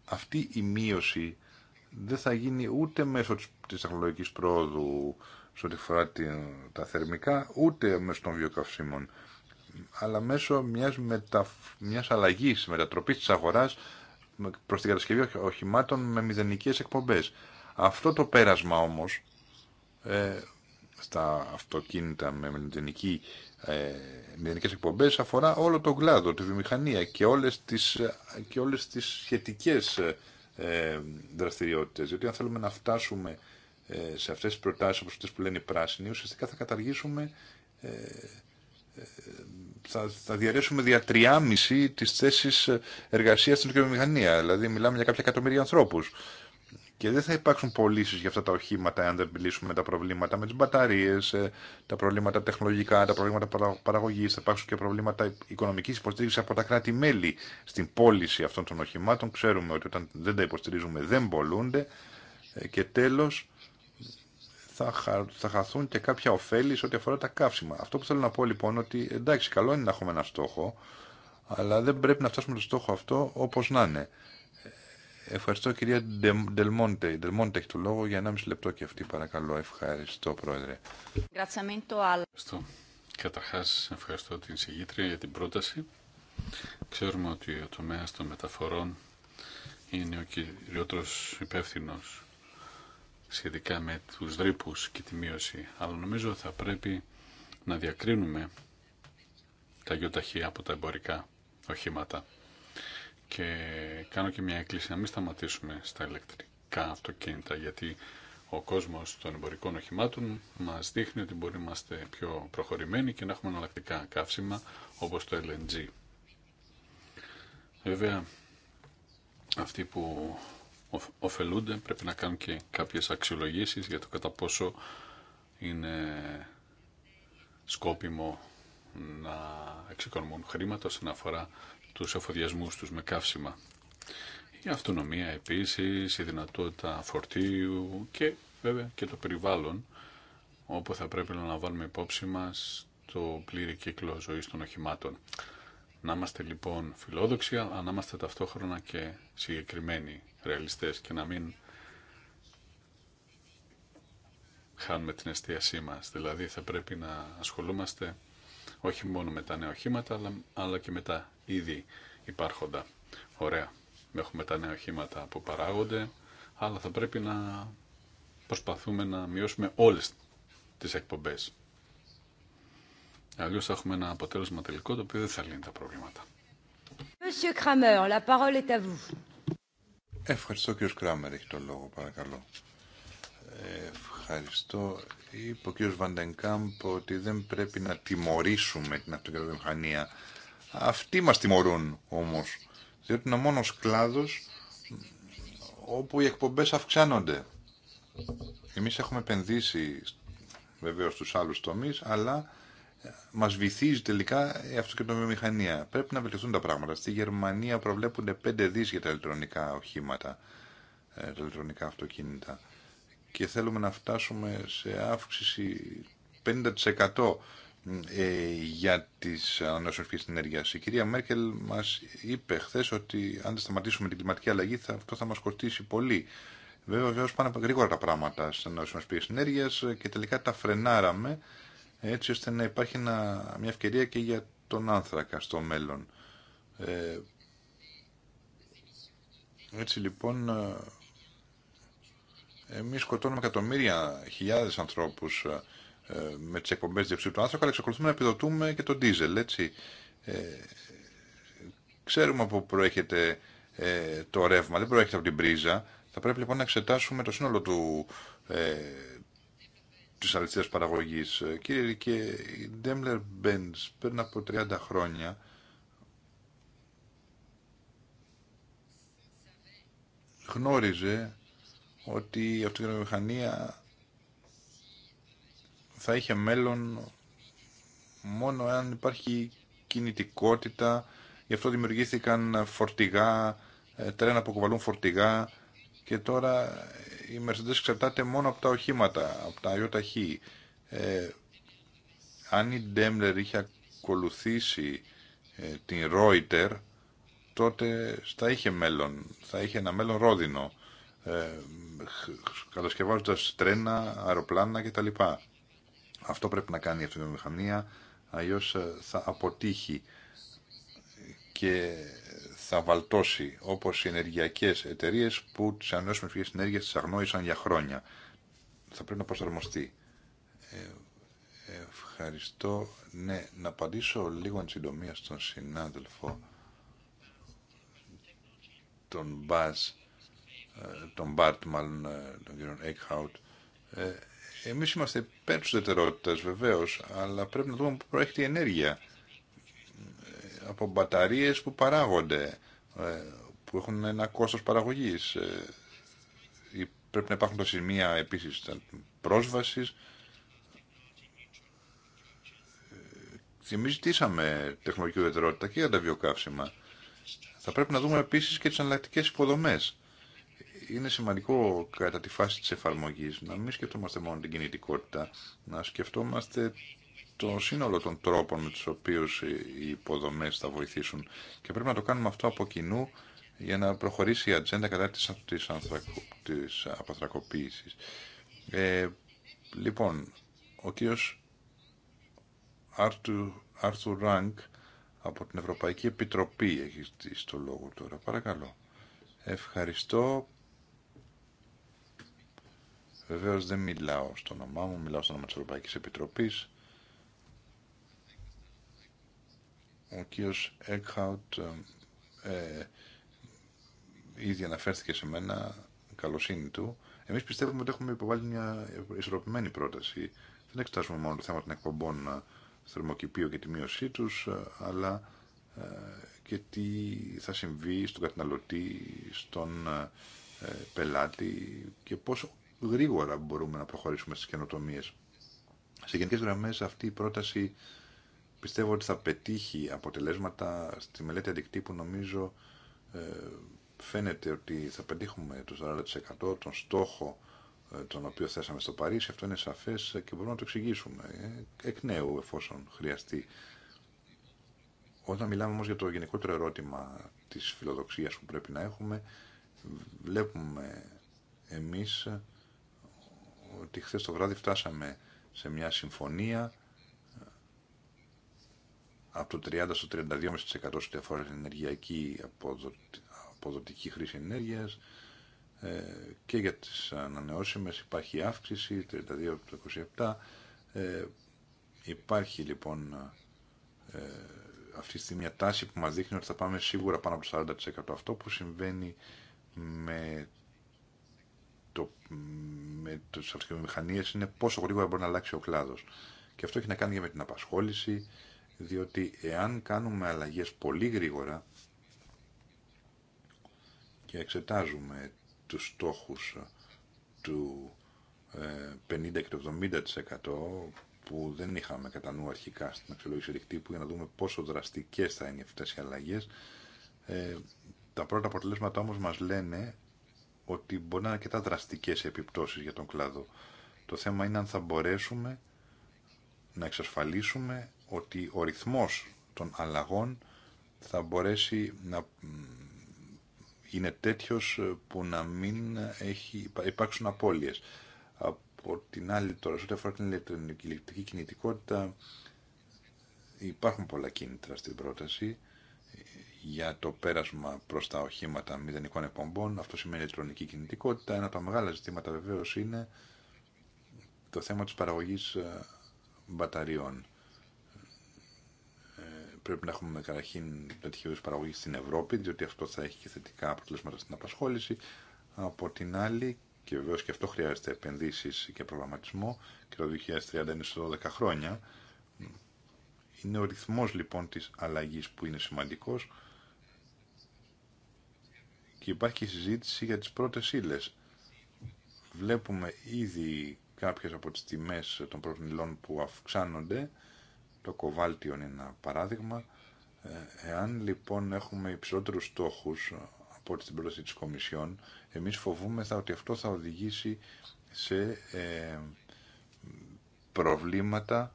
[SPEAKER 2] αυτή η μείωση δεν θα γίνει ούτε μέσω της τεχνολογικής πρόοδου σε ό,τι αφορά τα θερμικά, ούτε μέσω των βιοκαυσίμων αλλά μέσω μιας, μετα... μιας αλλαγής, μετατροπής της αγοράς προς την κατασκευή οχημάτων με μηδενικές εκπομπές. Αυτό το πέρασμα όμως ε, στα αυτοκίνητα με μηδενική, ε, μηδενικές εκπομπές αφορά όλο τον κλάδο, τη βιομηχανία και όλες τις, και όλες τις σχετικές ε, ε, δραστηριότητες. Γιατί αν θέλουμε να φτάσουμε σε αυτές τις προτάσεις όπως αυτές που λένε οι πράσινοι, ουσιαστικά θα καταργήσουμε θα, θα διαρρέσουμε δια τριάμιση τις θέσεις εργασίας στην οικονομικανία. Δηλαδή μιλάμε για κάποια εκατομμύρια ανθρώπους. Και δεν θα υπάρξουν πωλήσει για αυτά τα οχήματα αν δεν λύσουμε τα προβλήματα με τι μπαταρίε, ε, τα προβλήματα τεχνολογικά, τα προβλήματα παραγωγή. Θα υπάρξουν και προβλήματα οικονομική υποστήριξη από τα κράτη-μέλη στην πώληση αυτών των οχημάτων. Ξέρουμε ότι όταν δεν τα υποστηρίζουμε δεν πολλούνται. Ε, και τέλο, θα, χα, θα χαθούν και κάποια ωφέλη σε ό,τι αφορά τα καύσιμα. Αυτό που θέλω να πω λοιπόν ότι εντάξει καλό είναι να έχουμε ένα στόχο, αλλά δεν πρέπει να φτάσουμε το στόχο αυτό όπω να είναι. Ε, ευχαριστώ κυρία Ντελμόντε. Η Ντελμόντε έχει το λόγο για 1,5 λεπτό και αυτή παρακαλώ. Ευχαριστώ πρόεδρε.
[SPEAKER 3] Ευχαριστώ. Καταρχά, ευχαριστώ την συγγήτρια για την πρόταση. Ξέρουμε ότι ο τομέα των μεταφορών είναι ο κυριότερος υπεύθυνος σχετικά με τους δρύπους και τη μείωση, αλλά νομίζω θα πρέπει να διακρίνουμε τα γιοταχή από τα εμπορικά οχήματα. Και κάνω και μια έκκληση να μην σταματήσουμε στα ηλεκτρικά αυτοκίνητα, γιατί ο κόσμος των εμπορικών οχημάτων μας δείχνει ότι μπορεί να είμαστε πιο προχωρημένοι και να έχουμε εναλλακτικά καύσιμα, όπως το LNG. Βέβαια, αυτοί που Οφελούνται, πρέπει να κάνουν και κάποιες αξιολογήσεις για το κατά πόσο είναι σκόπιμο να εξοικονομούν χρήματα όσον αφορά τους εφοδιασμούς τους με καύσιμα. Η αυτονομία επίσης, η δυνατότητα φορτίου και βέβαια και το περιβάλλον όπου θα πρέπει να βάλουμε υπόψη μας το πλήρη κύκλο ζωής των οχημάτων. Να είμαστε λοιπόν φιλόδοξοι, αλλά να είμαστε ταυτόχρονα και συγκεκριμένοι ρεαλιστές και να μην χάνουμε την εστίασή μας. Δηλαδή θα πρέπει να ασχολούμαστε όχι μόνο με τα νέα οχήματα, αλλά, και με τα ήδη υπάρχοντα. Ωραία. Έχουμε τα νέα οχήματα που παράγονται, αλλά θα πρέπει να προσπαθούμε να μειώσουμε όλες τις εκπομπές. Αλλιώς θα έχουμε ένα αποτέλεσμα
[SPEAKER 2] τελικό το οποίο δεν θα λύνει τα προβλήματα. Monsieur Ευχαριστώ κύριος Κράμερ, έχει το λόγο παρακαλώ. Ευχαριστώ. Είπε ο κύριος Βαντενκάμπ ότι δεν πρέπει να τιμωρήσουμε την αυτοκρατομηχανία. Αυτοί μας τιμωρούν όμως, διότι είναι ο μόνος κλάδος όπου οι εκπομπές αυξάνονται. Εμείς έχουμε επενδύσει βεβαίως στους άλλους τομείς, αλλά Μα βυθίζει τελικά η μηχανία. Πρέπει να βελτιωθούν τα πράγματα. Στη Γερμανία προβλέπουν 5 δι για τα ηλεκτρονικά οχήματα, ε, τα ηλεκτρονικά αυτοκίνητα. Και θέλουμε να φτάσουμε σε αύξηση 50% ε, για τις ανανεώσιμε πηγές ενέργειας. Η κυρία Μέρκελ μας είπε χθε ότι αν δεν σταματήσουμε την κλιματική αλλαγή θα, αυτό θα μας κοστίσει πολύ. Βέβαια, βεβαίω πάνε γρήγορα τα πράγματα στι ανανεώσιμε πηγέ ενέργεια ε, και τελικά τα φρενάραμε έτσι ώστε να υπάρχει μια ευκαιρία και για τον άνθρακα στο μέλλον. Ε, έτσι λοιπόν, ε, εμείς σκοτώνουμε εκατομμύρια, χιλιάδες ανθρώπους ε, με τις εκπομπές διοξείδου του άνθρακα, αλλά εξακολουθούμε να επιδοτούμε και τον δίζελ. έτσι. Ε, ξέρουμε από προέρχεται το ρεύμα, δεν προέρχεται από την πρίζα. Θα πρέπει λοιπόν να εξετάσουμε το σύνολο του τη αλυσίδας παραγωγής. Ε, κύριε Ρικέ, η Ντέμλερ Benz πριν από 30 χρόνια γνώριζε ότι η αυτοκινητομηχανία θα είχε μέλλον μόνο αν υπάρχει κινητικότητα. Γι' αυτό δημιουργήθηκαν φορτηγά, ε, τρένα που κουβαλούν φορτηγά και τώρα η Mercedes εξαρτάται μόνο από τα οχήματα, από τα ΙΟΤΑΧΗ. Ε, αν η Daimler είχε ακολουθήσει ε, την Ρόιτερ, τότε θα είχε μέλλον, θα είχε ένα μέλλον ρόδινο, ε, κατασκευάζοντας τρένα, αεροπλάνα κτλ. Αυτό πρέπει να κάνει η αυτοβιομηχανία, αλλιώς ε, θα αποτύχει και θα βαλτώσει, όπως οι ενεργειακές εταιρείες που τις ανανεώσιμες φυσικές ενέργεια τις αγνόησαν για χρόνια. Θα πρέπει να προσαρμοστεί. Ε, ευχαριστώ. Ναι, να απαντήσω λίγο εν συντομία στον συνάδελφο τον Μπάζ, ε, τον Μπάρτ μάλλον, ε, τον κύριο Έκχαουτ. Εμεί εμείς είμαστε υπέρ της βεβαίως, αλλά πρέπει να δούμε που προέρχεται η ενέργεια από μπαταρίες που παράγονται, ε, που έχουν ένα κόστος παραγωγής. Ε, πρέπει να υπάρχουν τα σημεία επίσης πρόσβασης. Ε, εμείς ζητήσαμε τεχνολογική ουδετερότητα και για τα βιοκαύσιμα. Θα πρέπει να δούμε επίσης και τις αναλλακτικές υποδομές. Είναι σημαντικό κατά τη φάση της εφαρμογής να μην σκεφτόμαστε μόνο την κινητικότητα, να σκεφτόμαστε το σύνολο των τρόπων με τους οποίους οι υποδομές θα βοηθήσουν και πρέπει να το κάνουμε αυτό από κοινού για να προχωρήσει η ατζέντα κατά της, της, Ε, λοιπόν, ο κύριος Άρθου Ράνκ από την Ευρωπαϊκή Επιτροπή έχει στήσει το λόγο τώρα. Παρακαλώ. Ευχαριστώ. Βεβαίω δεν μιλάω στο όνομά μου, μιλάω στο όνομα τη Ευρωπαϊκή Επιτροπή. Ο κύριος Έκχαουτ ε, ε, ήδη αναφέρθηκε σε μένα, καλοσύνη του. Εμείς πιστεύουμε ότι έχουμε υποβάλει μια ισορροπημένη πρόταση. Δεν εξετάζουμε μόνο το θέμα των εκπομπών ε, θερμοκηπίου και τη μείωσή τους, ε, αλλά και τι θα συμβεί στον καταναλωτή, στον πελάτη και πόσο γρήγορα μπορούμε να προχωρήσουμε στις καινοτομίες. Σε γενικές γραμμές αυτή η πρόταση πιστεύω ότι θα πετύχει αποτελέσματα στη μελέτη αντικτύπου νομίζω ε, φαίνεται ότι θα πετύχουμε το 40% τον στόχο ε, τον οποίο θέσαμε στο Παρίσι, αυτό είναι σαφές και μπορούμε να το εξηγήσουμε ε, εκ νέου εφόσον χρειαστεί. Όταν μιλάμε όμως για το γενικότερο ερώτημα της φιλοδοξίας που πρέπει να έχουμε, βλέπουμε εμείς ότι χθε το βράδυ φτάσαμε σε μια συμφωνία από το 30% στο 32,5% ότι αφορά την ενεργειακή αποδοτική χρήση ενέργειας ε, και για τις ανανεώσιμες υπάρχει αύξηση 32 από το 27 υπάρχει λοιπόν ε, αυτή τη μια τάση που μας δείχνει ότι θα πάμε σίγουρα πάνω από το 40% αυτό που συμβαίνει με το, με τις είναι πόσο γρήγορα μπορεί να αλλάξει ο κλάδος. Και αυτό έχει να κάνει και με την απασχόληση, διότι εάν κάνουμε αλλαγές πολύ γρήγορα και εξετάζουμε τους στόχους του 50 ε, και του 70% που δεν είχαμε κατά νου αρχικά στην αξιολόγηση που για να δούμε πόσο δραστικές θα είναι αυτές οι αλλαγές ε, τα πρώτα αποτελέσματα όμως μας λένε ότι μπορεί να είναι αρκετά δραστικές επιπτώσεις για τον κλάδο. Το θέμα είναι αν θα μπορέσουμε να εξασφαλίσουμε ότι ο ρυθμός των αλλαγών θα μπορέσει να είναι τέτοιος ε, που να μην έχει, υπάρξουν απώλειες. Από την άλλη τώρα, σε ό,τι αφορά την ηλεκτρική κινητικότητα, υπάρχουν πολλά κίνητρα στην πρόταση για το πέρασμα προς τα οχήματα μηδενικών εκπομπών. Αυτό σημαίνει ηλεκτρονική κινητικότητα. Ένα από τα μεγάλα ζητήματα βεβαίως είναι το θέμα της παραγωγής ε, μπαταριών. Ε, πρέπει να έχουμε καταρχήν τέτοιου είδου παραγωγή στην Ευρώπη, διότι αυτό θα έχει και θετικά αποτελέσματα στην απασχόληση. Από την άλλη, και βεβαίω και αυτό χρειάζεται επενδύσει και προγραμματισμό, και το 2030 είναι σε 12 χρόνια. Είναι ο ρυθμό λοιπόν τη αλλαγή που είναι σημαντικό. και υπάρχει συζήτηση για τις πρώτες ύλε. Βλέπουμε ήδη κάποιες από τις τιμές των πρώτων που αυξάνονται. Το κοβάλτιο είναι ένα παράδειγμα. Ε, εάν λοιπόν έχουμε υψηλότερους στόχους από την πρόταση της Κομισιόν, εμείς φοβούμεθα ότι αυτό θα οδηγήσει σε ε, προβλήματα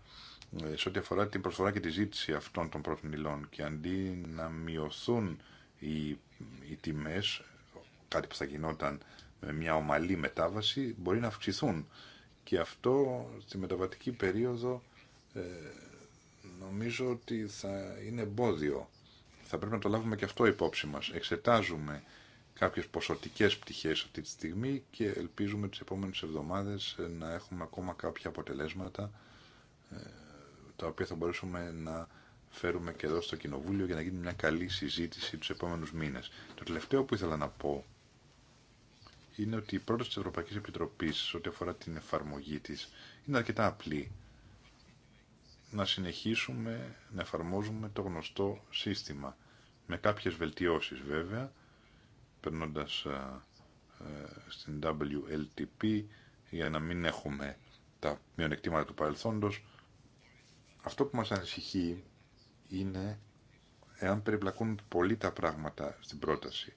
[SPEAKER 2] ε, σε ό,τι αφορά την προσφορά και τη ζήτηση αυτών των πρώτων και αντί να μειωθούν οι, οι τιμές, κάτι που θα γινόταν με μια ομαλή μετάβαση, μπορεί να αυξηθούν και αυτό στη μεταβατική περίοδο ε, νομίζω ότι θα είναι εμπόδιο. Θα πρέπει να το λάβουμε και αυτό υπόψη μας. Εξετάζουμε κάποιες ποσοτικές πτυχές αυτή τη στιγμή και ελπίζουμε τις επόμενες εβδομάδες ε, να έχουμε ακόμα κάποια αποτελέσματα ε, τα οποία θα μπορέσουμε να φέρουμε και εδώ στο Κοινοβούλιο για να γίνει μια καλή συζήτηση τους επόμενους μήνες. Το τελευταίο που ήθελα να πω είναι ότι η πρόταση της Ευρωπαϊκής Επιτροπής ό,τι αφορά την εφαρμογή της είναι αρκετά απλή. Να συνεχίσουμε να εφαρμόζουμε το γνωστό σύστημα με κάποιες βελτιώσεις βέβαια περνώντας ε, στην WLTP για να μην έχουμε τα μειονεκτήματα του παρελθόντος. Αυτό που μας ανησυχεί είναι εάν περιπλακούν πολύ τα πράγματα στην πρόταση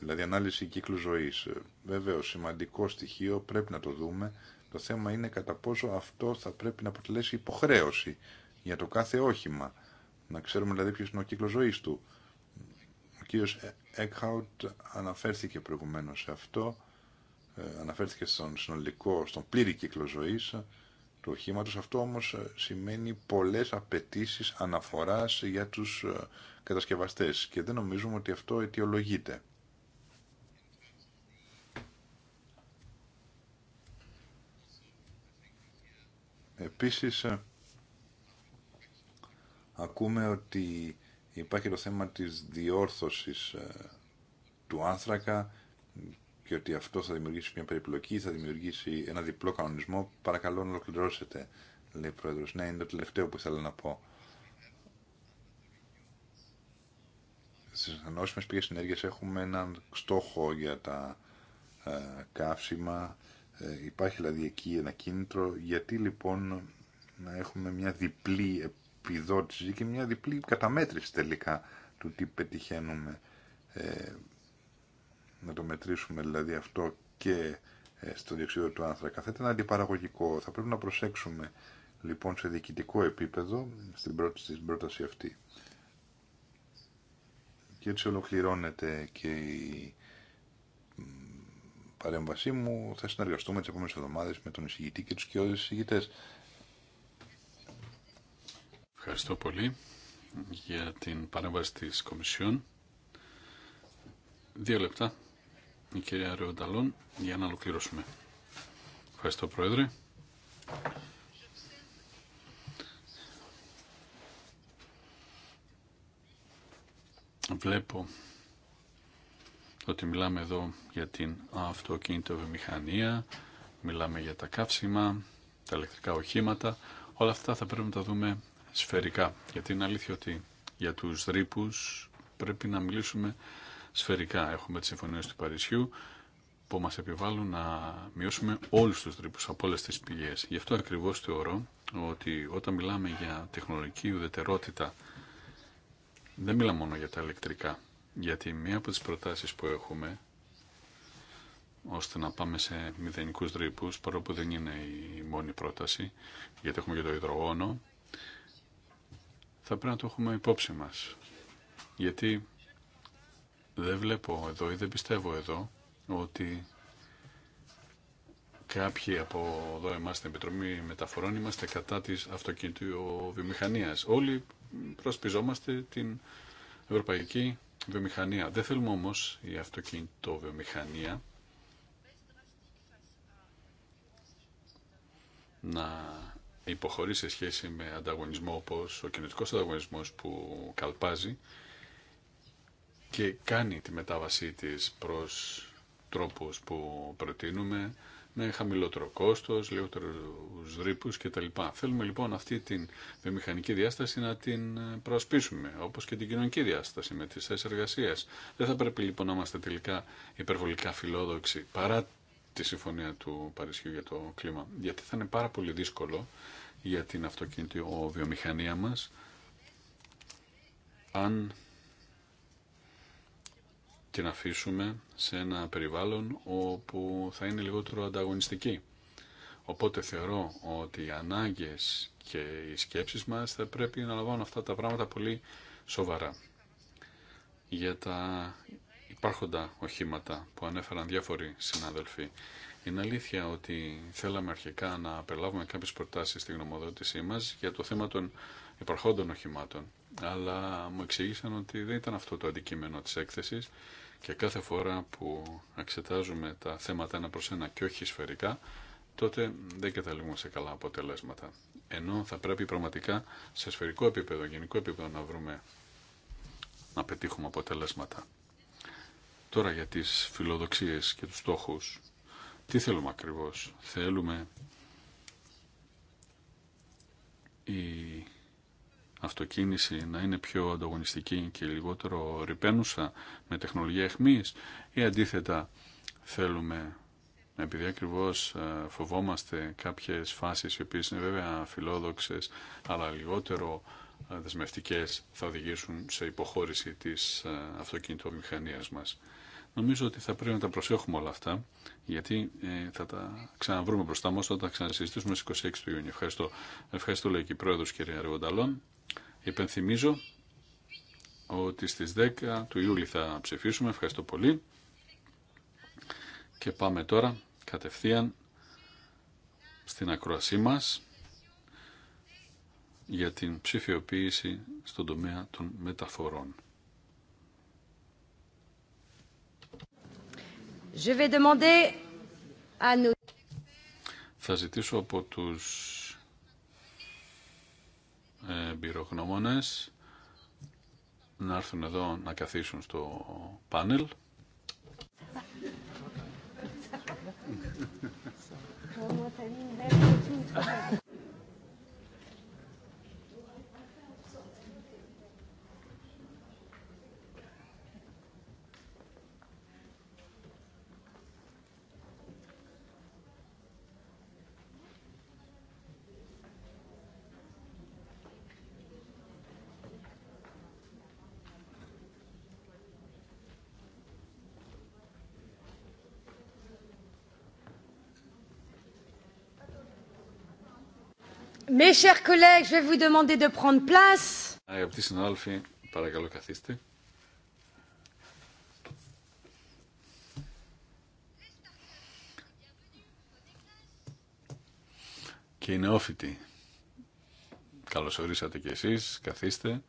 [SPEAKER 2] δηλαδή ανάλυση κύκλου ζωής. Ε, Βέβαια σημαντικό στοιχείο, πρέπει να το δούμε. Το θέμα είναι κατά πόσο αυτό θα πρέπει να αποτελέσει υποχρέωση για το κάθε όχημα. Να ξέρουμε δηλαδή ποιος είναι ο κύκλος ζωής του. Ο κύριος Εκχαουτ αναφέρθηκε προηγουμένως σε αυτό, ε, αναφέρθηκε στον συνολικό, στον πλήρη κύκλο ζωής του οχήματος. Αυτό όμως ε, σημαίνει πολλές απαιτήσει αναφοράς για τους ε, κατασκευαστές και δεν νομίζουμε ότι αυτό αιτιολογείται. Επίσης, ε, ακούμε ότι υπάρχει το θέμα της διόρθωσης ε, του άνθρακα και ότι αυτό θα δημιουργήσει μια περιπλοκή, θα δημιουργήσει ένα διπλό κανονισμό. Παρακαλώ να ολοκληρώσετε, λέει ο Πρόεδρος. Ναι, είναι το τελευταίο που ήθελα να πω. Στις ανώσιμες πηγές συνέργειας έχουμε έναν στόχο για τα ε, καύσιμα ε, υπάρχει δηλαδή εκεί ένα κίνητρο. Γιατί λοιπόν να έχουμε μια διπλή επιδότηση και μια διπλή καταμέτρηση τελικά του τι πετυχαίνουμε. Ε, να το μετρήσουμε δηλαδή αυτό και ε, στο διοξείδιο του άνθρακα. Θα ήταν αντιπαραγωγικό. Θα πρέπει να προσέξουμε λοιπόν σε διοικητικό επίπεδο στην πρόταση, στην πρόταση αυτή. Και έτσι ολοκληρώνεται και η παρέμβασή μου. Θα συνεργαστούμε τι επόμενε εβδομάδε με τον εισηγητή και του κοιόδη εισηγητέ.
[SPEAKER 3] Ευχαριστώ πολύ για την παρέμβαση τη Κομισιόν. Δύο λεπτά, η κυρία Ρεονταλόν, για να ολοκληρώσουμε. Ευχαριστώ, Πρόεδρε. Βλέπω ότι μιλάμε εδώ για την αυτοκίνητο βιομηχανία, μιλάμε για τα καύσιμα, τα ηλεκτρικά οχήματα. Όλα αυτά θα πρέπει να τα δούμε σφαιρικά. Γιατί είναι αλήθεια ότι για τους ρήπους πρέπει να μιλήσουμε σφαιρικά. Έχουμε τις συμφωνίες του Παρισιού που μας επιβάλλουν να μειώσουμε όλους τους δρύπους από όλες τις πηγές. Γι' αυτό ακριβώς θεωρώ ότι όταν μιλάμε για τεχνολογική ουδετερότητα δεν μιλάμε μόνο για τα ηλεκτρικά γιατί μία από τις προτάσεις που έχουμε ώστε να πάμε σε μηδενικούς ρήπους, παρόλο που δεν είναι η μόνη πρόταση, γιατί έχουμε και το υδρογόνο, θα πρέπει να το έχουμε υπόψη μας. Γιατί δεν βλέπω εδώ ή δεν πιστεύω εδώ ότι κάποιοι από εδώ εμάς στην Επιτροπή Μεταφορών είμαστε κατά της αυτοκινητοβιομηχανίας. Όλοι προσπιζόμαστε την ευρωπαϊκή βιομηχανία. Δεν θέλουμε όμως η αυτοκίνητο βιομηχανία να υποχωρεί σε σχέση με ανταγωνισμό όπως ο κινητικός ανταγωνισμός που καλπάζει και κάνει τη μετάβασή της προς τρόπους που προτείνουμε με ναι, χαμηλότερο κόστος, λιγότερους ρήπου κτλ. Θέλουμε λοιπόν αυτή την βιομηχανική διάσταση να την ε, προασπίσουμε, όπως και την κοινωνική διάσταση με τις θέσει εργασία. Δεν θα πρέπει λοιπόν να είμαστε τελικά υπερβολικά φιλόδοξοι παρά τη συμφωνία του Παρισιού για το κλίμα, γιατί θα είναι πάρα πολύ δύσκολο για την αυτοκίνητη βιομηχανία μα. αν την αφήσουμε σε ένα περιβάλλον όπου θα είναι λιγότερο ανταγωνιστική. Οπότε θεωρώ ότι οι ανάγκες και οι σκέψεις μας θα πρέπει να λαμβάνουν αυτά τα πράγματα πολύ σοβαρά. Για τα υπάρχοντα οχήματα που ανέφεραν διάφοροι συνάδελφοι, είναι αλήθεια ότι θέλαμε αρχικά να απελάβουμε κάποιες προτάσεις στη γνωμοδότησή μας για το θέμα των υπαρχόντων οχημάτων αλλά μου εξηγήσαν ότι δεν ήταν αυτό το αντικείμενο της έκθεσης και κάθε φορά που εξετάζουμε τα θέματα ένα προς ένα και όχι σφαιρικά, τότε δεν καταλήγουμε σε καλά αποτελέσματα. Ενώ θα πρέπει πραγματικά σε σφαιρικό επίπεδο, γενικό επίπεδο να βρούμε, να πετύχουμε αποτελέσματα. Τώρα για τις φιλοδοξίες και τους στόχους, τι θέλουμε ακριβώς. Θέλουμε η αυτοκίνηση να είναι πιο ανταγωνιστική και λιγότερο ρηπαίνουσα με τεχνολογία εχμής ή αντίθετα θέλουμε επειδή ακριβώ ε, φοβόμαστε κάποιες φάσεις οι οποίες είναι βέβαια φιλόδοξες αλλά λιγότερο ε, δεσμευτικές θα οδηγήσουν σε υποχώρηση της ε, αυτοκινητομηχανίας μας. Νομίζω ότι θα πρέπει να τα προσέχουμε όλα αυτά, γιατί θα τα ξαναβρούμε μπροστά μας όταν τα ξανασυζητήσουμε στις 26 του Ιούνιου. Ευχαριστώ. Ευχαριστώ, λέει και η Πρόεδρος, κυρία Αργονταλόν. Υπενθυμίζω ότι στις 10 του Ιούλη θα ψηφίσουμε. Ευχαριστώ πολύ. Και πάμε τώρα κατευθείαν στην ακροασή μας για την ψηφιοποίηση στον τομέα των μεταφορών.
[SPEAKER 1] Je vais demander
[SPEAKER 3] Θα ζητήσω από τους εμπειρογνώμονες να έρθουν εδώ να καθίσουν στο πάνελ.
[SPEAKER 1] Mes chers collègues, je vais vous demander de prendre place.
[SPEAKER 3] Αγαπητοί συνάδελφοι, παρακαλώ καθίστε. Και οι νεόφυτοι, καλώς ορίσατε κι εσείς, καθίστε.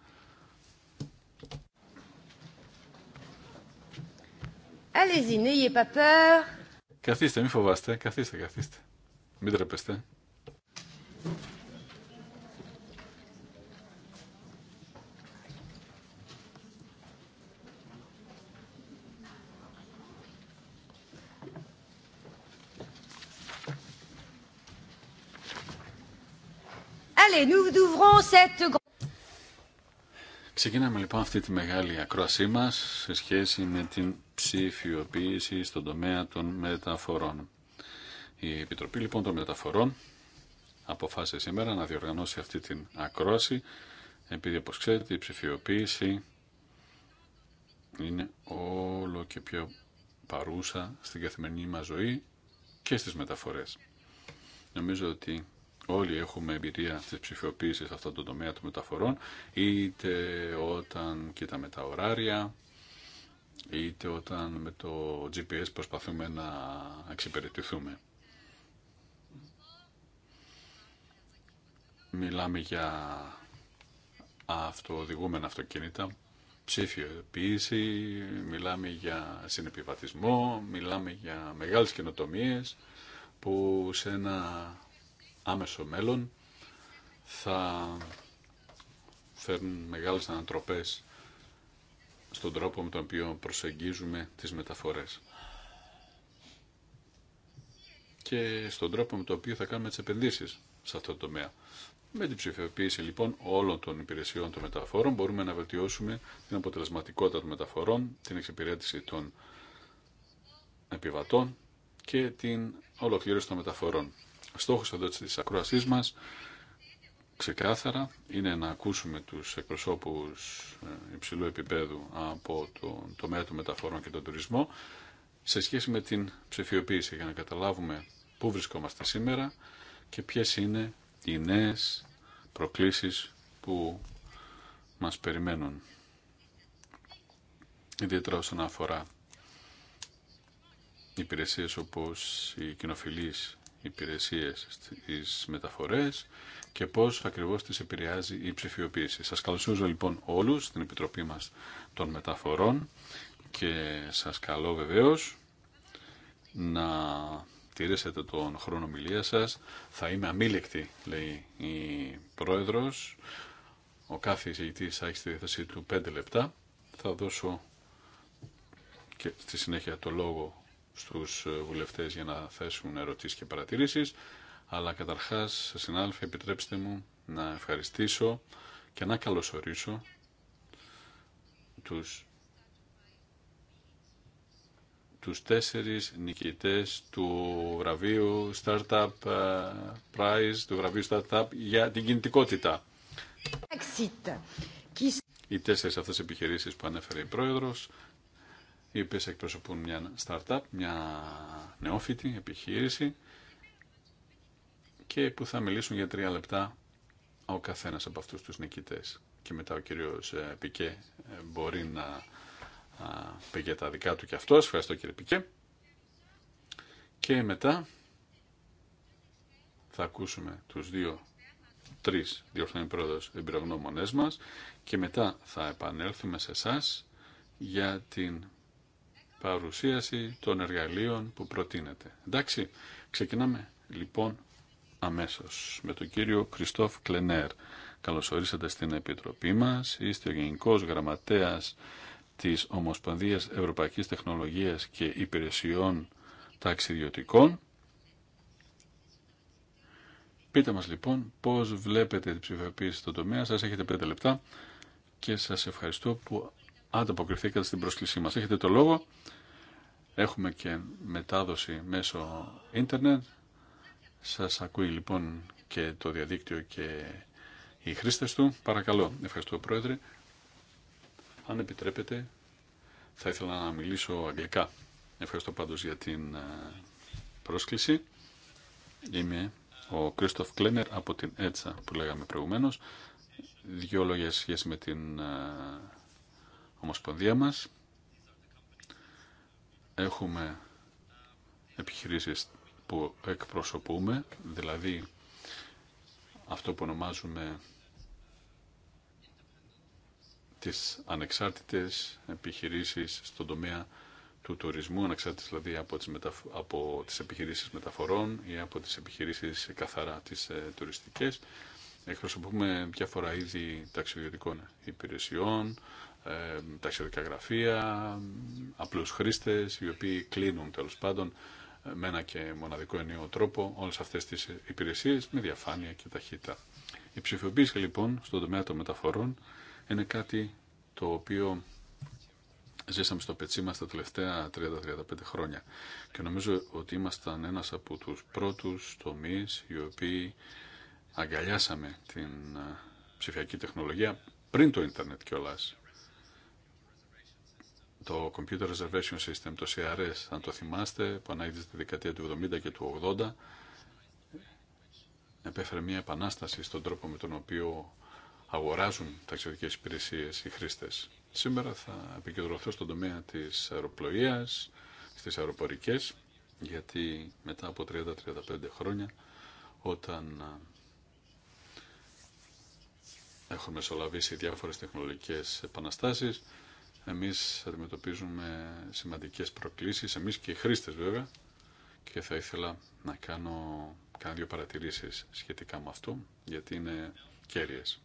[SPEAKER 1] Allez-y, n'ayez
[SPEAKER 2] pas peur.
[SPEAKER 3] Καθίστε, μη φοβάστε, καθίστε, καθίστε. Μην τρέπεστε. Ξεκινάμε λοιπόν αυτή τη μεγάλη ακρόασή μας σε σχέση με την ψηφιοποίηση στον τομέα των μεταφορών. Η Επιτροπή λοιπόν των Μεταφορών αποφάσισε σήμερα να διοργανώσει αυτή την ακρόαση επειδή όπως ξέρετε η ψηφιοποίηση είναι όλο και πιο παρούσα στην καθημερινή μας ζωή και στις μεταφορές. Νομίζω ότι Όλοι έχουμε εμπειρία στις ψηφιοποίησεις σε αυτόν τον τομέα των μεταφορών, είτε όταν κοιτάμε τα ωράρια, είτε όταν με το GPS προσπαθούμε να εξυπηρετηθούμε. Μιλάμε για αυτοοδηγούμενα αυτοκίνητα, ψηφιοποίηση, μιλάμε για συνεπιβατισμό, μιλάμε για μεγάλες καινοτομίες που σε ένα άμεσο μέλλον θα φέρνουν μεγάλες ανατροπές στον τρόπο με τον οποίο προσεγγίζουμε τις μεταφορές και στον τρόπο με τον οποίο θα κάνουμε τις επενδύσεις σε αυτό το τομέα. Με την ψηφιοποίηση λοιπόν όλων των υπηρεσιών των μεταφορών μπορούμε να βελτιώσουμε την αποτελεσματικότητα των μεταφορών, την εξυπηρέτηση των επιβατών και την ολοκλήρωση των μεταφορών. Στόχος εδώ της ακροασής μας ξεκάθαρα είναι να ακούσουμε τους εκπροσώπους ε, υψηλού επίπεδου από το τομέα των μεταφορών και τον τουρισμό σε σχέση με την ψηφιοποίηση για να καταλάβουμε πού βρισκόμαστε σήμερα και ποιες είναι οι νέες προκλήσεις που μας περιμένουν. Ιδιαίτερα όσον αφορά υπηρεσίες όπως οι κοινοφιλείς υπηρεσίες στις μεταφορές και πώς ακριβώς τις επηρεάζει η ψηφιοποίηση. Σας καλωσορίζω λοιπόν όλους στην Επιτροπή μας των Μεταφορών και σας καλώ βεβαίως να τηρήσετε τον χρόνο μιλία σας. Θα είμαι αμήλικτη, λέει η Πρόεδρος. Ο κάθε εισηγητής θα έχει στη διάθεσή του 5 λεπτά. Θα δώσω και στη συνέχεια το λόγο στους ε, βουλευτές για να θέσουν ερωτήσεις και παρατηρήσεις, αλλά καταρχάς, συνάδελφοι, επιτρέψτε μου να ευχαριστήσω και να καλωσορίσω τους τους τέσσερις νικητές του βραβείου Startup ε, Prize, του βραβείου Startup για την κινητικότητα. Οι τέσσερις αυτές επιχειρήσεις που ανέφερε η Πρόεδρος οι οποίε εκπροσωπούν μια startup, μια νεόφυτη επιχείρηση και που θα μιλήσουν για τρία λεπτά ο καθένας από αυτούς τους νικητές. Και μετά ο κύριος ε, Πικέ ε, μπορεί να πει για τα δικά του και αυτός. Ευχαριστώ κύριε Πικέ. Και μετά θα ακούσουμε τους δύο τρεις διορθώνει πρόεδρος εμπειρογνώμονές μας και μετά θα επανέλθουμε σε εσά για την παρουσίαση των εργαλείων που προτείνεται. Εντάξει, ξεκινάμε λοιπόν αμέσως με τον κύριο Κριστόφ Κλενέρ. Καλώς ορίσατε στην Επιτροπή μας. Είστε ο Γενικός Γραμματέας της Ομοσπονδίας Ευρωπαϊκής Τεχνολογίας και Υπηρεσιών Ταξιδιωτικών. Πείτε μας λοιπόν πώς βλέπετε την ψηφιοποίηση στον τομέα σας. Έχετε πέντε λεπτά και σας ευχαριστώ που ανταποκριθήκατε στην πρόσκλησή μας. Έχετε το λόγο. Έχουμε και μετάδοση μέσω ίντερνετ. Σας ακούει λοιπόν και το διαδίκτυο και οι χρήστες του. Παρακαλώ. Ευχαριστώ Πρόεδρε. Αν επιτρέπετε θα ήθελα να μιλήσω αγγλικά. Ευχαριστώ πάντως για την ε, πρόσκληση. Είμαι ο Κρίστοφ Κλένερ από την ΕΤΣΑ που λέγαμε προηγουμένως. Δύο λόγια σχέση με την ε, ομοσπονδία μας. Έχουμε επιχειρήσεις που εκπροσωπούμε, δηλαδή αυτό που ονομάζουμε τις ανεξάρτητες επιχειρήσεις στον τομέα του τουρισμού, ανεξάρτητες δηλαδή από τις, από τις επιχειρήσεις μεταφορών ή από τις επιχειρήσεις καθαρά τις ε, τουριστικές. Εκπροσωπούμε διάφορα είδη ταξιδιωτικών υπηρεσιών, ε, ταξιδιωτικά γραφεία, απλούς χρήστες, οι οποίοι κλείνουν τέλος πάντων ε, με ένα και μοναδικό ενίο τρόπο όλες αυτές τις υπηρεσίες με διαφάνεια και ταχύτητα. Η ψηφιοποίηση λοιπόν στον τομέα των μεταφορών είναι κάτι το οποίο ζήσαμε στο πετσί μας τα τελευταία 30-35 χρόνια και νομίζω ότι ήμασταν ένας από τους πρώτους τομείς οι οποίοι αγκαλιάσαμε την ε, ψηφιακή τεχνολογία πριν το ίντερνετ κιόλας το Computer Reservation System, το CRS, αν το θυμάστε, που ανάγεται στη δεκαετία του 70 και του 80, επέφερε μια επανάσταση στον τρόπο με τον οποίο αγοράζουν ταξιδιωτικές υπηρεσίες οι χρήστες. Σήμερα θα επικεντρωθώ στον τομέα της αεροπλοείας, στις αεροπορικές, γιατί μετά από 30-35 χρόνια, όταν έχουμε μεσολαβήσει διάφορες τεχνολογικές επαναστάσεις, εμείς αντιμετωπίζουμε σημαντικές προκλήσεις, εμείς και οι χρήστες βέβαια, και θα ήθελα να κάνω κάνα δύο παρατηρήσεις σχετικά με αυτό, γιατί είναι κέρυες.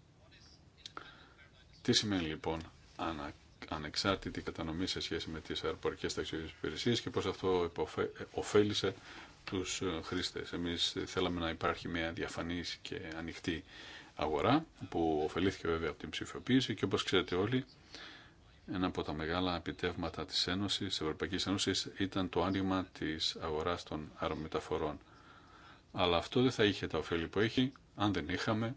[SPEAKER 3] Τι σημαίνει λοιπόν ανα, ανεξάρτητη κατανομή σε σχέση με τις αεροπορικές ταξιδιωτικές υπηρεσίες και πώς αυτό ωφέλησε τους ε, χρήστες. Εμείς θέλαμε να υπάρχει μια διαφανής και ανοιχτή αγορά που ωφελήθηκε βέβαια από την ψηφιοποίηση και όπως ξέρετε όλοι ένα από τα μεγάλα επιτεύγματα της Ένωσης, της Ευρωπαϊκής Ένωσης, ήταν το άνοιγμα της αγοράς των αερομεταφορών. Αλλά αυτό δεν θα είχε τα ωφέλη που έχει, αν δεν είχαμε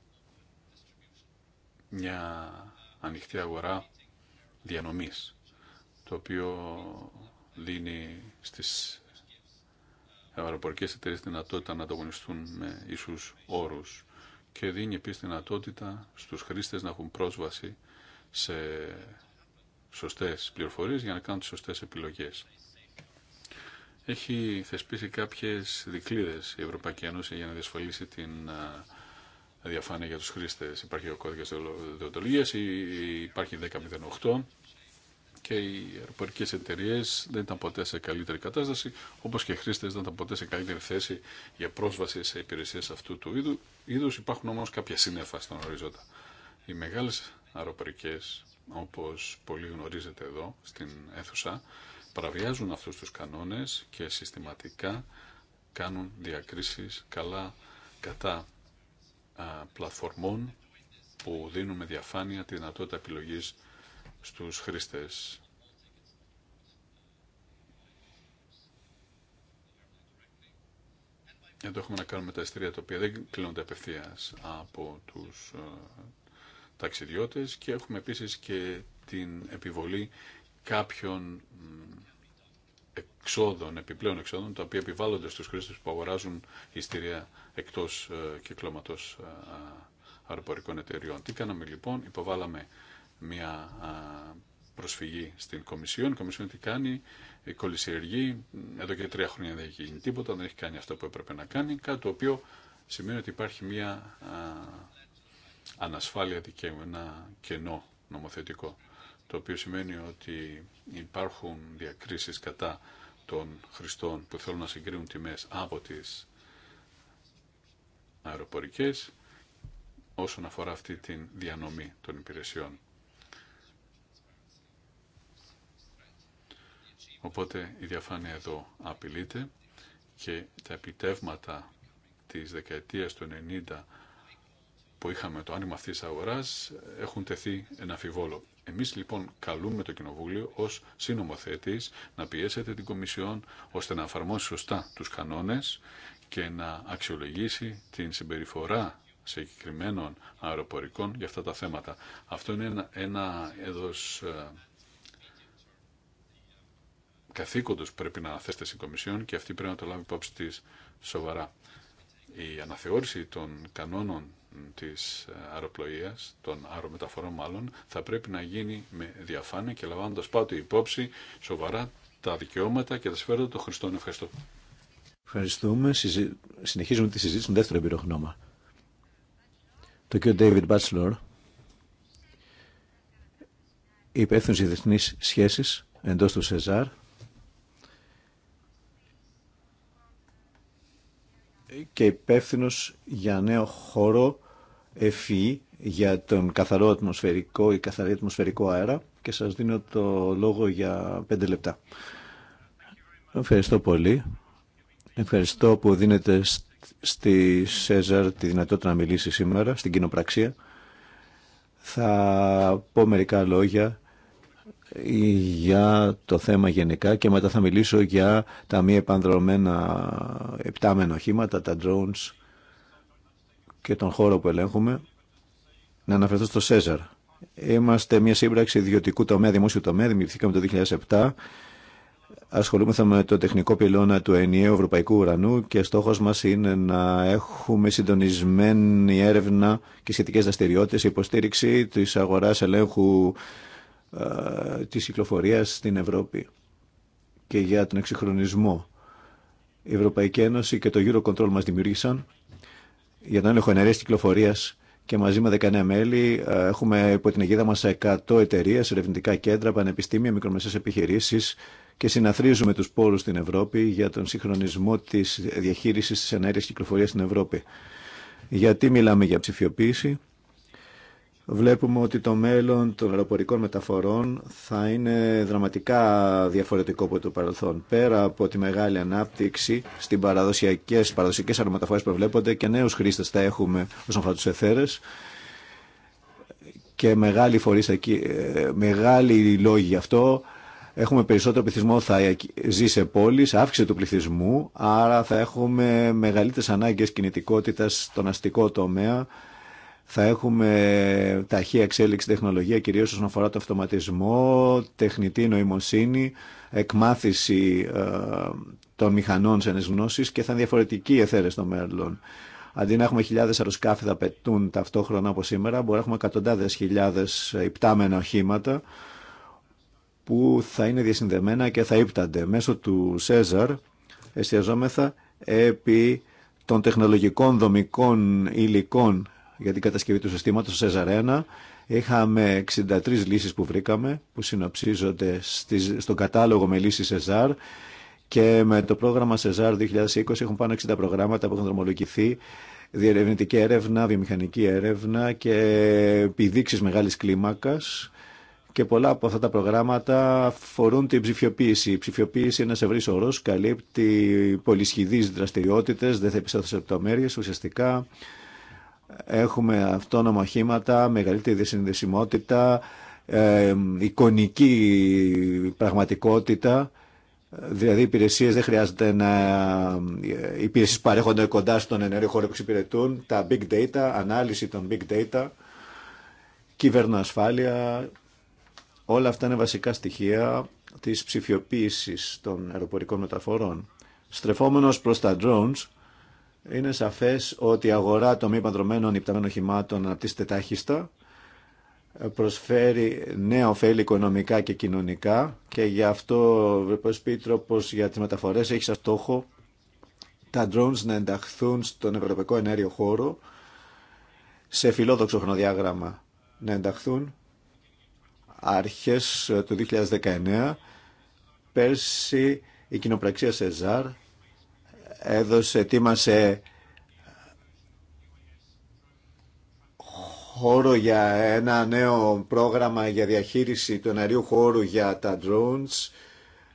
[SPEAKER 3] μια ανοιχτή αγορά διανομής, το οποίο δίνει στις αεροπορικές εταιρείες δυνατότητα να ανταγωνιστούν με ίσους όρους και δίνει επίσης δυνατότητα στους χρήστες να έχουν πρόσβαση σε σωστές πληροφορίες για να κάνουν τις σωστές επιλογές. Έχει θεσπίσει κάποιες δικλείδες η Ευρωπαϊκή Ένωση για να διασφαλίσει την διαφάνεια για τους χρήστες. Υπάρχει ο κώδικας διοντολογίας, υπάρχει 1008 και οι αεροπορικέ εταιρείε δεν ήταν ποτέ σε καλύτερη κατάσταση, όπως και οι χρήστες δεν ήταν ποτέ σε καλύτερη θέση για πρόσβαση σε υπηρεσίες αυτού του είδου. Είδους υπάρχουν όμως κάποια σύννεφα στον ορίζοντα. Οι μεγάλε αεροπορικέ όπως πολύ γνωρίζετε εδώ στην αίθουσα, παραβιάζουν αυτούς τους κανόνες και συστηματικά κάνουν διακρίσεις καλά κατά α, πλατφορμών που δίνουν με διαφάνεια τη δυνατότητα επιλογής στους χρήστες. Εδώ έχουμε να κάνουμε τα εστία τα οποία δεν κλείνονται απευθεία από τους ταξιδιώτες και έχουμε επίσης και την επιβολή κάποιων εξόδων, επιπλέον εξόδων, τα οποία επιβάλλονται στους χρήστες που αγοράζουν ιστήρια εκτός ε, κυκλώματος ε, αεροπορικών εταιριών. Τι κάναμε λοιπόν, υποβάλαμε μια προσφυγή στην Κομισιόν. Η Κομισιόν τι κάνει, ε, κολλησιεργεί, εδώ και τρία χρόνια δεν έχει γίνει τίποτα, δεν έχει κάνει αυτό που έπρεπε να κάνει, κάτι το οποίο σημαίνει ότι υπάρχει μια ανασφάλεια δικαίου, ένα κενό νομοθετικό, το οποίο σημαίνει ότι υπάρχουν διακρίσεις κατά των χρηστών που θέλουν να συγκρίνουν τιμές από τις αεροπορικές όσον αφορά αυτή την διανομή των υπηρεσιών. Οπότε η διαφάνεια εδώ απειλείται και τα επιτεύγματα της δεκαετίας του 90 που είχαμε το άνοιγμα αυτή τη αγορά έχουν τεθεί ένα αμφιβόλο. Εμείς λοιπόν καλούμε το Κοινοβούλιο ως συνομοθέτη να πιέσετε την Κομισιόν ώστε να εφαρμόσει σωστά τους κανόνες και να αξιολογήσει την συμπεριφορά συγκεκριμένων αεροπορικών για αυτά τα θέματα. Αυτό είναι ένα, ένα έδος ε, καθήκοντος πρέπει να θέσετε στην Κομισιόν και αυτή πρέπει να το λάβει υπόψη της σοβαρά. Η αναθεώρηση των κανόνων της ε, αεροπλοείας, των αερομεταφορών μάλλον, θα πρέπει να γίνει με διαφάνεια και λαμβάνοντας πάτο υπόψη σοβαρά τα δικαιώματα και τα συμφέροντα των χρηστών. Ευχαριστώ.
[SPEAKER 1] Ευχαριστούμε. Συνεχίζουμε τη συζήτηση με δεύτερο εμπειρογνώμα. Το κ. David Batchelor, υπεύθυνο διεθνή σχέσης εντός του ΣΕΖΑΡ, και υπεύθυνο για νέο χώρο ΕΦΗ e για τον καθαρό ατμοσφαιρικό ή καθαρή ατμοσφαιρικό αέρα και σας δίνω το λόγο για πέντε λεπτά. Ευχαριστώ πολύ. Ευχαριστώ που δίνετε στη ΣΕΖΑΡ τη δυνατότητα να μιλήσει σήμερα στην κοινοπραξία. Θα πω μερικά λόγια για το θέμα γενικά και μετά θα μιλήσω για τα μη επανδρομένα επτάμενα οχήματα, τα drones και τον χώρο που ελέγχουμε. Να αναφερθώ στο ΣΕΖΑΡ. Είμαστε μια σύμπραξη ιδιωτικού τομέα, δημόσιου τομέα, δημιουργηθήκαμε το 2007. Ασχολούμεθα με το τεχνικό πυλώνα του ενιαίου ευρωπαϊκού ουρανού και στόχος μας είναι να έχουμε συντονισμένη έρευνα και σχετικές δραστηριότητες, υποστήριξη της αγοράς ελέγχου ε, της κυκλοφορίας στην Ευρώπη και για τον εξυγχρονισμό. Η Ευρωπαϊκή Ένωση και το Eurocontrol μας δημιούργησαν για τον έλεγχο ενέργειας κυκλοφορίας και μαζί με 19 μέλη ε, έχουμε υπό την αιγίδα μας 100 εταιρείες, ερευνητικά κέντρα, πανεπιστήμια, μικρομεσαίες επιχειρήσεις και συναθρίζουμε τους πόρους στην Ευρώπη για τον συγχρονισμό της διαχείρισης της ενέργειας κυκλοφορίας στην Ευρώπη. Γιατί μιλάμε για ψηφιοποίηση, βλέπουμε ότι το μέλλον των αεροπορικών μεταφορών θα είναι δραματικά διαφορετικό από το παρελθόν. Πέρα από τη μεγάλη ανάπτυξη στις παραδοσιακές, παραδοσιακές αερομεταφορές που βλέπονται και νέους χρήστες θα έχουμε όσον αφορά τους εθέρες και μεγάλη εκεί, ε, μεγάλοι λόγοι γι' αυτό. Έχουμε περισσότερο πληθυσμό θα ζει σε πόλεις, αύξηση του πληθυσμού, άρα θα έχουμε μεγαλύτερες ανάγκες κινητικότητας στον αστικό τομέα θα έχουμε ταχεία εξέλιξη τεχνολογία, κυρίως όσον αφορά το αυτοματισμό, τεχνητή νοημοσύνη, εκμάθηση ε, των μηχανών σε γνώσεις και θα είναι η εθέρες στο μέλλον. Αντί να έχουμε χιλιάδε αεροσκάφη θα πετούν ταυτόχρονα όπω σήμερα, μπορεί να έχουμε εκατοντάδε χιλιάδε υπτάμενα οχήματα που θα είναι διασυνδεμένα και θα ύπτανται. Μέσω του ΣΕΖΑΡ εστιαζόμεθα επί των τεχνολογικών δομικών υλικών για την κατασκευή του συστήματος Σεζαρένα. Είχαμε 63 λύσεις που βρήκαμε, που συνοψίζονται στις, στον κατάλογο με λύσεις Σεζάρ και με το πρόγραμμα Σεζάρ 2020 έχουν πάνω 60 προγράμματα που έχουν δρομολογηθεί διερευνητική έρευνα, βιομηχανική έρευνα και επιδείξεις μεγάλης κλίμακας και πολλά από αυτά τα προγράμματα αφορούν την ψηφιοποίηση. Η ψηφιοποίηση είναι ένα ευρύ όρο, καλύπτει πολυσχηδεί δραστηριότητε, δεν θα σε λεπτομέρειε. Ουσιαστικά Έχουμε αυτόνομα οχήματα, μεγαλύτερη συνδεσιμότητα, ε, εικονική πραγματικότητα. Δηλαδή, οι υπηρεσίε δεν χρειάζεται να. Ε, οι παρέχονται κοντά στον ενέργειο χώρο που εξυπηρετούν. Τα big data, ανάλυση των big data, κυβερνοασφάλεια. Όλα αυτά είναι βασικά στοιχεία της ψηφιοποίησης των αεροπορικών μεταφορών. Στρεφόμενος προς τα drones, είναι σαφές ότι η αγορά των μη παντρωμένων υπταμένων οχημάτων αναπτύσσεται τάχιστα, προσφέρει νέα ωφέλη οικονομικά και κοινωνικά και γι' αυτό ο Ευρωπαϊκός για τι μεταφορές έχει σαν στόχο τα drones να ενταχθούν στον ευρωπαϊκό ενέργειο χώρο σε φιλόδοξο χρονοδιάγραμμα να ενταχθούν αρχές ε, του 2019. Πέρσι η κοινοπραξία Σεζάρ έδωσε, ετοίμασε χώρο για ένα νέο πρόγραμμα για διαχείριση του εναρίου χώρου για τα drones.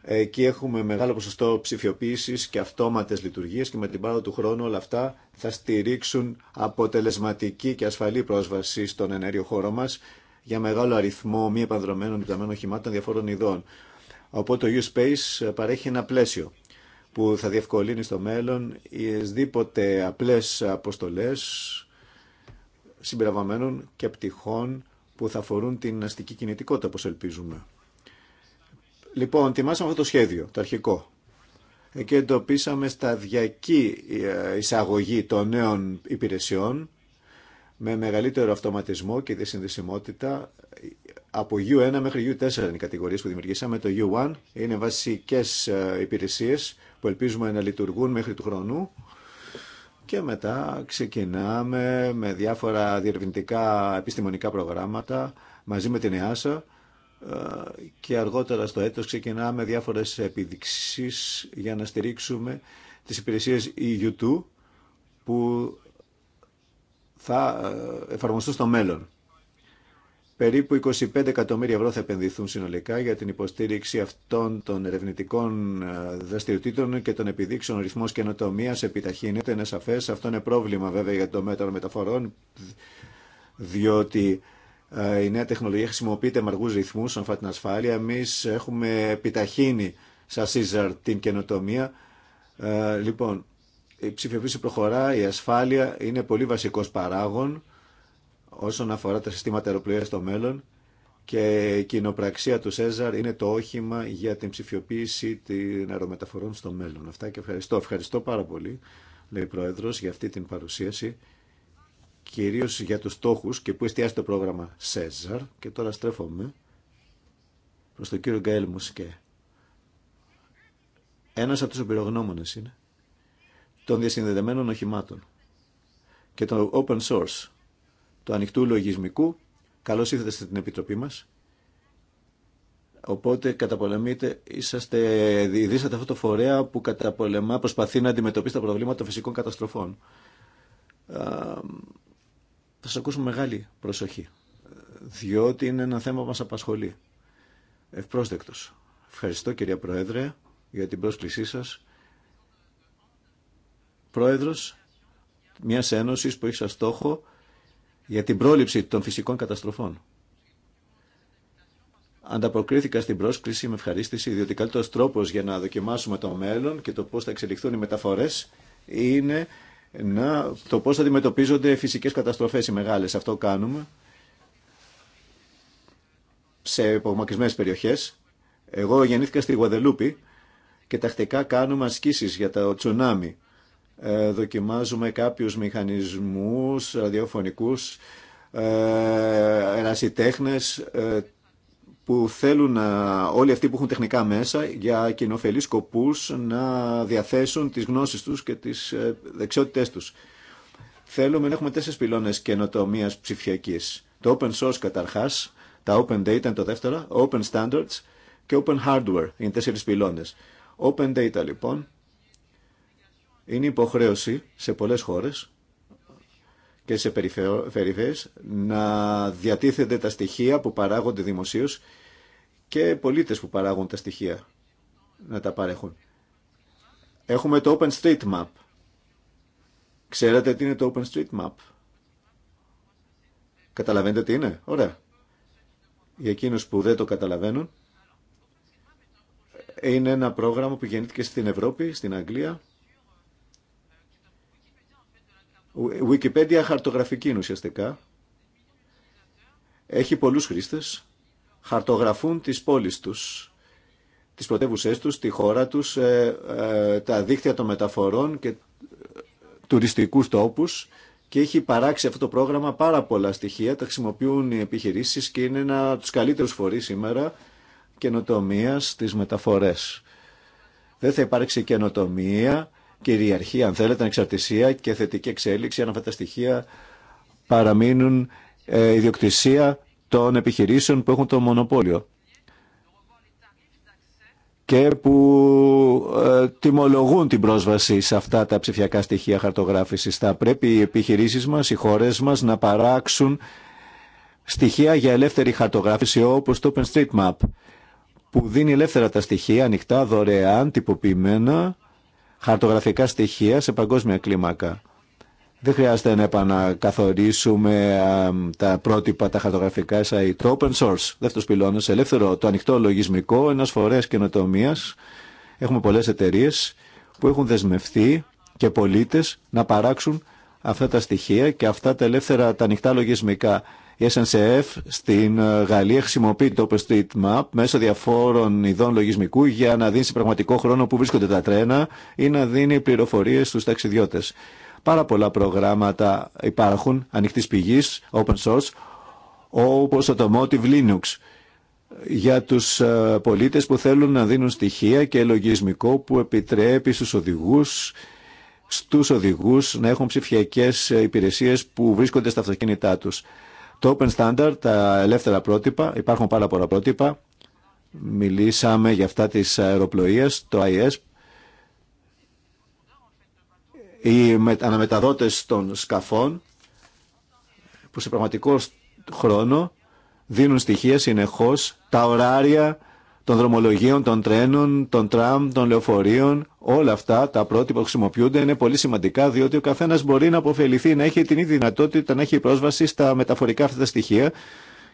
[SPEAKER 1] Εκεί έχουμε μεγάλο ποσοστό ψηφιοποίησης και αυτόματες λειτουργίες και με την πάρα του χρόνου όλα αυτά θα στηρίξουν αποτελεσματική και ασφαλή πρόσβαση στον ενέργειο χώρο μας για μεγάλο αριθμό μη επανδρομένων διδαμένων οχημάτων διαφόρων ειδών. Οπότε το U-Space παρέχει ένα πλαίσιο που θα διευκολύνει στο μέλλον οι εσδήποτε απλές αποστολές συμπεραβαμένων και πτυχών που θα αφορούν την αστική κινητικότητα, όπως ελπίζουμε. Λοιπόν, τιμάσαμε αυτό το σχέδιο, το αρχικό. Εκεί εντοπίσαμε σταδιακή ε, εισαγωγή των νέων υπηρεσιών με μεγαλύτερο αυτοματισμό και διασυνδεσιμότητα από U1 μέχρι U4 είναι οι κατηγορίες που δημιουργήσαμε. Το U1 είναι βασικές ε, υπηρεσίες που ελπίζουμε να λειτουργούν μέχρι του χρόνου. Και μετά ξεκινάμε με διάφορα διερευνητικά επιστημονικά προγράμματα μαζί με την ΕΑΣΑ ε, και αργότερα στο έτος ξεκινάμε διάφορες επιδειξεις για να στηρίξουμε τις υπηρεσίες EU2 που θα ε, εφαρμοστούν στο μέλλον. Περίπου 25 εκατομμύρια ευρώ θα επενδυθούν συνολικά για την υποστήριξη αυτών των ερευνητικών ε, δραστηριοτήτων και των επιδείξεων ρυθμό καινοτομία επιταχύνεται. Είναι σαφέ. Αυτό είναι πρόβλημα βέβαια για το μέτρο μεταφορών, διότι ε, η νέα τεχνολογία χρησιμοποιείται με αργού ρυθμού όσον την ασφάλεια. Εμεί έχουμε επιταχύνει σαν Caesar την καινοτομία. Ε, λοιπόν, η ψηφιοποίηση προχωρά, η ασφάλεια είναι πολύ βασικό παράγον όσον αφορά τα συστήματα αεροπλοεία στο μέλλον και η κοινοπραξία του Σέζαρ είναι το όχημα για την ψηφιοποίηση των αερομεταφορών στο μέλλον. Αυτά και ευχαριστώ. Ευχαριστώ πάρα πολύ, λέει ο Πρόεδρος, για αυτή την παρουσίαση, κυρίως για τους στόχους και που εστιάζει το πρόγραμμα Σέζαρ. Και τώρα στρέφομαι προς τον κύριο Γκαέλ Μουσκέ. Ένας από τους εμπειρογνώμονες είναι των διασυνδεδεμένων οχημάτων και των open source του ανοιχτού λογισμικού. Καλώς ήρθατε στην Επιτροπή μας. Οπότε καταπολεμείτε, είσαστε, διδίσατε αυτό το φορέα που καταπολεμά, προσπαθεί να αντιμετωπίσει τα προβλήματα των φυσικών καταστροφών. θα σας ακούσουμε μεγάλη προσοχή, διότι είναι ένα θέμα που μας απασχολεί. Ευπρόσδεκτος. Ευχαριστώ κυρία Πρόεδρε για την πρόσκλησή σας. Πρόεδρος μιας ένωσης που έχει σαν στόχο για την πρόληψη των φυσικών καταστροφών. Ανταποκρίθηκα στην πρόσκληση με ευχαρίστηση, διότι καλύτερο τρόπο για να δοκιμάσουμε το μέλλον και το πώ θα εξελιχθούν οι μεταφορέ είναι να, το πώ θα αντιμετωπίζονται φυσικέ καταστροφέ οι μεγάλε. Αυτό κάνουμε σε απομακρυσμένε περιοχέ. Εγώ γεννήθηκα στη Γουαδελούπη και τακτικά κάνουμε ασκήσει για το τσουνάμι ε, δοκιμάζουμε κάποιους μηχανισμούς ραδιοφωνικούς, ε, ερασιτέχνες ε, που θέλουν όλοι αυτοί που έχουν τεχνικά μέσα για κοινοφελείς σκοπούς να διαθέσουν τις γνώσεις τους και τις δεξιότητές τους. Θέλουμε να έχουμε τέσσερις πυλώνες καινοτομία ψηφιακής. Το open source καταρχάς, τα open data είναι το δεύτερο, open standards και open hardware είναι τέσσερις πυλώνες. Open data λοιπόν είναι υποχρέωση σε πολλές χώρες και σε περιφερειές να διατίθενται τα στοιχεία που παράγονται δημοσίως και πολίτες που παράγουν τα στοιχεία να τα παρέχουν. Έχουμε το Open Street Map. Ξέρετε τι είναι το Open Street Map. Καταλαβαίνετε τι είναι. Ωραία. Για εκείνους που δεν το καταλαβαίνουν, είναι ένα πρόγραμμα που γεννήθηκε στην Ευρώπη, στην Αγγλία, Wikipedia χαρτογραφική είναι ουσιαστικά. Έχει πολλούς χρήστες. Χαρτογραφούν τις πόλεις τους, τις πρωτεύουσές τους, τη χώρα τους, ε, ε, τα δίκτυα των μεταφορών και ε, τουριστικούς τόπους και έχει παράξει αυτό το πρόγραμμα πάρα πολλά στοιχεία, τα χρησιμοποιούν οι επιχειρήσεις και είναι ένα από τους καλύτερους φορείς σήμερα καινοτομία στις μεταφορές. Δεν θα υπάρξει καινοτομία κυριαρχία, αν θέλετε, ανεξαρτησία και θετική εξέλιξη, αν αυτά τα στοιχεία παραμείνουν ε, ιδιοκτησία των επιχειρήσεων που έχουν το μονοπόλιο και που ε, τιμολογούν την πρόσβαση σε αυτά τα ψηφιακά στοιχεία χαρτογράφησης. Θα πρέπει οι επιχειρήσεις μας, οι χώρες μας να παράξουν στοιχεία για ελεύθερη χαρτογράφηση όπως το OpenStreetMap που δίνει ελεύθερα τα στοιχεία, ανοιχτά, δωρεάν, τυποποιημένα χαρτογραφικά στοιχεία σε παγκόσμια κλίμακα. Δεν χρειάζεται να επανακαθορίσουμε τα πρότυπα, τα χαρτογραφικά SAE. Το open source, δεύτερο πυλώνα, ελεύθερο, το ανοιχτό λογισμικό, ένα φορέα καινοτομία. Έχουμε πολλέ εταιρείε που έχουν δεσμευθεί και πολίτε να παράξουν αυτά τα στοιχεία και αυτά τα ελεύθερα, τα ανοιχτά λογισμικά. Η SNCF στην ε, Γαλλία χρησιμοποιεί το OpenStreetMap μέσω διαφόρων ειδών λογισμικού για να δίνει σε πραγματικό χρόνο που βρίσκονται τα τρένα ή να δίνει πληροφορίε στου ταξιδιώτε. Πάρα πολλά προγράμματα υπάρχουν ανοιχτή πηγή, open source, όπω Automotive Linux για τους ε, πολίτες που θέλουν να δίνουν στοιχεία και λογισμικό που επιτρέπει στους οδηγούς στους οδηγούς να έχουν ψηφιακές ε, υπηρεσίες που βρίσκονται στα αυτοκίνητά τους. Το open standard, τα ελεύθερα πρότυπα, υπάρχουν πάρα πολλά πρότυπα. Μιλήσαμε για αυτά της αεροπλοείας, το IS. Οι αναμεταδότες των σκαφών που σε πραγματικό χρόνο δίνουν στοιχεία συνεχώς, τα ωράρια, των δρομολογίων, των τρένων, των τραμ, των λεωφορείων, όλα αυτά τα πρότυπα που χρησιμοποιούνται είναι πολύ σημαντικά διότι ο καθένας μπορεί να αποφεληθεί, να έχει την ίδια δυνατότητα να έχει πρόσβαση στα μεταφορικά αυτά τα στοιχεία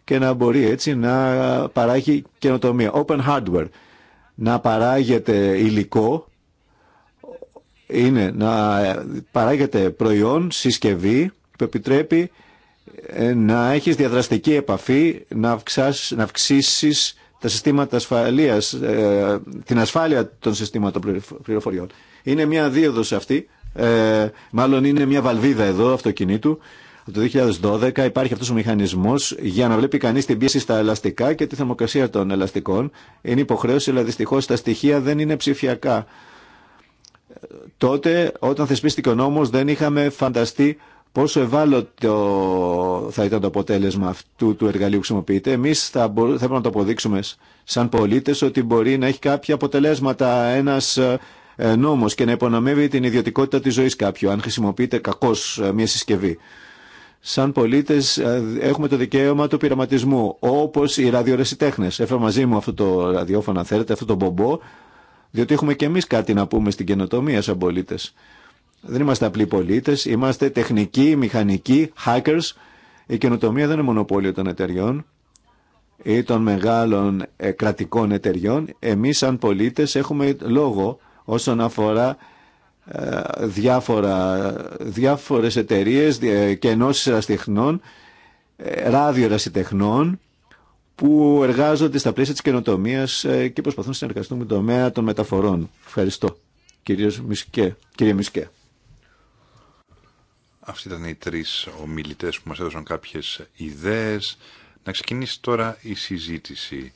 [SPEAKER 1] και να μπορεί έτσι να παράγει καινοτομία. Open hardware. Να παράγεται υλικό, είναι να παράγεται προϊόν, συσκευή που επιτρέπει ε, να έχεις διαδραστική επαφή, να, αυξάς, να αυξήσεις τα συστήματα ασφαλείας, ε, την ασφάλεια των συστήματων πληροφοριών. Είναι μια δίωδος αυτή, ε, μάλλον είναι μια βαλβίδα εδώ αυτοκινήτου. Από το 2012 υπάρχει αυτός ο μηχανισμός για να βλέπει κανείς την πίεση στα ελαστικά και τη θερμοκρασία των ελαστικών. Είναι υποχρέωση, αλλά δυστυχώ τα στοιχεία δεν είναι ψηφιακά. Ε, τότε, όταν θεσπίστηκε ο νόμος, δεν είχαμε φανταστεί πόσο ευάλωτο θα ήταν το αποτέλεσμα αυτού του εργαλείου που χρησιμοποιείται. Εμεί θα, θα πρέπει να το αποδείξουμε σαν πολίτε ότι μπορεί να έχει κάποια αποτελέσματα ένα ε, νόμο και να υπονομεύει την ιδιωτικότητα τη ζωή κάποιου, αν χρησιμοποιείται κακώ ε, μια συσκευή. Σαν πολίτε ε, έχουμε το δικαίωμα του πειραματισμού, όπω οι ραδιορεσιτέχνε. Έφερα μαζί μου αυτό το ραδιόφωνο, αν θέλετε, αυτό το μπομπό, διότι έχουμε και εμεί κάτι να πούμε στην καινοτομία σαν πολίτε. Δεν είμαστε απλοί πολίτε, είμαστε τεχνικοί, μηχανικοί, hackers. Η καινοτομία δεν είναι μονοπόλιο των εταιριών ή των μεγάλων ε, κρατικών εταιριών. Εμείς σαν πολίτες έχουμε λόγο όσον αφορά ε, διάφορα, διάφορες εταιρείες και ενώσεις ερασιτεχνών, ε, ράδιο ερασιτεχνών που εργάζονται στα πλαίσια της καινοτομία και προσπαθούν να συνεργαστούν με το τομέα των μεταφορών. Ευχαριστώ. Μισκέ, κύριε Μισκέ.
[SPEAKER 2] Αυτοί ήταν οι τρεις ομιλητές που μας έδωσαν κάποιες ιδέες. Να ξεκινήσει τώρα η συζήτηση.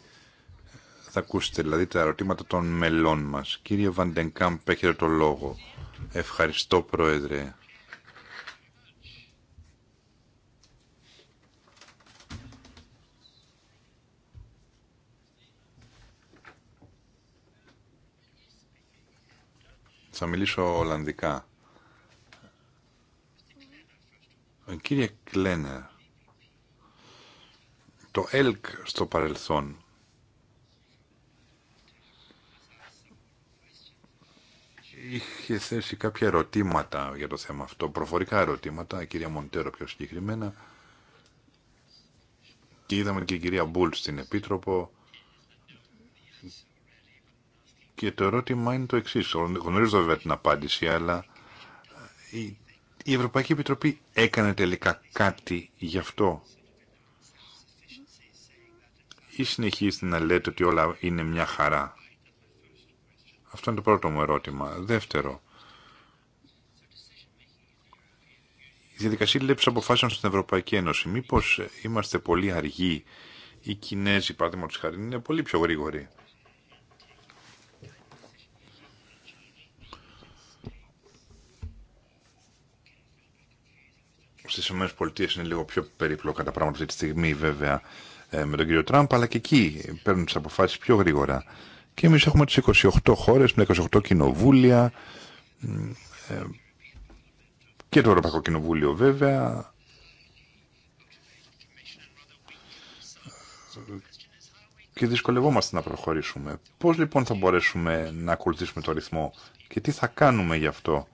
[SPEAKER 2] Θα ακούσετε δηλαδή τα ερωτήματα των μελών μας. Κύριε Βάντενκαμ έχετε το λόγο. Ευχαριστώ Πρόεδρε. Θα μιλήσω Ολλανδικά. Κύριε Κλένερ, το ΕΛΚ στο παρελθόν είχε θέσει κάποια ερωτήματα για το θέμα αυτό, προφορικά ερωτήματα, η κυρία Μοντέρο πιο συγκεκριμένα, και είδαμε και η κυρία Μπούλ στην Επίτροπο, και το ερώτημα είναι το εξής Γνωρίζω βέβαια την απάντηση, αλλά η Ευρωπαϊκή Επιτροπή έκανε τελικά κάτι γι' αυτό ή συνεχίζετε να λέτε ότι όλα είναι μια χαρά. Αυτό είναι το πρώτο μου ερώτημα. Δεύτερο, η διαδικασία λήψη αποφάσεων στην Ευρωπαϊκή Ένωση. Μήπως είμαστε πολύ αργοί. Οι Κινέζοι, παραδείγματο χάρη, είναι πολύ πιο γρήγοροι. Στι ΗΠΑ είναι λίγο πιο περίπλοκα τα πράγματα αυτή τη στιγμή, βέβαια, ε, με τον κύριο Τραμπ, αλλά και εκεί παίρνουν τι αποφάσει πιο γρήγορα. Και εμεί έχουμε τι 28 χώρε με 28 κοινοβούλια ε, και το Ευρωπαϊκό Κοινοβούλιο, βέβαια. και δυσκολευόμαστε να προχωρήσουμε. Πώς λοιπόν θα μπορέσουμε να ακολουθήσουμε το ρυθμό και τι θα κάνουμε γι' αυτό.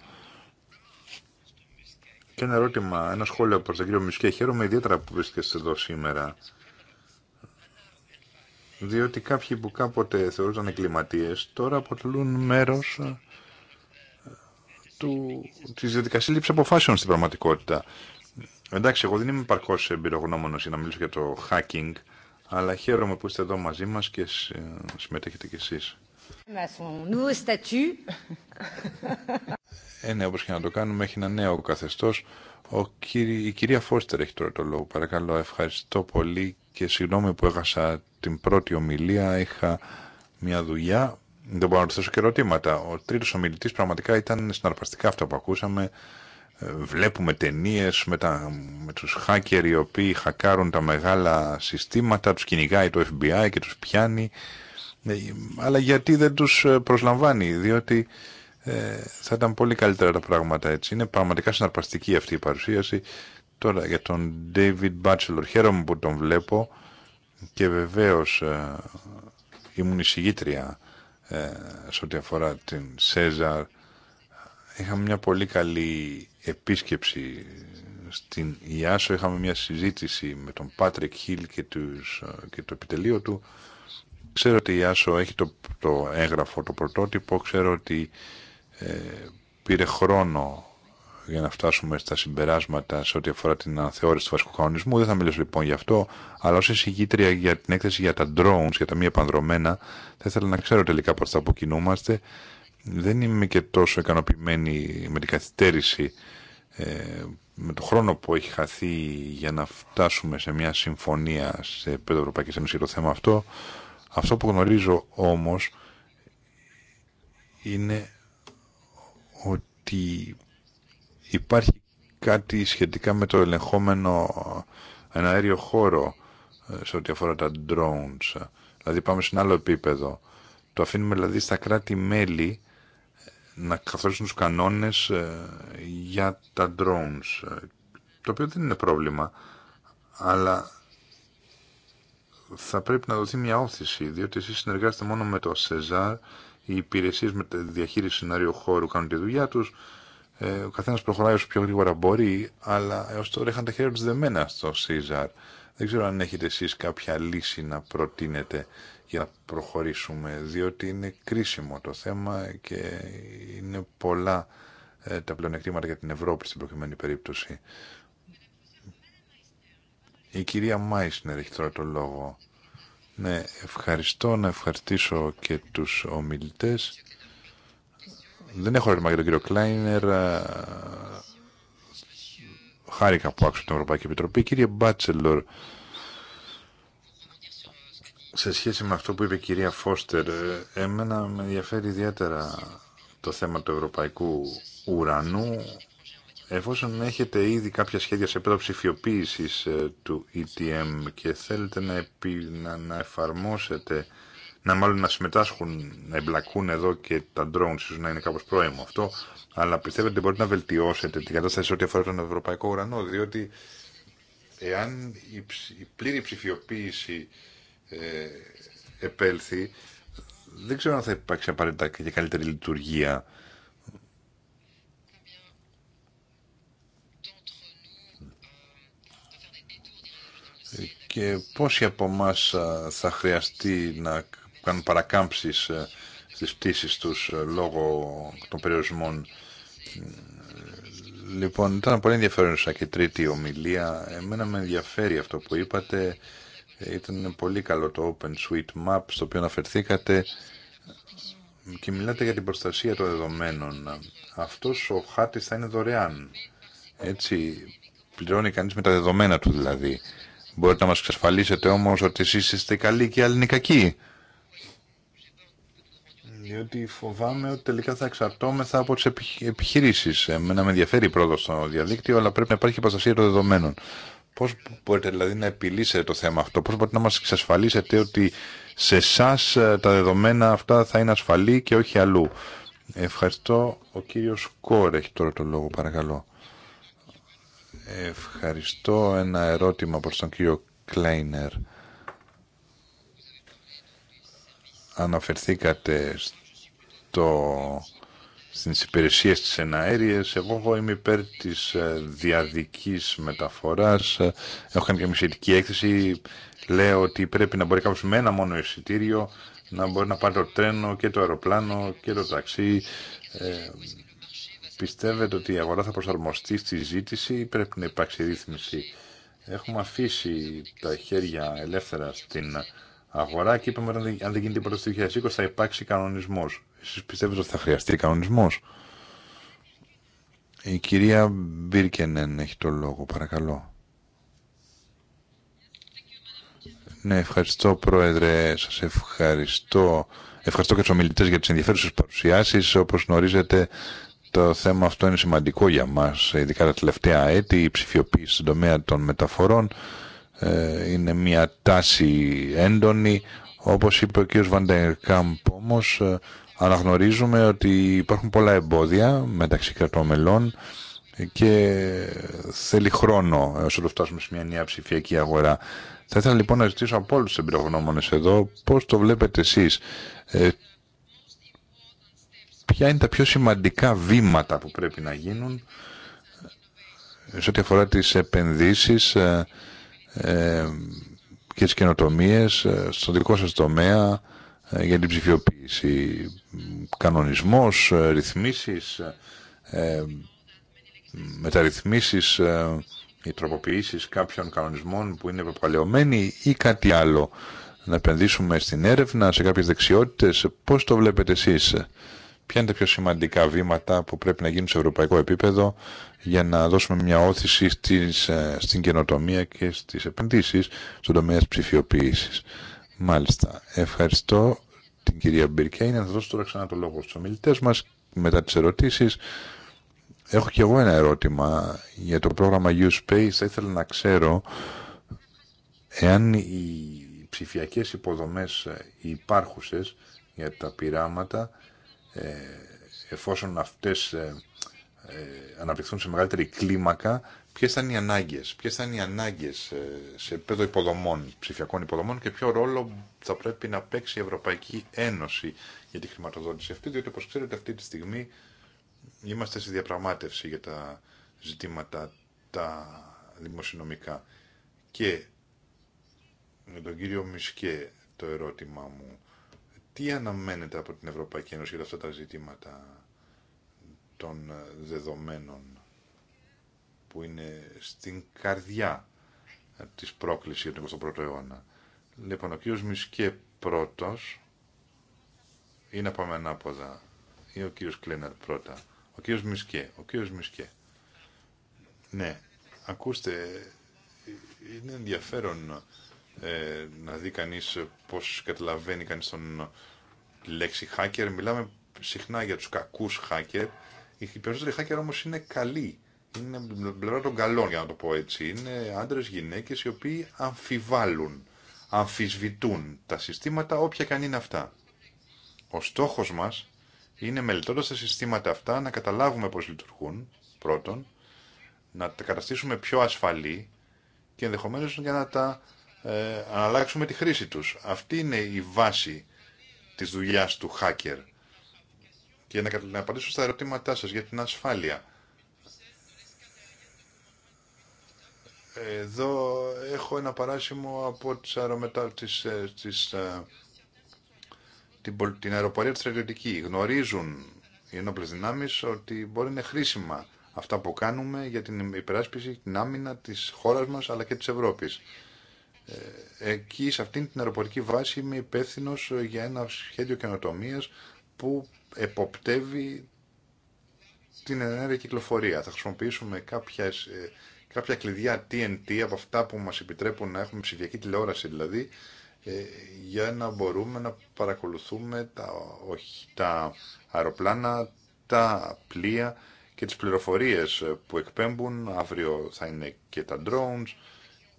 [SPEAKER 2] Και ένα ερώτημα, ένα σχόλιο προς τον κύριο Μισκέ. Χαίρομαι ιδιαίτερα που βρίσκεστε εδώ σήμερα. Διότι κάποιοι που κάποτε θεωρούσαν εγκληματίε, τώρα αποτελούν μέρο ε, του, της διαδικασίας λήψης αποφάσεων στην πραγματικότητα. Εντάξει, εγώ δεν είμαι παρκώ εμπειρογνώμονο για να μιλήσω για το hacking, αλλά χαίρομαι που είστε εδώ μαζί μα και ε, συμμετέχετε κι εσείς. Ε, ναι, όπως και να το κάνουμε, έχει ένα νέο καθεστώς. Ο κύρι, η κυρία Φώστερ έχει τώρα το λόγο. Παρακαλώ, ευχαριστώ πολύ και συγγνώμη που έχασα την πρώτη ομιλία. Είχα μια δουλειά. Δεν μπορώ να ρωτήσω και ερωτήματα. Ο τρίτος ομιλητής πραγματικά ήταν συναρπαστικά αυτό που ακούσαμε. Ε, βλέπουμε ταινίε με, τα, με τους hacker οι οποίοι χακάρουν τα μεγάλα συστήματα, τους κυνηγάει το FBI και τους πιάνει. Ε, αλλά γιατί δεν τους ε, προσλαμβάνει, διότι ε, θα ήταν πολύ καλύτερα τα πράγματα έτσι. Είναι πραγματικά συναρπαστική αυτή η παρουσίαση. Τώρα για τον David Batchelor, χαίρομαι που τον βλέπω και βεβαίως ε, ήμουν εισηγήτρια ε, σε ό,τι αφορά την Σέζαρ. Είχαμε μια πολύ καλή επίσκεψη στην Ιάσο. Είχαμε μια συζήτηση με τον Πάτρικ Χίλ και, τους, ε, και το επιτελείο του. Ξέρω ότι η Ιάσο έχει το, το έγγραφο, το πρωτότυπο. Ξέρω ότι ε, πήρε χρόνο για να φτάσουμε στα συμπεράσματα σε ό,τι αφορά την αναθεώρηση του βασικού κανονισμού. Δεν θα μιλήσω λοιπόν γι' αυτό, αλλά ω εισηγήτρια για την έκθεση για τα drones, για τα μη επανδρομένα, θα ήθελα να ξέρω τελικά πώ θα αποκινούμαστε. Δεν είμαι και τόσο ικανοποιημένη με την καθυστέρηση, ε, με το χρόνο που έχει χαθεί για να φτάσουμε σε μια συμφωνία σε επίπεδο Ευρωπαϊκή Ένωση για το θέμα αυτό. Αυτό που γνωρίζω όμω είναι ότι υπάρχει κάτι σχετικά με το ελεγχόμενο ε, αέριο χώρο ε, σε ό,τι αφορά τα drones. Δηλαδή πάμε σε ένα άλλο επίπεδο. Το αφήνουμε δηλαδή στα κράτη-μέλη ε, να καθορίσουν τους κανόνες για τα drones. Το οποίο δεν είναι πρόβλημα, αλλά θα πρέπει να δοθεί μια όθηση, διότι εσείς συνεργάζεστε μόνο με το ΣΕΖΑΡ οι Υπηρεσίε με τη διαχείριση σενάριου χώρου κάνουν τη δουλειά του. ε, ο καθένας προχωράει όσο πιο γρήγορα μπορεί, αλλά έως τώρα είχαν τα χέρια του δεμένα στο ΣΥΖΑΡ. Δεν ξέρω αν έχετε εσεί κάποια λύση να προτείνετε για να προχωρήσουμε, διότι είναι κρίσιμο το θέμα και είναι πολλά ε, τα πλεονεκτήματα για την Ευρώπη στην προκειμένη περίπτωση. Η κυρία Μάισνερ έχει τώρα το λόγο. Ναι, ευχαριστώ να ευχαριστήσω και τους ομιλητές. Δεν έχω ερώτημα για τον κύριο Κλάινερ. Χάρηκα που άκουσα την Ευρωπαϊκή Επιτροπή. Κύριε Μπάτσελορ, σε σχέση με αυτό που είπε η κυρία Φώστερ, ε, εμένα με ενδιαφέρει ιδιαίτερα το θέμα του ευρωπαϊκού ουρανού Εφόσον έχετε ήδη κάποια σχέδια σε επίπεδο ψηφιοποίηση ε, του ETM και θέλετε να, επι, να, να, εφαρμόσετε, να μάλλον να συμμετάσχουν, να εμπλακούν εδώ και τα drones, ίσως να είναι κάπως πρόημο αυτό, αλλά πιστεύετε ότι μπορείτε να βελτιώσετε την κατάσταση ό,τι αφορά τον ευρωπαϊκό ουρανό, διότι εάν η, η πλήρη ψηφιοποίηση ε, επέλθει, δεν ξέρω αν θα υπάρξει απαραίτητα και καλύτερη λειτουργία και πόσοι από εμά θα χρειαστεί να κάνουν παρακάμψεις στις πτήσεις τους λόγω των περιορισμών. Λοιπόν, ήταν πολύ ενδιαφέρουσα και τρίτη ομιλία. Εμένα με ενδιαφέρει αυτό που είπατε. Ήταν πολύ καλό το Open Suite Map στο οποίο αναφερθήκατε και μιλάτε για την προστασία των δεδομένων. Αυτός ο χάτης θα είναι δωρεάν. Έτσι, πληρώνει κανείς με τα δεδομένα του δηλαδή. Μπορείτε να μας εξασφαλίσετε όμως ότι εσείς είστε καλοί και άλλοι είναι κακοί. Διότι φοβάμαι ότι τελικά θα εξαρτώμεθα από τις επιχειρήσεις. Εμένα με ενδιαφέρει πρόοδο στο διαδίκτυο, αλλά πρέπει να υπάρχει επαστασία των δεδομένων. Πώς μπορείτε δηλαδή να επιλύσετε το θέμα αυτό, πώς μπορείτε να μας εξασφαλίσετε ότι σε εσά ε, τα δεδομένα αυτά θα είναι ασφαλή και όχι αλλού. Ευχαριστώ. Ο κύριος Κόρ έχει τώρα το λόγο, παρακαλώ. Ευχαριστώ. Ένα ερώτημα προς τον κύριο Κλέινερ. Αναφερθήκατε στο, στις υπηρεσίες της εναέριες. Εγώ είμαι υπέρ της ε, διαδικής μεταφοράς. Έχω κάνει και μια σχετική έκθεση. Λέω ότι πρέπει να μπορεί κάποιος με ένα μόνο εισιτήριο να μπορεί να πάρει το τρένο και το αεροπλάνο και το ταξί. Ε, πιστεύετε ότι η αγορά θα προσαρμοστεί στη ζήτηση ή πρέπει να υπάρξει ρύθμιση. Έχουμε αφήσει τα χέρια ελεύθερα στην αγορά και είπαμε ότι αν δεν γίνει τίποτα στο 2020 θα υπάρξει κανονισμό. Εσεί πιστεύετε ότι θα χρειαστεί κανονισμό. Η κυρία Μπίρκενεν έχει το λόγο, παρακαλώ. Ναι, ευχαριστώ Πρόεδρε, σας ευχαριστώ. Ευχαριστώ και τους ομιλητές για τις ενδιαφέρουσες παρουσιάσεις. Όπως γνωρίζετε, το θέμα αυτό είναι σημαντικό για μας, ειδικά τα τελευταία έτη. Η ψηφιοποίηση στον τομέα των μεταφορών ε, είναι μια τάση έντονη. Όπως είπε ο κ. Βαντερκάμπ όμως, ε, αναγνωρίζουμε ότι υπάρχουν πολλά εμπόδια μεταξύ κρατών μελών και θέλει χρόνο όσο το φτάσουμε σε μια νέα ψηφιακή αγορά. Θα ήθελα λοιπόν να ζητήσω από όλους τους εμπειρογνώμονες εδώ πώς το βλέπετε εσείς. Ε, ποια είναι τα πιο σημαντικά βήματα που πρέπει να γίνουν ε, σε ό,τι αφορά τις επενδύσεις ε, ε, και τις καινοτομίες στον δικό σας τομέα για την ψηφιοποίηση. Κανονισμός, ρυθμίσεις, μεταρρυθμίσεις ή τροποποιήσεις κάποιων κανονισμών που είναι επαπαλαιωμένοι ή κάτι άλλο. Να επενδύσουμε στην έρευνα, σε κάποιες δεξιότητες. Πώς το βλέπετε εσείς. Ποια είναι τα πιο σημαντικά βήματα που πρέπει να γίνουν σε ευρωπαϊκό επίπεδο για να δώσουμε μια όθηση στις, ε, στην καινοτομία και στις επενδύσεις στον τομέα της ψηφιοποίησης. Μάλιστα. Ευχαριστώ την κυρία Μπυρκέιν. να δώσω τώρα ξανά το λόγο στους ομιλητές μας μετά τις ερωτήσεις. Έχω και εγώ ένα ερώτημα για το πρόγραμμα U-Space. Θα ήθελα να ξέρω εάν οι ψηφιακές υποδομές ε, υπάρχουσες για τα πειράματα ε, εφόσον αυτές ε, ε, αναπτυχθούν σε μεγαλύτερη κλίμακα, ποιε θα είναι οι ανάγκε, ποιε θα είναι οι ανάγκε σε επίπεδο υποδομών, ψηφιακών υποδομών και ποιο ρόλο θα πρέπει να παίξει η Ευρωπαϊκή Ένωση για τη χρηματοδότηση αυτή, διότι όπω ξέρετε αυτή τη στιγμή είμαστε στη διαπραγμάτευση για τα ζητήματα τα δημοσιονομικά. Και με τον κύριο Μισκέ το ερώτημά μου τι αναμένεται από την Ευρωπαϊκή Ένωση για αυτά τα ζητήματα των ε, δεδομένων που είναι στην καρδιά ε, της πρόκλησης για τον 21ο αιώνα. Λοιπόν, ο κύριος Μισκέ πρώτος, ή να πάμε ανάποδα, ή ο κ. μισκε πρωτος Κλέναρ πρώτα. Ο κ. κλεναρ Μισκέ, ο κ. μισκε ο κ. μισκε Ναι, ακούστε, ε, είναι ενδιαφέρον ε, να δει κανείς πώς καταλαβαίνει κανείς τον λέξη hacker. Μιλάμε συχνά για τους κακούς hacker. Οι περισσότεροι hacker όμως είναι καλοί. Είναι πλευρά των καλών για να το πω έτσι. Είναι άντρες, γυναίκες οι οποίοι αμφιβάλλουν, αμφισβητούν τα συστήματα όποια αν είναι αυτά. Ο στόχος μας είναι μελετώντας τα συστήματα αυτά να καταλάβουμε πώς λειτουργούν πρώτον, να τα καταστήσουμε πιο ασφαλή και ενδεχομένως για να τα ε, αλλάξουμε τη χρήση τους. Αυτή είναι η βάση της δουλειάς του hacker. Και να, να απαντήσω στα ερωτήματά σας για την ασφάλεια. Εδώ έχω ένα παράσημο από τις αερομετά, τις, ε, ε, την, αεροπορία στρατιωτική. Γνωρίζουν οι ενόπλες δυνάμεις ότι μπορεί να είναι χρήσιμα αυτά που κάνουμε για την υπεράσπιση, την άμυνα της χώρας μας αλλά και της Ευρώπης εκεί σε αυτήν την αεροπορική βάση είμαι υπεύθυνο για ένα σχέδιο καινοτομία που εποπτεύει την ενέργεια κυκλοφορία. Θα χρησιμοποιήσουμε κάποιες, ε, κάποια κλειδιά TNT από αυτά που μας επιτρέπουν να έχουμε ψηφιακή τηλεόραση δηλαδή ε, για να μπορούμε να παρακολουθούμε τα, όχι, τα αεροπλάνα, τα πλοία και τις πληροφορίες που εκπέμπουν. Αύριο θα είναι και τα drones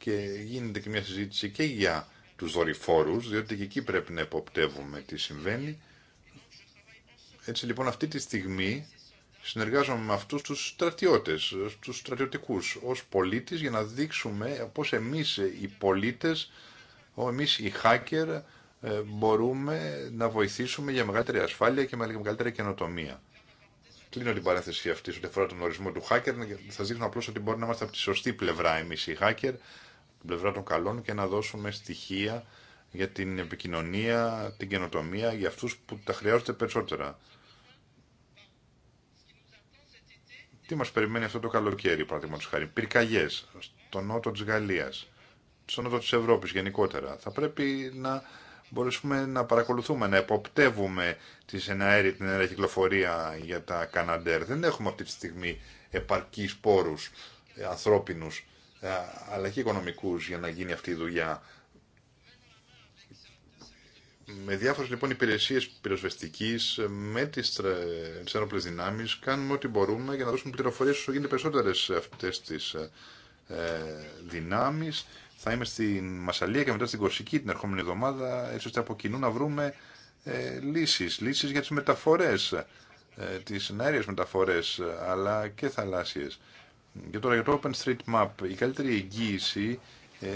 [SPEAKER 2] και γίνεται και μια συζήτηση και για τους δορυφόρους, διότι και εκεί πρέπει να υποπτεύουμε τι συμβαίνει. Έτσι λοιπόν αυτή τη στιγμή συνεργάζομαι με αυτούς τους στρατιώτες, τους στρατιωτικούς ως πολίτης για να δείξουμε πώς εμείς οι πολίτες, εμείς οι hacker ε, μπορούμε να βοηθήσουμε για μεγαλύτερη ασφάλεια και μεγαλύτερη καινοτομία. Κλείνω την παρένθεση αυτή σε ό,τι αφορά τον ορισμό του hacker. Θα σα δείχνω απλώ ότι μπορεί να είμαστε από τη σωστή πλευρά εμεί οι hacker την πλευρά των καλών και να δώσουμε στοιχεία για την επικοινωνία, την καινοτομία, για αυτούς που τα χρειάζονται περισσότερα. Τι μας περιμένει αυτό το καλοκαίρι, παραδείγματος χάρη. Πυρκαγιές στο νότο της Γαλλίας, στο νότο της Ευρώπης γενικότερα. Θα πρέπει να μπορέσουμε να παρακολουθούμε, να εποπτεύουμε την αέρια κυκλοφορία για τα Καναντέρ. Δεν έχουμε αυτή τη στιγμή επαρκείς πόρους ε, ανθρώπινους ε, αλλά και οικονομικούς για να γίνει αυτή η δουλειά. Με διάφορες λοιπόν υπηρεσίες πυροσβεστικής, με τις, ένοπλε δυνάμεις, κάνουμε ό,τι μπορούμε για να δώσουμε πληροφορίες όσο γίνεται περισσότερες αυτές τις ε, ε, δυνάμεις. Θα είμαι στην Μασαλία και μετά στην Κορσική την ερχόμενη εβδομάδα, έτσι ώστε από κοινού να βρούμε ε, λύσεις, λύσεις για τις μεταφορές, ε, τις αέριες μεταφορές, αλλά και θαλάσσιες. Και τώρα για το OpenStreetMap, η καλύτερη εγγύηση ε,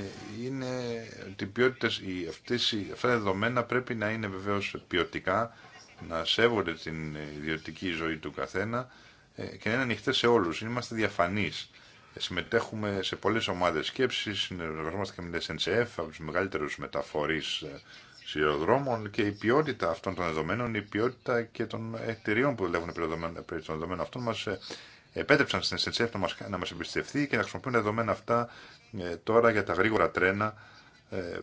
[SPEAKER 2] είναι ότι αυτές, αυτά τα δεδομένα πρέπει να είναι βεβαίως ποιοτικά, να σέβονται την ιδιωτική ζωή του καθένα ε, και να είναι ανοιχτέ σε όλους. Είμαστε διαφανείς. Ε, συμμετέχουμε σε πολλές ομάδες σκέψης, συνεργαζόμαστε και με την SNCF, από τους μεγαλύτερους μεταφορείς σιδηροδρόμων και η ποιότητα αυτών των δεδομένων, η ποιότητα και των εταιριών που δουλεύουν περί των δεδομένων αυτών μας επέτρεψαν στην SNCF να μας, να μας εμπιστευτεί και να χρησιμοποιούν δεδομένα αυτά ε, τώρα για τα γρήγορα τρένα. Ε,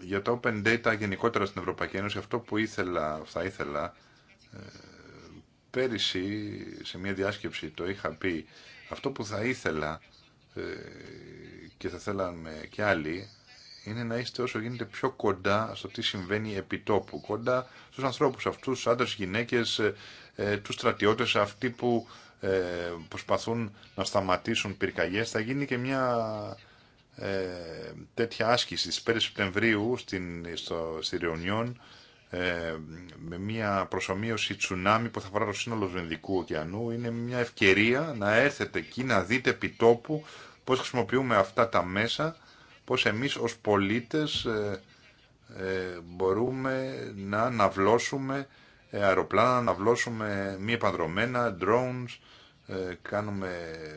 [SPEAKER 2] για τα open data γενικότερα στην Ευρωπαϊκή Ένωση, αυτό που ήθελα, θα ήθελα, ε, πέρυσι σε μια διάσκεψη το είχα πει, αυτό που θα ήθελα και θα θέλαμε και άλλοι, είναι να είστε όσο γίνεται πιο κοντά στο τι συμβαίνει επί τόπου. Κοντά στους ανθρώπους αυτούς, άντρες, γυναίκες, ε, τους στρατιώτες, αυτοί που ε, προσπαθούν να σταματήσουν πυρκαγιές. Θα γίνει και μια ε, τέτοια άσκηση στις 5 Σεπτεμβρίου στη Ρεωνιόν ε, με μια προσωμείωση τσουνάμι που θα φορά το σύνολο του ωκεανού είναι μια ευκαιρία να έρθετε εκεί να δείτε επιτόπου πώς χρησιμοποιούμε αυτά τα μέσα πώς εμείς ως πολίτες μπορούμε να αναβλώσουμε αεροπλάνα, να βλώσουμε μη επανδρομένα, drones, ε, κάνουμε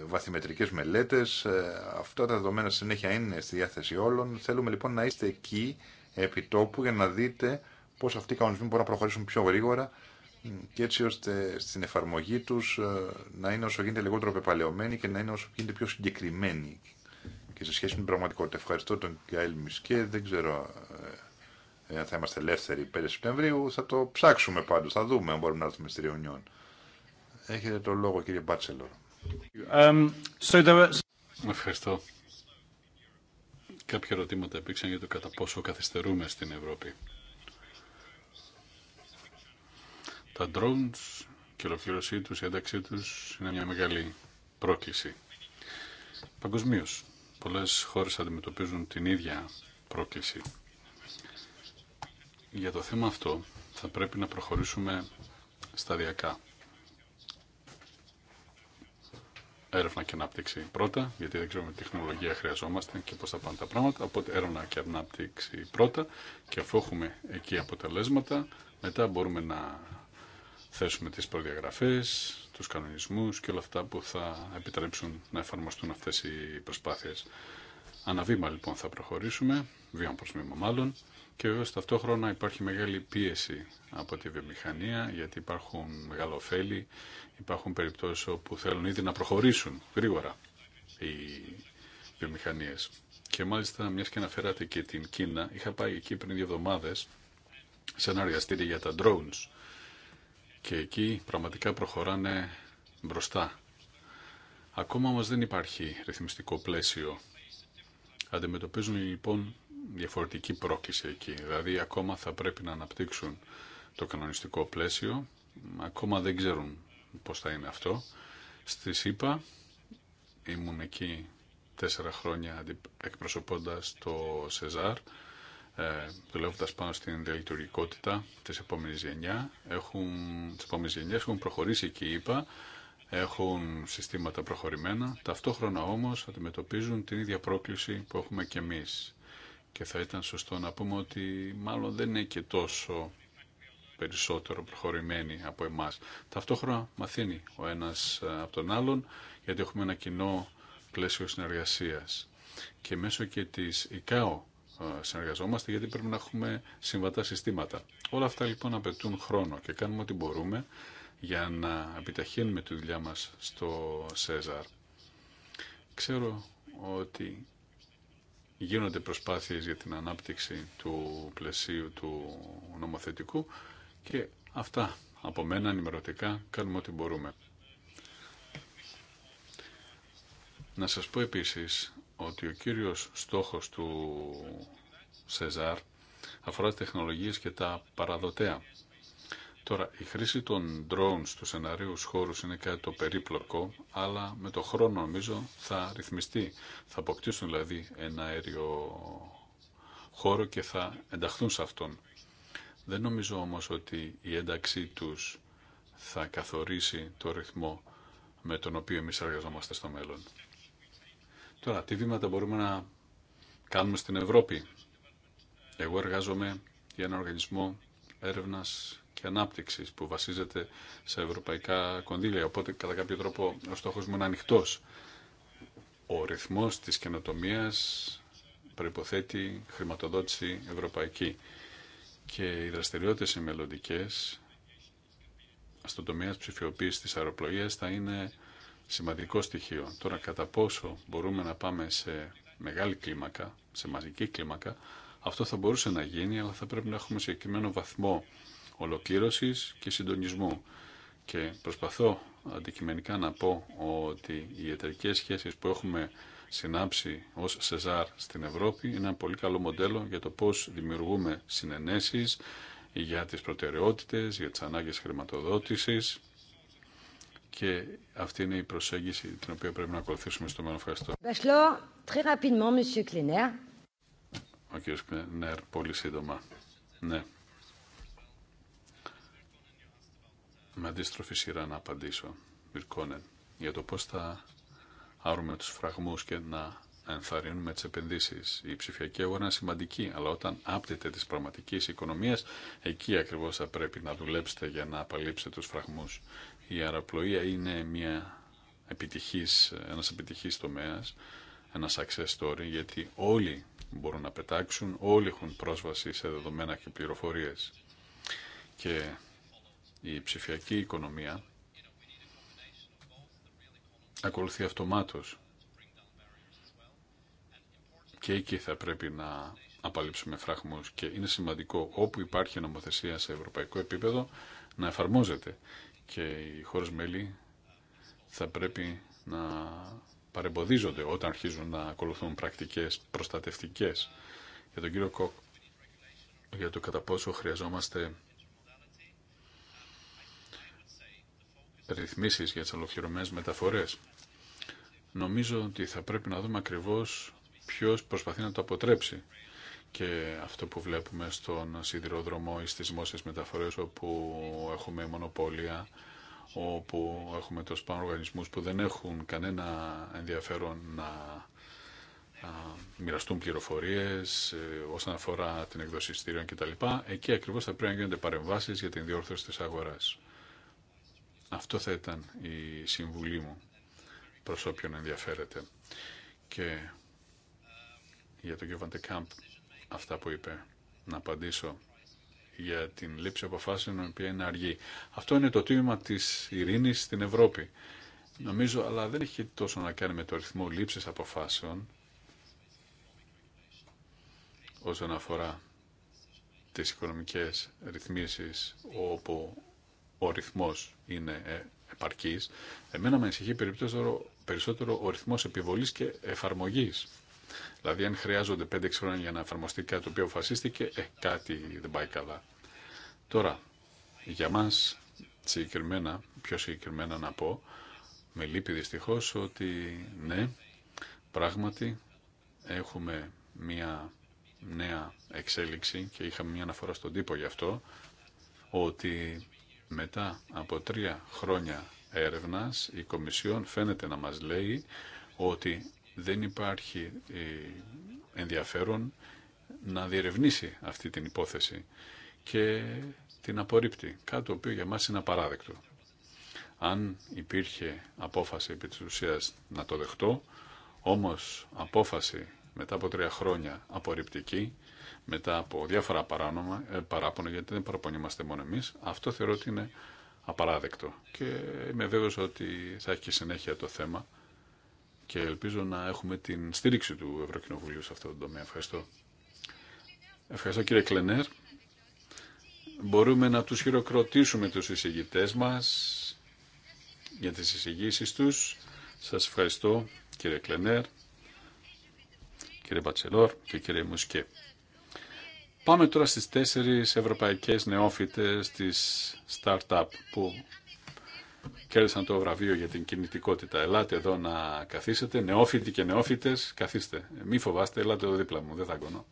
[SPEAKER 2] βαθιμετρικές μελέτες. Ε, αυτά τα δεδομένα συνέχεια είναι στη διάθεση όλων. Θέλουμε λοιπόν να είστε εκεί επί τόπου για να δείτε πώς αυτοί οι κανονισμοί μπορούν να προχωρήσουν πιο γρήγορα και έτσι ώστε στην εφαρμογή τους ε, να είναι όσο γίνεται λιγότερο πεπαλαιωμένοι και να είναι όσο γίνεται πιο συγκεκριμένοι και σε σχέση με την πραγματικότητα. Ευχαριστώ τον Γκάιλ Μισκέ. Δεν ξέρω εάν θα είμαστε ελεύθεροι 5 Σεπτεμβρίου, θα το ψάξουμε πάντως, θα δούμε αν μπορούμε να έρθουμε στη Ριουνιόν. Έχετε το λόγο κύριε Μπάτσελορ. Um, so Ευχαριστώ.
[SPEAKER 3] Κάποια ερωτήματα υπήρξαν για το κατά πόσο καθυστερούμε στην Ευρώπη. Τα drones και η ολοκλήρωσή του, η ένταξή του είναι μια μεγάλη πρόκληση. Παγκοσμίω, πολλέ χώρε αντιμετωπίζουν την ίδια πρόκληση για το θέμα αυτό θα πρέπει να προχωρήσουμε σταδιακά. Έρευνα και ανάπτυξη πρώτα, γιατί δεν ξέρουμε τι τεχνολογία χρειαζόμαστε και πώς θα πάνε τα πράγματα. Οπότε έρευνα και ανάπτυξη πρώτα και αφού έχουμε εκεί αποτελέσματα, μετά μπορούμε να θέσουμε τις προδιαγραφές, τους κανονισμούς και όλα αυτά που θα επιτρέψουν να εφαρμοστούν αυτές οι προσπάθειες. Αναβήμα λοιπόν θα προχωρήσουμε, βήμα προς μήμα μάλλον, και βέβαια ταυτόχρονα υπάρχει μεγάλη πίεση από τη βιομηχανία, γιατί υπάρχουν μεγάλο ωφέλη, υπάρχουν περιπτώσεις όπου θέλουν ήδη να προχωρήσουν γρήγορα οι βιομηχανίες. Και μάλιστα, μια και αναφέρατε και την Κίνα, είχα πάει εκεί πριν δύο εβδομάδε σε ένα εργαστήριο για τα drones. Και εκεί πραγματικά προχωράνε μπροστά. Ακόμα όμως δεν υπάρχει ρυθμιστικό πλαίσιο Αντιμετωπίζουν λοιπόν διαφορετική πρόκληση εκεί. Δηλαδή ακόμα θα πρέπει να αναπτύξουν το κανονιστικό πλαίσιο. Ακόμα δεν ξέρουν πώς θα είναι αυτό. Στη ΣΥΠΑ ήμουν εκεί τέσσερα χρόνια εκπροσωπώντας το ΣΕΖΑΡ ε, δουλεύοντα πάνω στην διαλειτουργικότητα τη επόμενη γενιά. Έχουν, τις επόμενες έχουν προχωρήσει και είπα έχουν συστήματα προχωρημένα, ταυτόχρονα όμως αντιμετωπίζουν την ίδια πρόκληση που έχουμε κι εμείς. Και θα ήταν σωστό να πούμε ότι μάλλον δεν είναι και τόσο περισσότερο προχωρημένοι από εμάς. Ταυτόχρονα μαθαίνει ο ένας ε, από τον άλλον, γιατί έχουμε ένα κοινό πλαίσιο συνεργασίας. Και μέσω και της ΙΚΑΟ ε, συνεργαζόμαστε, γιατί πρέπει να έχουμε συμβατά συστήματα. Όλα αυτά λοιπόν απαιτούν χρόνο και κάνουμε ό,τι μπορούμε για να επιταχύνουμε τη δουλειά μας στο ΣΕΖΑΡ. Ξέρω ότι γίνονται προσπάθειες για την ανάπτυξη του πλαισίου του νομοθετικού και αυτά από μένα ενημερωτικά κάνουμε ό,τι μπορούμε. Να σας πω επίσης ότι ο κύριος στόχος του ΣΕΖΑΡ αφορά τεχνολογίες και τα παραδοτέα Τώρα, η χρήση των drones στους σενάριους χώρους είναι κάτι το περίπλοκο, αλλά με το χρόνο νομίζω θα ρυθμιστεί. Θα αποκτήσουν δηλαδή ένα αέριο χώρο και θα ενταχθούν σε αυτόν. Δεν νομίζω όμως ότι η ένταξή τους θα καθορίσει το ρυθμό με τον οποίο εμείς εργαζόμαστε στο μέλλον. Τώρα, τι βήματα μπορούμε να κάνουμε στην Ευρώπη. Εγώ εργάζομαι για ένα οργανισμό έρευνας και ανάπτυξη που βασίζεται σε ευρωπαϊκά κονδύλια. Οπότε κατά κάποιο τρόπο ο στόχο μου είναι ανοιχτό. Ο ρυθμό τη καινοτομία προποθέτει χρηματοδότηση ευρωπαϊκή και οι δραστηριότητε οι μελλοντικέ στον τομέα τη ψηφιοποίηση τη αεροπλοεία θα είναι σημαντικό στοιχείο. Τώρα κατά πόσο μπορούμε να πάμε σε μεγάλη κλίμακα, σε μαζική κλίμακα, αυτό θα μπορούσε να γίνει, αλλά θα πρέπει να έχουμε συγκεκριμένο βαθμό ολοκλήρωσης και συντονισμού. Και προσπαθώ αντικειμενικά να πω ότι οι εταιρικέ σχέσεις που έχουμε συνάψει ως ΣΕΖΑΡ στην Ευρώπη είναι ένα πολύ καλό μοντέλο για το πώς δημιουργούμε συνενέσεις για τις προτεραιότητες, για τις ανάγκες χρηματοδότησης και αυτή είναι η προσέγγιση την οποία πρέπει να ακολουθήσουμε στο μέλλον. Ευχαριστώ. Ο κύριος Κλενέρ, πολύ σύντομα. Ναι. με αντίστροφη σειρά να απαντήσω, Βυρκόνεν, για το πώς θα άρουμε τους φραγμούς και να ενθαρρύνουμε τις επενδύσεις. Η ψηφιακή αγορά είναι σημαντική, αλλά όταν άπτεται της πραγματικής οικονομίας, εκεί ακριβώς θα πρέπει να δουλέψετε για να απαλείψετε τους φραγμούς. Η αεροπλοεία είναι μια επιτυχής, ένας επιτυχής τομέας, ένα success story, γιατί όλοι μπορούν να πετάξουν, όλοι έχουν πρόσβαση σε δεδομένα και πληροφορίες. Και η ψηφιακή οικονομία ακολουθεί αυτομάτως και εκεί θα πρέπει να απαλείψουμε φράχμους και είναι σημαντικό όπου υπάρχει νομοθεσία σε ευρωπαϊκό επίπεδο να εφαρμόζεται και οι χώρες μέλη θα πρέπει να παρεμποδίζονται όταν αρχίζουν να ακολουθούν πρακτικές προστατευτικές. Για τον κύριο Κοκ, για το κατά πόσο χρειαζόμαστε ρυθμίσεις για τις ολοκληρωμένες μεταφορές. Νομίζω ότι θα πρέπει να δούμε ακριβώς ποιος προσπαθεί να το αποτρέψει. Και αυτό που βλέπουμε στον σιδηροδρομό ή στις δημόσιες μεταφορές όπου έχουμε μονοπόλια, όπου έχουμε τόσο πάνω οργανισμού που δεν έχουν κανένα ενδιαφέρον να μοιραστούν πληροφορίες ε, όσον αφορά την εκδοσή στήριων κτλ. Εκεί ακριβώς θα πρέπει να γίνονται παρεμβάσεις για την διόρθωση της αγοράς. Αυτό θα ήταν η συμβουλή μου προς όποιον ενδιαφέρεται. Και για τον κύριο κάμπ αυτά που είπε, να απαντήσω για την λήψη αποφάσεων η οποία είναι αργή. Αυτό είναι το τίμημα της ειρήνης στην Ευρώπη. Νομίζω, αλλά δεν έχει τόσο να κάνει με το ρυθμό λήψης αποφάσεων όσον αφορά τις οικονομικές ρυθμίσεις όπου ο ρυθμός είναι ε, επαρκής, εμένα με ανησυχεί περισσότερο, περισσότερο ο ρυθμός επιβολής και εφαρμογής. Δηλαδή, αν χρειάζονται 5-6 χρόνια για να εφαρμοστεί κάτι το οποίο αποφασίστηκε, ε, κάτι δεν πάει καλά. Τώρα, για μας συγκεκριμένα, πιο συγκεκριμένα να πω, με λύπη δυστυχώ ότι ναι, πράγματι έχουμε μια νέα εξέλιξη και είχαμε μια αναφορά στον τύπο γι' αυτό, ότι μετά από τρία χρόνια έρευνας, η Κομισιόν φαίνεται να μας λέει ότι δεν υπάρχει ε, ενδιαφέρον να διερευνήσει αυτή την υπόθεση και την απορρίπτει, κάτι το οποίο για μας είναι απαράδεκτο. Αν υπήρχε απόφαση επί της ουσίας να το δεχτώ, όμως απόφαση μετά από τρία χρόνια απορριπτική, μετά από διάφορα παράνομα, ε, παράπονα, γιατί δεν παραπονιόμαστε μόνο εμείς, αυτό θεωρώ ότι είναι απαράδεκτο. Και είμαι βέβαιος ότι θα έχει και συνέχεια το θέμα και ελπίζω να έχουμε την στήριξη του Ευρωκοινοβουλίου σε αυτό το τομέα. Ευχαριστώ. Ευχαριστώ κύριε Κλενέρ. Μπορούμε να τους χειροκροτήσουμε τους εισηγητές μας για τις εισηγήσεις τους. Σας ευχαριστώ κύριε Κλενέρ, κύριε Μπατσελόρ και κύριε Μουσκέ. Πάμε τώρα στις τέσσερις ευρωπαϊκές νεόφυτες της startup που κέρδισαν το βραβείο για την κινητικότητα. Ελάτε εδώ να καθίσετε, νεόφυτοι και νεόφυτες, καθίστε. Μη φοβάστε, ελάτε εδώ δίπλα μου, δεν θα αγκωνώ.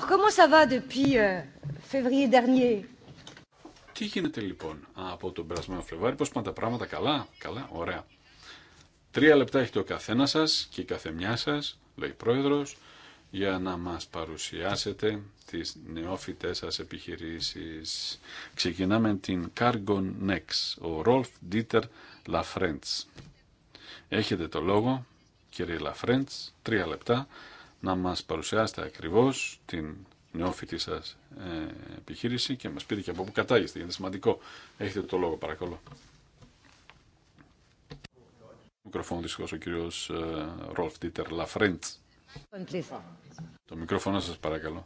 [SPEAKER 1] comment ça va depuis euh, février dernier?
[SPEAKER 3] Τι γίνεται λοιπόν από τον περασμένο Φλεβάρι, πώς πάνε τα πράγματα, καλά, καλά, ωραία. Τρία λεπτά έχετε ο καθένα σας και η καθεμιά σας, λέει πρόεδρος, για να μας παρουσιάσετε τις νεόφυτες σας επιχειρήσεις. Ξεκινάμε την Cargo Next, ο Rolf Dieter Lafrentz. Έχετε το λόγο, κύριε Λαφρέντς, τρία λεπτά να μας παρουσιάσετε ακριβώς την νεόφυτη σας ε, επιχείρηση και μας πείτε και από πού κατάγεστε, είναι σημαντικό. Έχετε το λόγο, παρακαλώ. Μικροφώνο δυστυχώς ο κύριος ε, Ρολφ Τίτερ Λαφρέντς. Το μικρόφωνο σας παρακαλώ.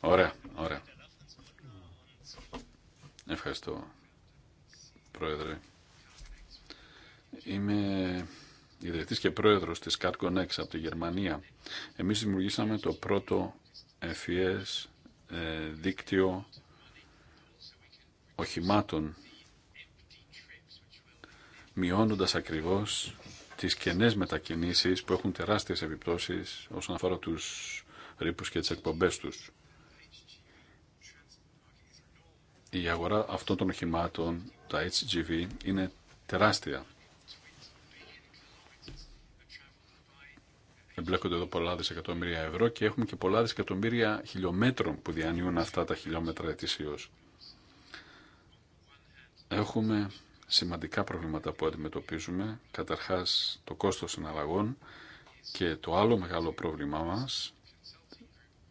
[SPEAKER 3] Ωραία, ωραία. Ευχαριστώ, Πρόεδρε. Είμαι ιδρυτή και πρόεδρος της CarConnex από τη Γερμανία, εμείς δημιουργήσαμε το πρώτο FES ε, δίκτυο οχημάτων, μειώνοντας ακριβώς τις κενές μετακινήσεις που έχουν τεράστιες επιπτώσεις όσον αφορά τους ρήπους και τις εκπομπές τους. Η αγορά αυτών των οχημάτων, τα HGV, είναι τεράστια εμπλέκονται εδώ πολλά δισεκατομμύρια ευρώ και έχουμε και πολλά δισεκατομμύρια χιλιόμετρων που διανύουν αυτά τα χιλιόμετρα ετησίω. Έχουμε σημαντικά προβλήματα που αντιμετωπίζουμε. Καταρχάς το κόστος συναλλαγών και το άλλο μεγάλο πρόβλημά μας,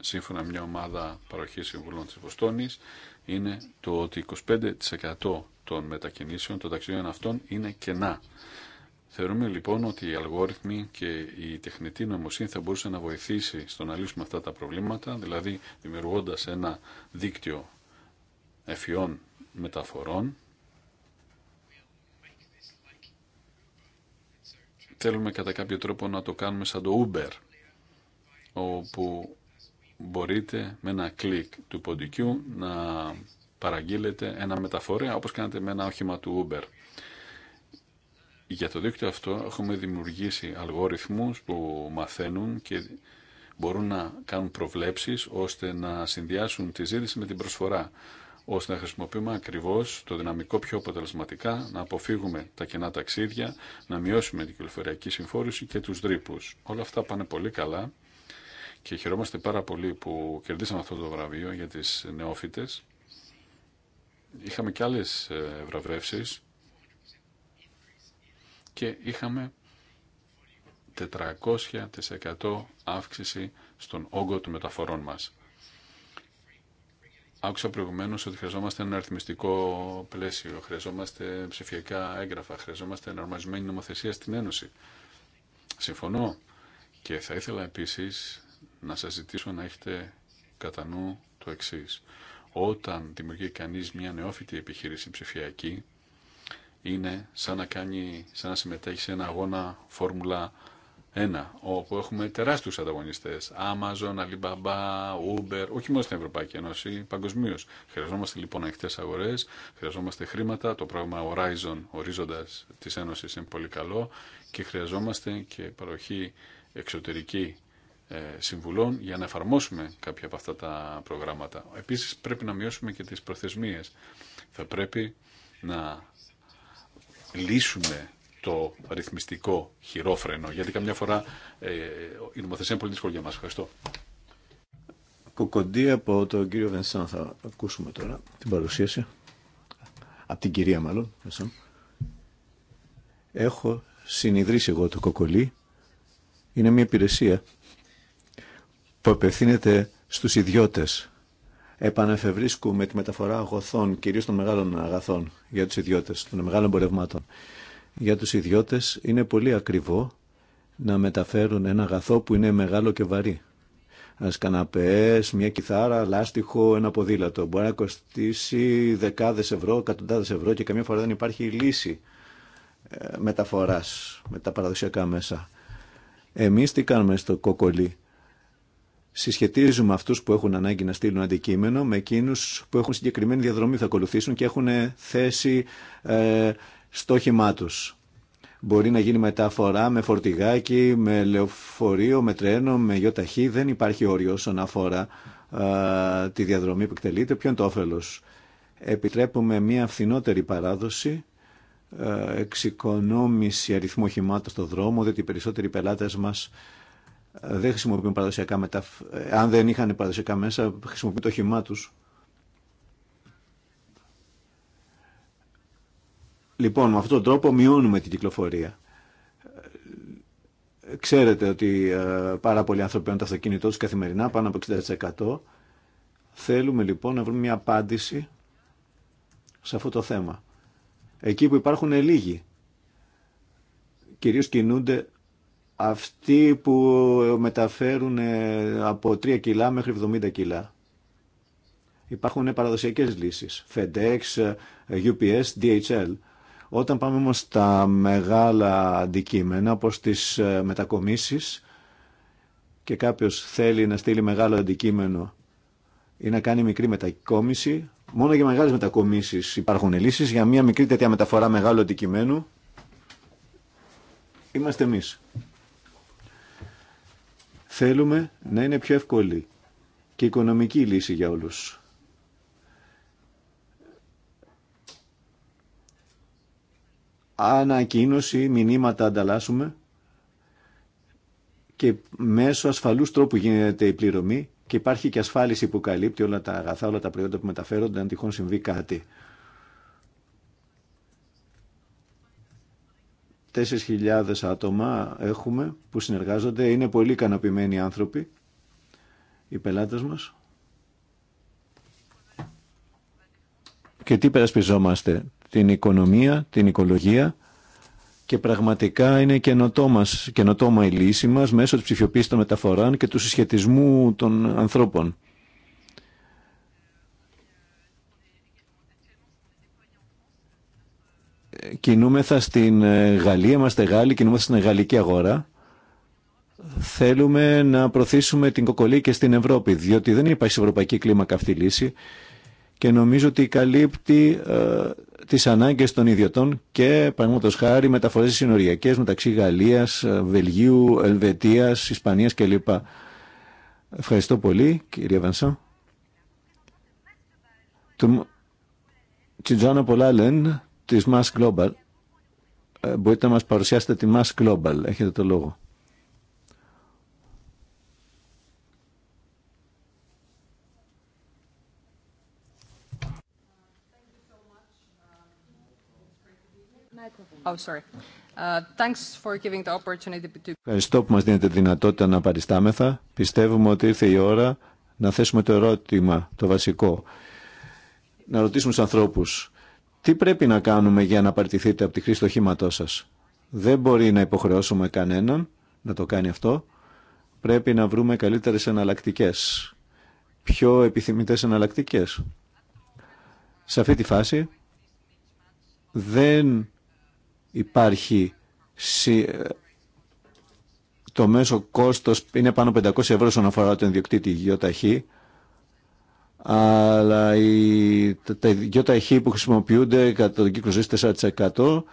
[SPEAKER 3] σύμφωνα με μια ομάδα παροχής συμβουλών της Βοστόνης, είναι το ότι 25% των μετακινήσεων των ταξιδιών αυτών είναι κενά. Θεωρούμε λοιπόν ότι οι αλγόριθμοι και η τεχνητή νοημοσύνη θα μπορούσε να βοηθήσει στο να λύσουμε αυτά τα προβλήματα, δηλαδή δημιουργώντας ένα δίκτυο εφιών μεταφορών. Θέλουμε κατά κάποιο τρόπο να το κάνουμε σαν το Uber, όπου μπορείτε με ένα κλικ του ποντικού να παραγγείλετε ένα μεταφορέα, όπως κάνετε με ένα όχημα του Uber. Για το δίκτυο αυτό έχουμε δημιουργήσει αλγόριθμους που μαθαίνουν και μπορούν να κάνουν προβλέψεις ώστε να συνδυάσουν τη ζήτηση με την προσφορά ώστε να χρησιμοποιούμε ακριβώς το δυναμικό πιο αποτελεσματικά, να αποφύγουμε τα κενά ταξίδια, να μειώσουμε την κυκλοφοριακή συμφόρηση και τους δρύπους. Όλα αυτά πάνε πολύ καλά και χαιρόμαστε πάρα πολύ που κερδίσαμε αυτό το βραβείο για τις νεόφυτες. Είχαμε και άλλες ε, βραβεύσεις και είχαμε 400% αύξηση στον όγκο των μεταφορών μας. Άκουσα προηγουμένως ότι χρειαζόμαστε ένα αριθμιστικό πλαίσιο, χρειαζόμαστε ψηφιακά έγγραφα, χρειαζόμαστε εναρμονισμένη νομοθεσία στην Ένωση. Συμφωνώ και θα ήθελα επίσης να σας ζητήσω να έχετε κατά νου το εξής. Όταν δημιουργεί κανείς μια νεόφυτη επιχείρηση ψηφιακή, είναι σαν να, κάνει, σαν να συμμετέχει σε ένα αγώνα Φόρμουλα 1, όπου έχουμε τεράστιους ανταγωνιστές, Amazon, Alibaba, Uber, όχι μόνο στην Ευρωπαϊκή Ένωση, παγκοσμίω. Χρειαζόμαστε λοιπόν ανοιχτέ αγορέ, χρειαζόμαστε χρήματα, το πρόγραμμα Horizon, ορίζοντα τη Ένωση είναι πολύ καλό και χρειαζόμαστε και παροχή εξωτερική ε, συμβουλών για να εφαρμόσουμε κάποια από αυτά τα προγράμματα. Επίσης πρέπει να μειώσουμε και τις προθεσμίες. Θα πρέπει να λύσουμε το ρυθμιστικό χειρόφρενο, γιατί καμιά φορά ε, η νομοθεσία είναι πολύ δύσκολη για μας. Ευχαριστώ.
[SPEAKER 1] Κοκοντή από τον κύριο Βενσάν θα ακούσουμε τώρα την παρουσίαση. Από την κυρία μάλλον. Έχω συνειδρήσει εγώ το κοκολί. Είναι μια υπηρεσία που απευθύνεται στους ιδιώτες επαναφευρίσκουμε τη μεταφορά αγωθών, κυρίως των μεγάλων αγαθών για τους ιδιώτε, των μεγάλων πορευμάτων. Για τους ιδιώτε είναι πολύ ακριβό να μεταφέρουν ένα αγαθό που είναι μεγάλο και βαρύ. Α καναπέ, μια κιθάρα, λάστιχο, ένα ποδήλατο. Μπορεί να κοστίσει δεκάδε ευρώ, εκατοντάδε ευρώ και καμιά φορά δεν υπάρχει λύση ε, μεταφορά με τα παραδοσιακά μέσα. Εμεί τι κάνουμε στο κοκολί συσχετίζουμε αυτού που έχουν ανάγκη να στείλουν αντικείμενο με εκείνου που έχουν συγκεκριμένη διαδρομή που θα ακολουθήσουν και έχουν ε, θέση ε, στόχημά του. Μπορεί να γίνει μεταφορά με φορτηγάκι, με λεωφορείο, με τρένο, με γιοταχή. Δεν υπάρχει όριο όσον αφορά ε, τη διαδρομή που εκτελείται. Ποιο είναι το όφελο. Επιτρέπουμε μια φθηνότερη παράδοση, ε, εξοικονόμηση αριθμού χυμάτων στο δρόμο, διότι οι περισσότεροι πελάτε μα. Ε, δεν χρησιμοποιούν παραδοσιακά μετα, ε, αν δεν είχαν παραδοσιακά μέσα, χρησιμοποιούν το χυμά του. Λοιπόν, με αυτόν τον τρόπο μειώνουμε την κυκλοφορία. Ε, ξέρετε ότι πάρα πολλοί άνθρωποι έχουν το αυτοκίνητό του καθημερινά, πάνω από 60%. Θέλουμε λοιπόν να βρούμε μια απάντηση σε αυτό το θέμα. Εκεί που υπάρχουν λίγοι, κυρίως κινούνται αυτοί που μεταφέρουν ε, από 3 κιλά μέχρι 70 κιλά. Υπάρχουν παραδοσιακές λύσεις, FedEx, ε, UPS, DHL. Όταν πάμε όμως στα μεγάλα αντικείμενα, όπως τις ε, μετακομίσεις, και κάποιος θέλει να στείλει μεγάλο αντικείμενο ή να κάνει μικρή μετακόμιση, μόνο για μεγάλες μετακομίσεις υπάρχουν λύσεις, για μια μικρή τέτοια μεταφορά μεγάλου αντικειμένου είμαστε εμείς. Θέλουμε να είναι πιο εύκολη και οικονομική λύση για όλους. Ανακοίνωση, μηνύματα ανταλλάσσουμε και μέσω ασφαλούς τρόπου γίνεται η πληρωμή και υπάρχει και ασφάλιση που καλύπτει όλα τα αγαθά, όλα τα προϊόντα που μεταφέρονται αν τυχόν συμβεί κάτι. 4.000 άτομα έχουμε που συνεργάζονται. Είναι πολύ ικανοποιημένοι άνθρωποι, οι πελάτες μας. Και τι περασπιζόμαστε. Την οικονομία, την οικολογία και πραγματικά είναι καινοτόμα η λύση μας μέσω της ψηφιοποίησης των μεταφορών και του συσχετισμού των ανθρώπων. κινούμεθα στην ε, Γαλλία, είμαστε Γάλλοι, κινούμεθα στην γαλλική αγορά. Θέλουμε να προωθήσουμε την κοκολή και στην Ευρώπη, διότι δεν υπάρχει σε ευρωπαϊκή κλίμακα αυτή η λύση και νομίζω ότι καλύπτει ε, τις ανάγκες των ιδιωτών και παραδείγματο χάρη μεταφορές συνοριακές μεταξύ Γαλλίας, ε, Βελγίου, Ελβετίας, Ισπανίας κλπ. Ευχαριστώ πολύ κύριε Βανσά. Την Πολάλεν, της Mass Global. Ε, μπορείτε να μας παρουσιάσετε τη Mass Global. Έχετε το λόγο. Oh, sorry.
[SPEAKER 3] Uh, for the
[SPEAKER 1] to... Ευχαριστώ που μας δίνετε τη δυνατότητα να παριστάμεθα. Πιστεύουμε ότι ήρθε η ώρα να θέσουμε το ερώτημα, το βασικό. Να ρωτήσουμε τους ανθρώπους τι πρέπει να κάνουμε για να παρτηθείτε από τη χρήση του οχήματό σα. Δεν μπορεί να υποχρεώσουμε κανέναν να το κάνει αυτό. Πρέπει να βρούμε καλύτερε εναλλακτικέ. Πιο επιθυμητέ εναλλακτικέ. Σε αυτή τη φάση δεν υπάρχει το μέσο κόστος είναι πάνω 500 ευρώ όσον αφορά τον ιδιοκτήτη γεωταχή αλλά οι, τα, τα που χρησιμοποιούνται κατά τον κύκλο ζωής 4%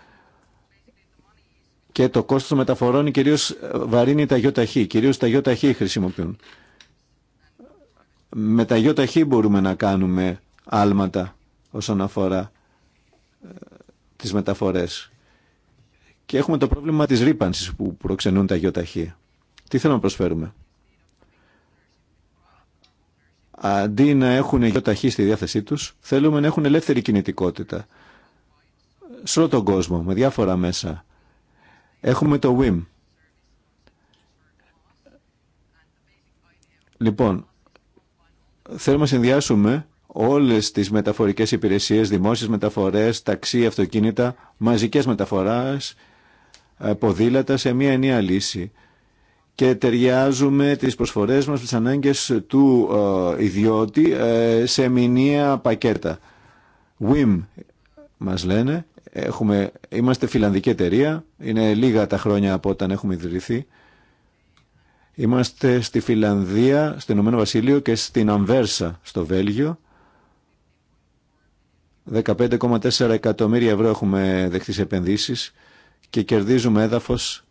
[SPEAKER 1] και το κόστος των μεταφορών κυρίως βαρύνει τα ιδιώτα κυρίως τα ιδιώτα χρησιμοποιούν. Με τα ιδιώτα μπορούμε να κάνουμε άλματα όσον αφορά ε, τις μεταφορές. Και έχουμε το πρόβλημα της ρήπανσης που προξενούν τα ιδιώτα Τι θέλουμε να προσφέρουμε αντί να έχουν γεωταχή στη διάθεσή τους, θέλουμε να έχουν ελεύθερη κινητικότητα. Σε όλο τον κόσμο, με διάφορα μέσα. Έχουμε το WIM. Λοιπόν, θέλουμε να συνδυάσουμε όλες τις μεταφορικές υπηρεσίες, δημόσιες μεταφορές, ταξί, αυτοκίνητα, μαζικές μεταφοράς, ε, ποδήλατα σε μια ενιαία λύση και ταιριάζουμε τις προσφορές μας, τις ανάγκες του ε, ιδιώτη ε, σε μηνιαία πακέτα. WIM μας λένε, έχουμε, είμαστε φιλανδική εταιρεία, είναι λίγα τα χρόνια από όταν έχουμε ιδρυθεί. Είμαστε στη Φιλανδία, στο Ηνωμένο Βασίλειο και στην Αμβέρσα, στο Βέλγιο. 15,4 εκατομμύρια ευρώ έχουμε δεχτεί επενδύσεις και κερδίζουμε έδαφος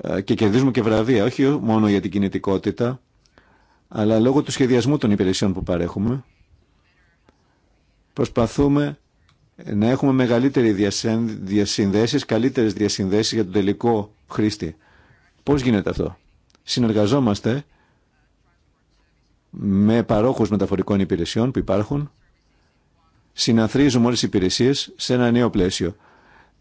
[SPEAKER 1] ε, και κερδίζουμε και βραβεία, όχι μόνο για την κινητικότητα, αλλά λόγω του σχεδιασμού των υπηρεσιών που παρέχουμε. Προσπαθούμε να έχουμε μεγαλύτερη διασυνδέσεις, καλύτερες διασυνδέσει για τον τελικό χρήστη. Πώς γίνεται αυτό. Συνεργαζόμαστε με παρόχους μεταφορικών υπηρεσιών που υπάρχουν, συναθρίζουμε όλες τις υπηρεσίες σε ένα νέο πλαίσιο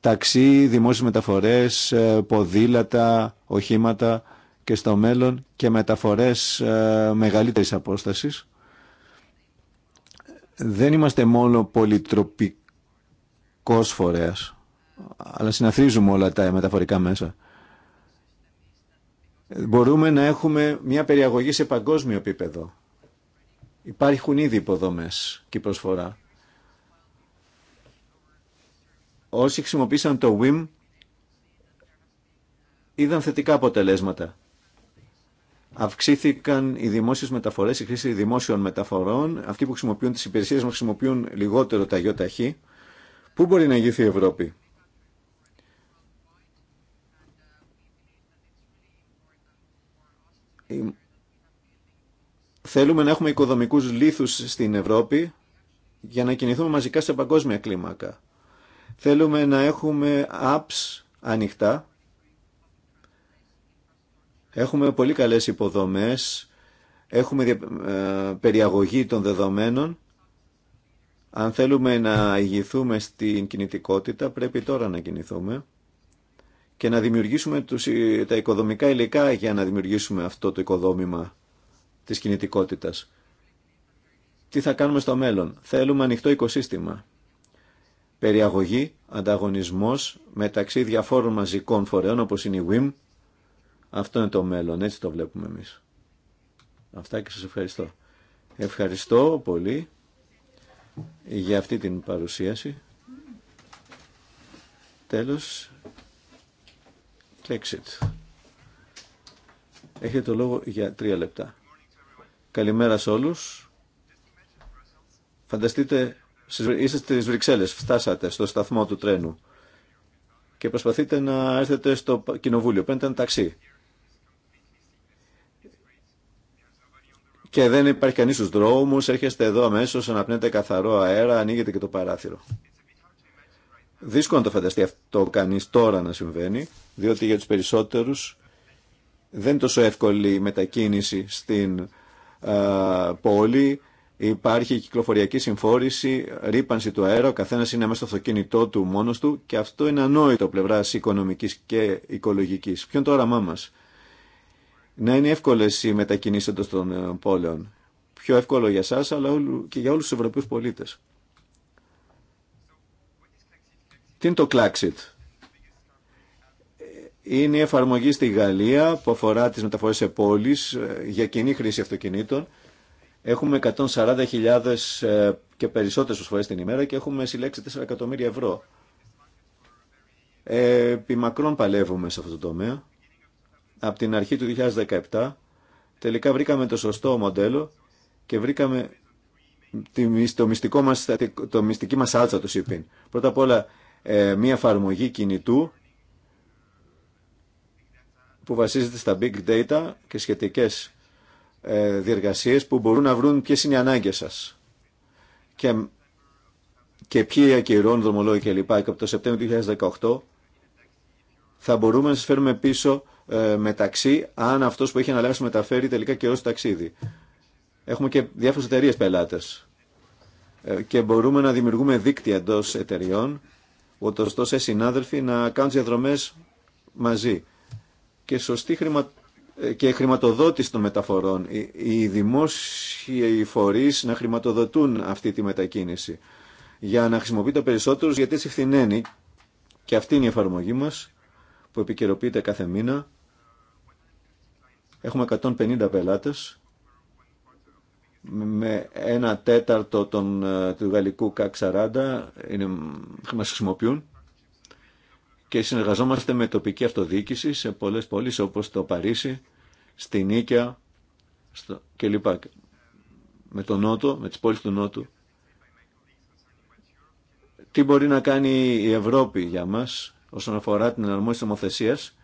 [SPEAKER 1] ταξί, δημόσιες μεταφορές, ε, ποδήλατα, οχήματα και στο μέλλον και μεταφορές ε, μεγαλύτερης απόστασης. Δεν είμαστε μόνο πολυτροπικός φορέας, αλλά συναθρίζουμε όλα τα μεταφορικά μέσα. Μπορούμε να έχουμε μια περιαγωγή σε παγκόσμιο επίπεδο. Υπάρχουν ήδη υποδομές και προσφορά. όσοι χρησιμοποίησαν το WIM είδαν θετικά αποτελέσματα. Αυξήθηκαν οι δημόσιες μεταφορές, η χρήση δημόσιων μεταφορών. Αυτοί που χρησιμοποιούν τις υπηρεσίες μας χρησιμοποιούν λιγότερο τα ΙΟΤΑΧΗ. Πού μπορεί να γυρθεί η Ευρώπη. Θέλουμε να έχουμε οικοδομικούς λίθους στην Ευρώπη για να κινηθούμε μαζικά σε παγκόσμια κλίμακα. Θέλουμε να έχουμε apps ανοιχτά. Έχουμε πολύ καλές υποδομές. Έχουμε ε, περιαγωγή των δεδομένων. Αν θέλουμε να ηγηθούμε στην κινητικότητα, πρέπει τώρα να κινηθούμε και να δημιουργήσουμε τους, τα οικοδομικά υλικά για να δημιουργήσουμε αυτό το οικοδόμημα της κινητικότητας. Τι θα κάνουμε στο μέλλον. Θέλουμε ανοιχτό οικοσύστημα περιαγωγή, ανταγωνισμός μεταξύ διαφόρων μαζικών φορέων όπως είναι η WIM. Αυτό είναι το μέλλον, έτσι το βλέπουμε εμείς. Αυτά και σας ευχαριστώ. Ευχαριστώ πολύ για αυτή την παρουσίαση. Τέλος, exit. Έχετε το λόγο για τρία λεπτά. Καλημέρα σε όλους. Φανταστείτε είστε στις Βρυξέλλες, φτάσατε στο σταθμό του τρένου και προσπαθείτε να έρθετε στο κοινοβούλιο, παίρνετε ένα ταξί. Και δεν υπάρχει κανείς στους δρόμους, έρχεστε εδώ αμέσως, αναπνέτε καθαρό αέρα, ανοίγετε και το παράθυρο. Δύσκολο να το φανταστεί αυτό κανείς τώρα να συμβαίνει, διότι για τους περισσότερους δεν είναι τόσο εύκολη η μετακίνηση στην πόλη, Υπάρχει κυκλοφοριακή συμφόρηση, ρήπανση του αέρα, ο καθένα είναι μέσα στο αυτοκίνητό του μόνο του και αυτό είναι ανόητο πλευρά οικονομική και οικολογική. Ποιο είναι το όραμά μα, Να είναι εύκολε οι μετακινήσει εντό των ε, πόλεων. Πιο εύκολο για εσά, αλλά και για όλου του Ευρωπαίου πολίτε. Τι είναι το Claxit, Είναι η εφαρμογή στη Γαλλία που αφορά τι μεταφορέ σε πόλει ε, για κοινή χρήση αυτοκινήτων Έχουμε 140.000 ε, και περισσότερες προσφορές την ημέρα και έχουμε συλλέξει 4 εκατομμύρια ευρώ. Ε, επί μακρόν παλεύουμε σε αυτό το τομέα. Από την αρχή του 2017 τελικά βρήκαμε το σωστό μοντέλο και βρήκαμε το μυστικό μας, το μυστική μας άλτσα του ΣΥΠΗΝ. Πρώτα απ' όλα ε, μία εφαρμογή κινητού που βασίζεται στα big data και σχετικές ε, διεργασίες που μπορούν να βρουν ποιες είναι οι ανάγκες σας και, και ποιοι ακυρώνουν δρομολόγια κλπ. Και, και από το Σεπτέμβριο 2018 θα μπορούμε να σας φέρουμε πίσω ε, μεταξύ αν αυτός που έχει αναλάβει μεταφέρει τελικά καιρό στο ταξίδι. Έχουμε και διάφορες εταιρείε πελάτες ε, και μπορούμε να δημιουργούμε δίκτυα εντό εταιριών ούτως τόσες συνάδελφοι να κάνουν διαδρομές μαζί και σωστή χρηματοδότηση ε, και χρηματοδότηση των μεταφορών. Οι δημόσιοι φορείς να χρηματοδοτούν αυτή τη μετακίνηση για να χρησιμοποιείται περισσότερο, γιατί έτσι και αυτή είναι η εφαρμογή μας που επικαιροποιείται κάθε μήνα. Έχουμε 150 πελάτες με ένα τέταρτο των, ε, του γαλλικού ΚΑΚ 40 είναι, μας χρησιμοποιούν και συνεργαζόμαστε με τοπική αυτοδιοίκηση σε πολλές πόλεις όπως το Παρίσι, στη Νίκαια στο... κλπ. Με τον Νότο, με τις πόλεις του Νότου. Τι μπορεί να κάνει η Ευρώπη για μας όσον αφορά την εναρμόνιση νομοθεσίας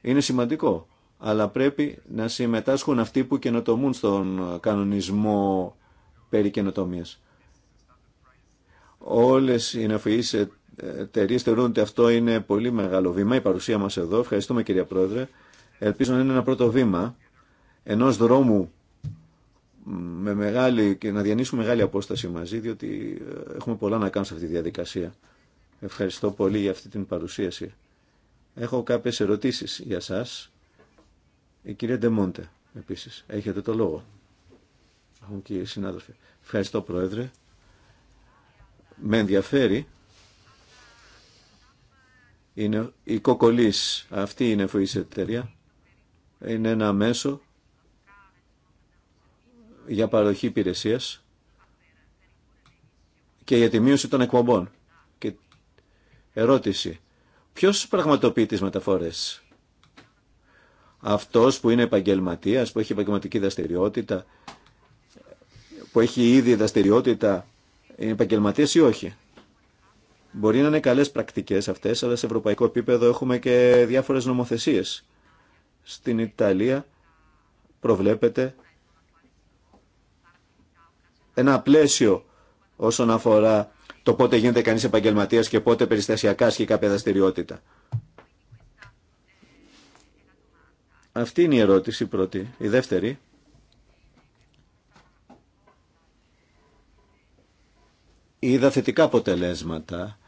[SPEAKER 1] είναι σημαντικό. Αλλά πρέπει να συμμετάσχουν αυτοί που καινοτομούν στον κανονισμό περί καινοτομίας. Όλες οι εταιρείε θεωρούν ότι αυτό είναι πολύ μεγάλο βήμα, η παρουσία μας εδώ. Ευχαριστούμε κυρία Πρόεδρε. Ελπίζω να είναι ένα πρώτο βήμα ενό δρόμου με μεγάλη, και να διανύσουμε μεγάλη απόσταση μαζί, διότι ε, έχουμε πολλά να κάνουμε σε αυτή τη διαδικασία. Ευχαριστώ πολύ για αυτή την παρουσίαση. Έχω κάποιες ερωτήσεις για σας. Η κυρία Ντεμόντε, επίσης. Έχετε το λόγο. Έχουν και οι συνάδελφοι. Ευχαριστώ, Πρόεδρε. Με ενδιαφέρει είναι η Κοκολής. Αυτή είναι η εταιρεία. Είναι ένα μέσο για παροχή υπηρεσία και για τη μείωση των εκπομπών. Και ερώτηση. Ποιος πραγματοποιεί τις μεταφορές. Αυτός που είναι επαγγελματίας, που έχει επαγγελματική δραστηριότητα, που έχει ήδη δραστηριότητα, είναι επαγγελματίας ή όχι. Μπορεί να είναι καλές πρακτικές αυτές, αλλά σε ευρωπαϊκό επίπεδο έχουμε και διάφορες νομοθεσίες. Στην Ιταλία προβλέπεται ένα πλαίσιο όσον αφορά το πότε γίνεται κανείς επαγγελματίας και πότε περιστασιακά ασκεί κάποια δραστηριότητα. Αυτή είναι η ερώτηση πρώτη. Η δεύτερη. Είδα θετικά αποτελέσματα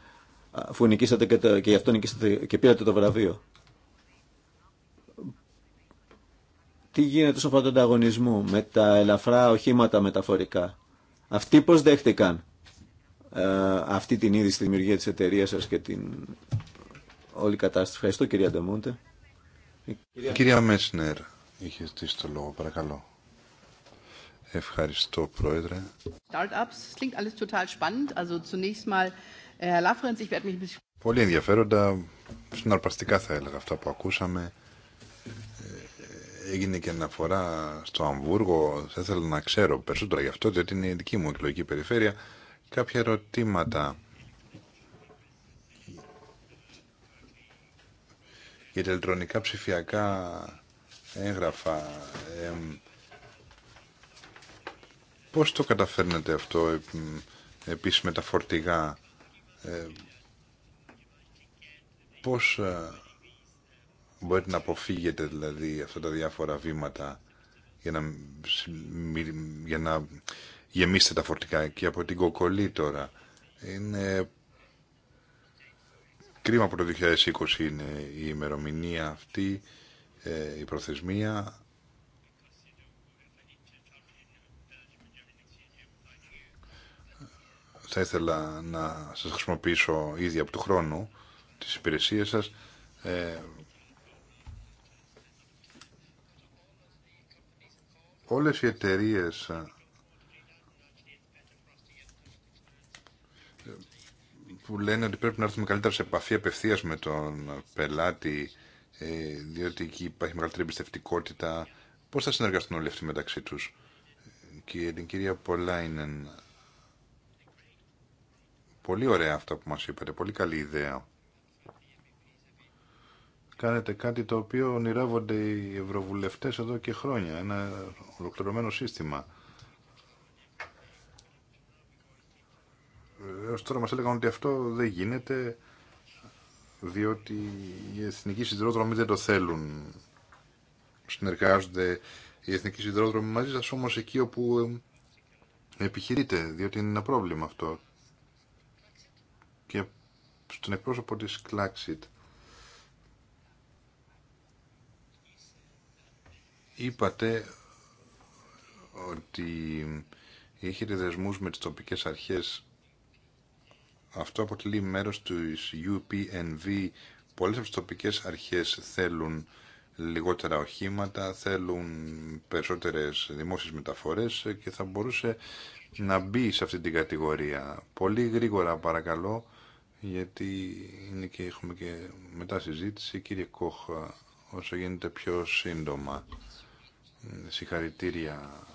[SPEAKER 1] αφού νικήσατε και, το, και γι' αυτό νικήσατε και πήρατε το βραβείο. Τι γίνεται στον αφορά ανταγωνισμό με τα ελαφρά οχήματα μεταφορικά. Αυτοί πώς δέχτηκαν ε, αυτή την είδηση στη δημιουργία της εταιρείας σας και την όλη κατάσταση. Ευχαριστώ κυρία Ντεμούντε.
[SPEAKER 2] Κυρία, Μέσνερ, είχε στήσει το λόγο, παρακαλώ. Ευχαριστώ, Πρόεδρε. Startups, klingt alles total spannend. Also zunächst mal ε, Πολύ ενδιαφέροντα, συναρπαστικά θα έλεγα αυτά που ακούσαμε. Ε, έγινε και αναφορά στο Αμβούργο, θα ήθελα να ξέρω περισσότερα γι' αυτό, διότι είναι η δική μου εκλογική περιφέρεια. Κάποια ερωτήματα. για τα ηλεκτρονικά ψηφιακά έγγραφα. Ε, πώς το καταφέρνετε αυτό επίσης με τα φορτηγά ε, πώς μπορείτε να αποφύγετε δηλαδή αυτά τα διάφορα βήματα για να, για να γεμίσετε τα φορτικά και από την κοκολή τώρα είναι κρίμα που το 2020 είναι η ημερομηνία αυτή ε, η προθεσμία θα ήθελα να σας χρησιμοποιήσω ήδη από του χρόνου τις υπηρεσίες σας. Ε, όλες οι εταιρείε ε, που λένε ότι πρέπει να έρθουμε καλύτερα σε επαφή απευθείας με τον πελάτη ε, διότι εκεί υπάρχει μεγαλύτερη εμπιστευτικότητα. Πώς θα συνεργαστούν όλοι αυτοί μεταξύ τους. Και την κυρία Πολάινεν Πολύ ωραία αυτά που μας είπατε, πολύ καλή ιδέα. Κάνετε κάτι το οποίο ονειρεύονται οι ευρωβουλευτές εδώ και χρόνια, ένα ολοκληρωμένο σύστημα. Έως τώρα μας έλεγαν ότι αυτό δεν γίνεται, διότι οι εθνικοί συντηρόδρομοι δεν το θέλουν. Συνεργάζονται οι εθνικοί συντηρόδρομοι μαζί σας, όμως εκεί όπου ε, επιχειρείτε, διότι είναι ένα πρόβλημα αυτό και στον εκπρόσωπο της Κλάξιτ. Είπατε ότι έχετε δεσμούς με τις τοπικές αρχές. Αυτό αποτελεί μέρος του UPNV. Πολλές από τις τοπικές αρχές θέλουν λιγότερα οχήματα, θέλουν περισσότερες δημόσιες μεταφορές και θα μπορούσε να μπει σε αυτή την κατηγορία. Πολύ γρήγορα παρακαλώ γιατί είναι και έχουμε και μετά συζήτηση. Κύριε Κόχ, όσο γίνεται πιο σύντομα, συγχαρητήρια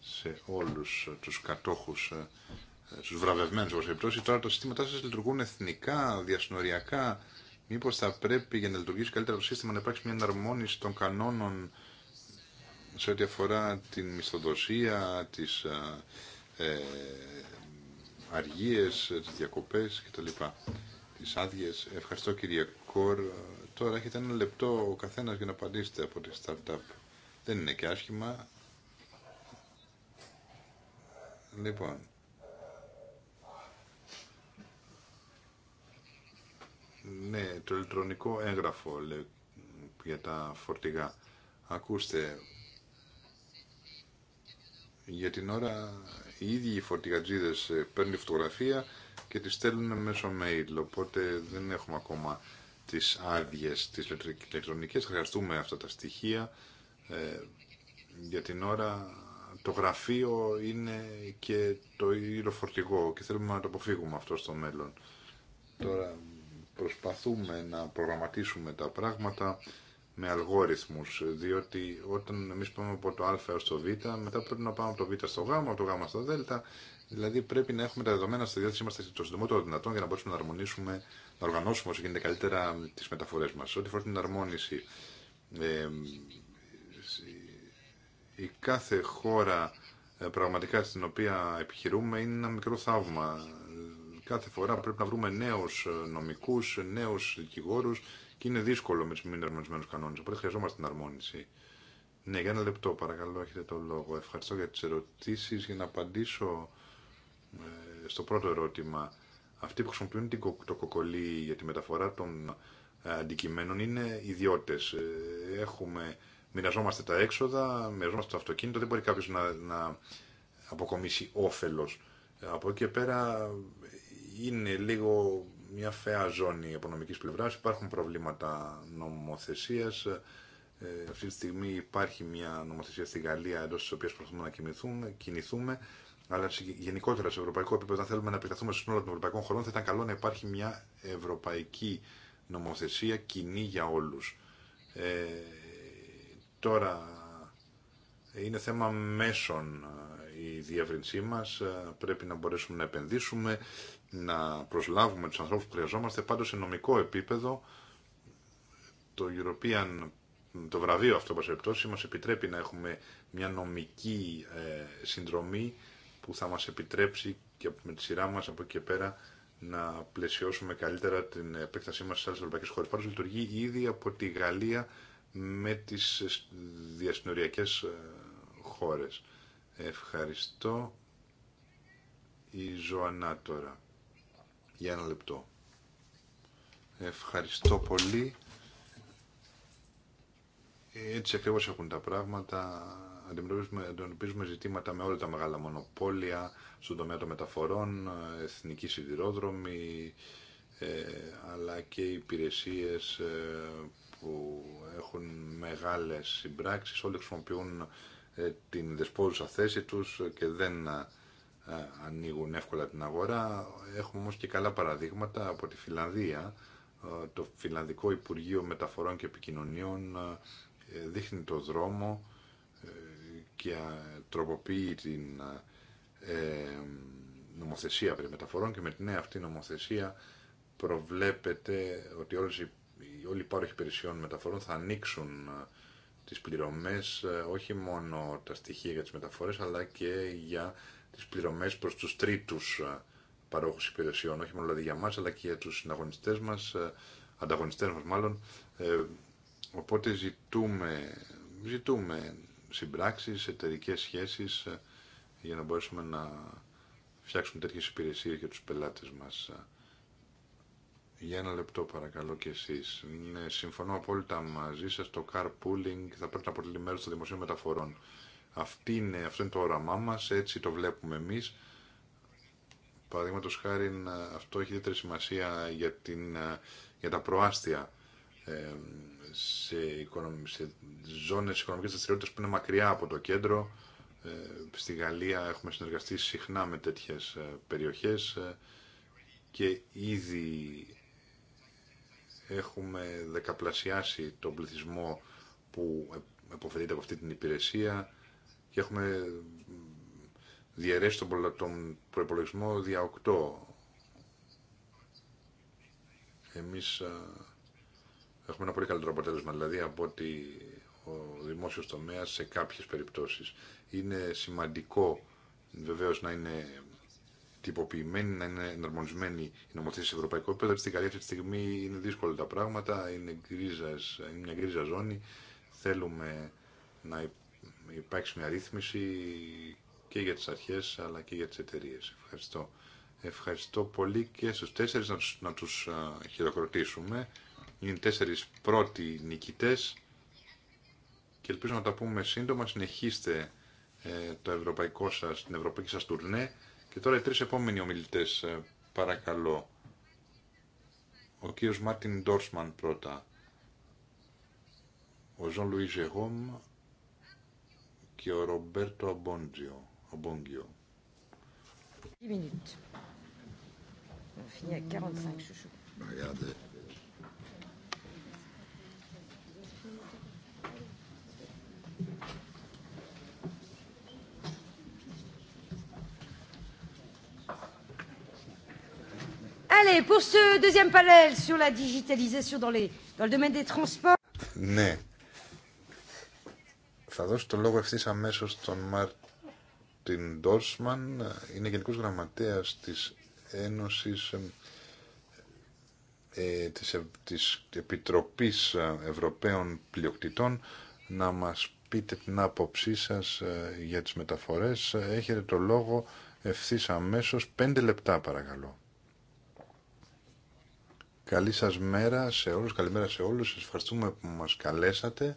[SPEAKER 2] σε όλους τους κατόχους, στους ε, βραβευμένους όπως επιπτώσει. Τώρα τα συστήματά σας λειτουργούν εθνικά, διασυνοριακά. Μήπως θα πρέπει για να λειτουργήσει καλύτερα το σύστημα να υπάρξει μια εναρμόνιση των κανόνων σε ό,τι αφορά την μισθοδοσία, τις, ε, ε αργίες, τις διακοπές λοιπά Τις άδειες Ευχαριστώ κύριε Κορ. Τώρα έχετε ένα λεπτό ο καθένας για να απαντήσετε από τη startup. Δεν είναι και άσχημα. Λοιπόν. Ναι, το ηλεκτρονικό έγγραφο για τα φορτηγά. Ακούστε, για την ώρα οι ίδιοι οι φορτηγατζίδες ε, παίρνουν φωτογραφία και τη στέλνουν μέσω mail. Οπότε δεν έχουμε ακόμα τις άδειε τις ηλεκτρονικές. Χρειαστούμε αυτά τα στοιχεία. Ε, για την ώρα το γραφείο είναι και το ήρω και θέλουμε να το αποφύγουμε αυτό στο μέλλον. Τώρα προσπαθούμε να προγραμματίσουμε τα πράγματα με αλγόριθμού, διότι όταν εμεί πάμε από το α στο το β, μετά πρέπει να πάμε από το β στο γ, από το γ στο δ, δηλαδή πρέπει να έχουμε τα δεδομένα στη διάθεσή μας το συντομότερο δυνατόν για να μπορέσουμε να αρμονίσουμε, να οργανώσουμε όσο γίνεται καλύτερα τι μεταφορέ μα. Ό,τι φορά την αρμόνιση, ε, η κάθε χώρα ε, πραγματικά στην οποία επιχειρούμε είναι ένα μικρό θαύμα. Κάθε φορά πρέπει να βρούμε νέους ε, νομικούς, νέους δικηγόρους, και είναι δύσκολο με του μη εναρμονισμένου κανόνε. Οπότε χρειαζόμαστε την αρμόνιση. Ναι, για ένα λεπτό παρακαλώ, έχετε το λόγο. Ευχαριστώ για τι ερωτήσει. Για να απαντήσω ε, στο πρώτο ερώτημα. Αυτοί που χρησιμοποιούν την, το κοκολί για τη μεταφορά των ε, αντικειμένων είναι ιδιώτε. Ε, έχουμε, μοιραζόμαστε τα έξοδα, μοιραζόμαστε το αυτοκίνητο, δεν μπορεί κάποιο να, να αποκομίσει όφελο. Από εκεί και πέρα είναι λίγο μια φαιά ζώνη από πλευράς. Υπάρχουν προβλήματα νομοθεσίας. Ε, αυτή τη στιγμή υπάρχει μια νομοθεσία στη Γαλλία εντό τη οποία προσπαθούμε να κινηθούμε. Αλλά γενικότερα σε ευρωπαϊκό επίπεδο, αν θέλουμε να επεκταθούμε στο σύνολο των ευρωπαϊκών χωρών, θα ήταν καλό να υπάρχει μια ευρωπαϊκή νομοθεσία κοινή για όλου. Ε, τώρα είναι θέμα μέσων ε, η διεύρυνσή μα, ε, πρέπει να μπορέσουμε να επενδύσουμε, να προσλάβουμε τους ανθρώπους που χρειαζόμαστε πάντως σε νομικό επίπεδο το European το βραβείο αυτό μας μας επιτρέπει να έχουμε μια νομική ε, συνδρομή που θα μας επιτρέψει και με τη σειρά μας από εκεί και πέρα να πλαισιώσουμε καλύτερα την επέκτασή μας στις άλλες ευρωπαϊκές χώρες. Πάντως λειτουργεί ήδη από τη Γαλλία με τις διασυνοριακές ε, χώρες. Ευχαριστώ. Η Ζωανά τώρα για ένα λεπτό. Ευχαριστώ πολύ. Έτσι ακριβώς έχουν τα πράγματα. Αντιμετωπίζουμε ζητήματα με όλα τα μεγάλα μονοπόλια στον τομέα των μεταφορών, εθνικοί σιδηρόδρομοι, ε, αλλά και υπηρεσίες ε, που έχουν μεγάλες συμπράξεις. Όλοι χρησιμοποιούν ε, την δεσπόζουσα θέση τους και δεν ε, ανοίγουν εύκολα την αγορά. Έχουμε όμως και καλά παραδείγματα από τη Φιλανδία. Ε, το Φιλανδικό Υπουργείο Μεταφορών και Επικοινωνίων ε, δείχνει το δρόμο και τροποποιεί την νομοθεσία περί μεταφορών και με την νέα αυτή νομοθεσία προβλέπεται ότι όλες οι, όλοι οι πάροχοι υπηρεσιών μεταφορών θα ανοίξουν τις πληρωμές όχι μόνο τα στοιχεία για τις μεταφορές αλλά και για τις πληρωμές προς τους τρίτους ε, παρόχους υπηρεσιών, όχι μόνο δηλαδή για μας, αλλά και για τους συναγωνιστές μας, ε, ανταγωνιστές μας μάλλον. Ε, οπότε ζητούμε, ζητούμε συμπράξεις, εταιρικές σχέσεις, για να μπορέσουμε να φτιάξουμε τέτοιες υπηρεσίες για τους πελάτες μας. Για ένα λεπτό παρακαλώ και εσείς. Ναι, συμφωνώ απόλυτα μαζί σας, το carpooling θα πρέπει να αποτελεί μέρος των δημοσίων μεταφορών. Αυτή είναι, αυτό είναι το όραμά μας, έτσι το βλέπουμε εμείς. Παραδείγματο χάρη αυτό έχει ιδιαίτερη σημασία για, την, για τα προάστια σε, σε ζώνες που είναι μακριά από το κέντρο. Ε, στη Γαλλία έχουμε συνεργαστεί συχνά με τέτοιες ε, περιοχές ε, και ήδη έχουμε δεκαπλασιάσει τον πληθυσμό που εποφελείται από αυτή την υπηρεσία και έχουμε διαιρέσει τον, προπολογισμό δια 8. Εμείς έχουμε ένα πολύ καλύτερο αποτέλεσμα, δηλαδή από ότι ο δημόσιος τομέας σε κάποιες περιπτώσεις. Είναι σημαντικό βεβαίως να είναι τυποποιημένη, να είναι εναρμονισμένη η νομοθεσία σε ευρωπαϊκό επίπεδο. Στην καλή αυτή τη στιγμή είναι δύσκολα τα πράγματα, είναι, γκρίζας, είναι μια γκρίζα ζώνη. Θέλουμε να υπάρξει μια ρύθμιση και για τις αρχές αλλά και για τις εταιρείε. Ευχαριστώ. Ευχαριστώ πολύ και στους τέσσερις να τους, να χειροκροτήσουμε. Είναι τέσσερις πρώτοι νικητές και ελπίζω να τα πούμε σύντομα. Συνεχίστε ε, το ευρωπαϊκό σας, την ευρωπαϊκή σας τουρνέ. Και τώρα οι τρεις επόμενοι ομιλητές, ε, παρακαλώ. Ο κύριος Μάρτιν Ντόρσμαν πρώτα. Ο Ζων Λουίζε Γόμ και ο Ρομπέρτο
[SPEAKER 1] Allez, pour ce deuxième panel sur la digitalisation dans, les, dans le domaine des transports.
[SPEAKER 2] Θα δώσω το λόγο ευθύ αμέσω στον Μάρτιν Ντόρσμαν, είναι Γενικό Γραμματέα τη Ένωση ε, ε, ε, της, Επιτροπής Ευρωπαίων Πλειοκτητών να μας πείτε την άποψή σας για τις μεταφορές. Έχετε το λόγο ευθύς αμέσως. Πέντε λεπτά παρακαλώ. Καλή σας μέρα σε όλους, καλημέρα σε όλους. Σας ευχαριστούμε που μας καλέσατε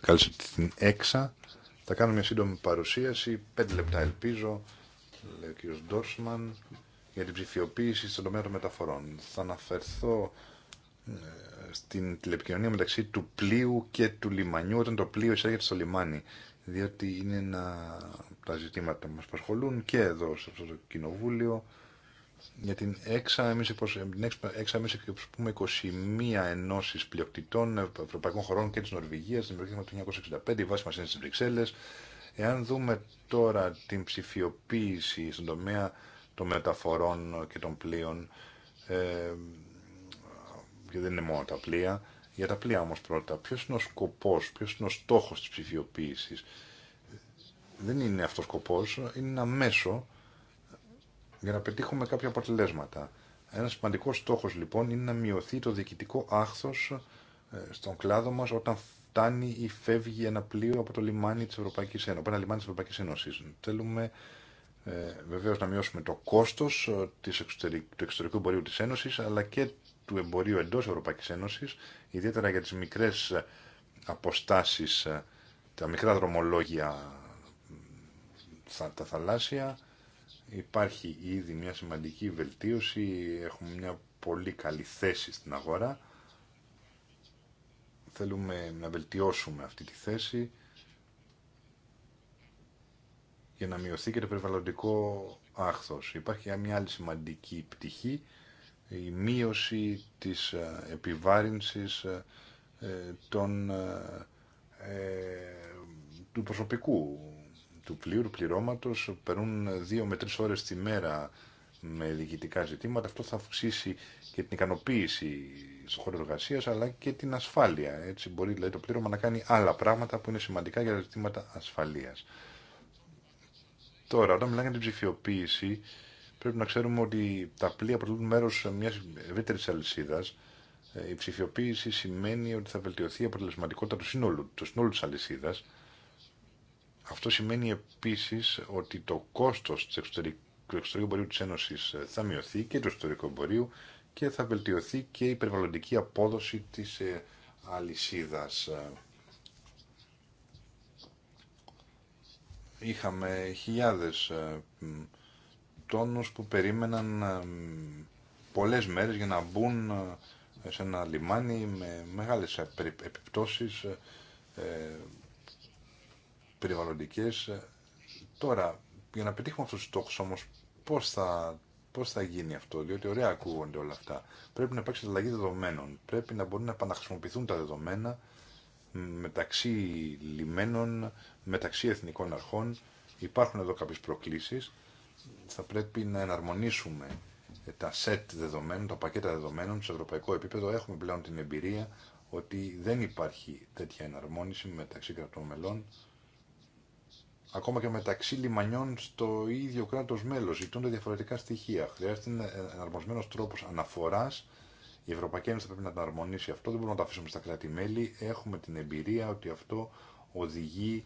[SPEAKER 2] κάλεσε την ΕΞΑ. Θα κάνω μια σύντομη παρουσίαση, πέντε λεπτά ελπίζω, λέει ο κ. Ντόρσμαν, για την ψηφιοποίηση στον τομέα των μεταφορών. Θα αναφερθώ ε, στην τηλεπικοινωνία μεταξύ του πλοίου και του λιμανιού, όταν το πλοίο εισέρχεται στο λιμάνι, διότι είναι ένα, τα ζητήματα που μας προσχολούν και εδώ το Κοινοβούλιο για την εξάμιση προς, πούμε 21 ενώσεις πλειοκτητών ευρωπαϊκών χωρών και της Νορβηγίας δημιουργήθηκε το 1965, η βάση μας είναι στις Βρυξέλλες. Εάν δούμε τώρα την ψηφιοποίηση στον τομέα των μεταφορών και των πλοίων, ε, και δεν είναι μόνο τα πλοία, για τα πλοία όμως πρώτα, ποιος είναι ο σκοπός, ποιος είναι ο στόχος της ψηφιοποίησης. Δεν είναι αυτός ο σκοπός, είναι ένα μέσο για να πετύχουμε κάποια αποτελέσματα. Ένα σημαντικό στόχο λοιπόν είναι να μειωθεί το διοικητικό άχθο ε, στον κλάδο μα όταν φτάνει ή φεύγει ένα πλοίο από το λιμάνι της Ευρωπαϊκής Ένωσης. Ένα λιμάνι τη Ευρωπαϊκή Ένωση. Θέλουμε ε, να μειώσουμε το κόστο ε, του εξωτερικού εμπορίου τη Ένωση, αλλά και του εμπορίου εντό Ευρωπαϊκή Ένωση, ιδιαίτερα για τι μικρέ ε, αποστάσει τα μικρά δρομολόγια τα θαλάσσια Υπάρχει ήδη μια σημαντική βελτίωση, έχουμε μια πολύ καλή θέση στην αγορά. Θέλουμε να βελτιώσουμε αυτή τη θέση για να μειωθεί και το περιβαλλοντικό άχθος. Υπάρχει μια άλλη σημαντική πτυχή, η μείωση της ε, επιβάρυνσης ε, ε, των, του προσωπικού του πλήρου πληρώματος περνούν 2 με 3 ώρες τη μέρα με διοικητικά ζητήματα. Αυτό θα αυξήσει και την ικανοποίηση στον χώρο εργασία αλλά και την ασφάλεια. Έτσι μπορεί δηλαδή, το πλήρωμα να κάνει άλλα πράγματα που είναι σημαντικά για τα ζητήματα ασφαλείας. Τώρα, όταν μιλάμε για την ψηφιοποίηση, πρέπει να ξέρουμε ότι τα πλοία αποτελούν μέρο μια ευρύτερη αλυσίδα. Ε, η ψηφιοποίηση σημαίνει ότι θα βελτιωθεί η αποτελεσματικότητα του του συνόλου τη αλυσίδα. Αυτό σημαίνει επίση ότι το κόστος του εξωτερικού εμπορίου τη Ένωση ε, θα μειωθεί και του εξωτερικού εμπορίου και θα βελτιωθεί και η περιβαλλοντική απόδοση της ε, αλυσίδα. Ε, είχαμε χιλιάδες τόνους που περίμεναν πολλές μέρες για να μπουν σε ένα λιμάνι με μεγάλες επιπτώσεις περιβαλλοντικές. Τώρα, για να πετύχουμε αυτούς τους στόχους όμως, πώς θα, πώς θα γίνει αυτό, διότι ωραία ακούγονται όλα αυτά. Πρέπει να υπάρξει αλλαγή δεδομένων, πρέπει να μπορούν να επαναχρησιμοποιηθούν τα δεδομένα μεταξύ λιμένων, μεταξύ εθνικών αρχών. Υπάρχουν εδώ κάποιες προκλήσεις. Θα πρέπει να εναρμονίσουμε τα σετ δεδομένων, τα πακέτα δεδομένων σε ευρωπαϊκό επίπεδο. Έχουμε πλέον την εμπειρία ότι δεν υπάρχει τέτοια εναρμόνιση μεταξύ κρατών μελών ακόμα και μεταξύ λιμανιών στο ίδιο κράτο μέλο Ζητούνται διαφορετικά στοιχεία. Χρειάζεται ένα εναρμοσμένο τρόπο αναφορά. Η Ευρωπαϊκή Ένωση θα πρέπει να τα αρμονίσει αυτό. Δεν μπορούμε να το αφήσουμε στα κράτη-μέλη. Έχουμε την εμπειρία ότι αυτό οδηγεί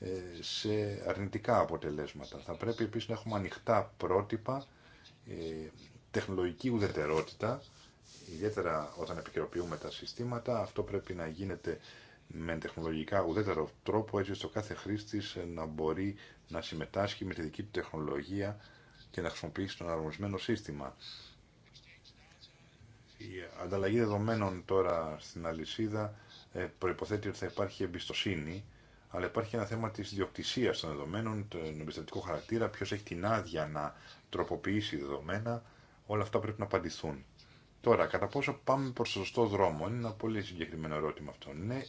[SPEAKER 2] ε, σε αρνητικά αποτελέσματα. Θα πρέπει επίσης να έχουμε ανοιχτά πρότυπα, ε, τεχνολογική ουδετερότητα, ιδιαίτερα όταν επικαιροποιούμε τα συστήματα. Αυτό πρέπει να γίνεται με τεχνολογικά ουδέτερο τρόπο έτσι ώστε ο κάθε χρήστης να μπορεί να συμμετάσχει με τη δική του τεχνολογία και να χρησιμοποιήσει τον αρμοσμένο σύστημα. Η ανταλλαγή δεδομένων τώρα στην αλυσίδα ε, προϋποθέτει ότι θα υπάρχει εμπιστοσύνη αλλά υπάρχει ένα θέμα της διοκτησίας των δεδομένων, τον εμπιστευτικό χαρακτήρα, ποιος έχει την άδεια να τροποποιήσει δεδομένα, όλα αυτά πρέπει να απαντηθούν. Τώρα, κατά πόσο πάμε προς το σωστό δρόμο, είναι ένα πολύ συγκεκριμένο ερώτημα αυτό. Ναι,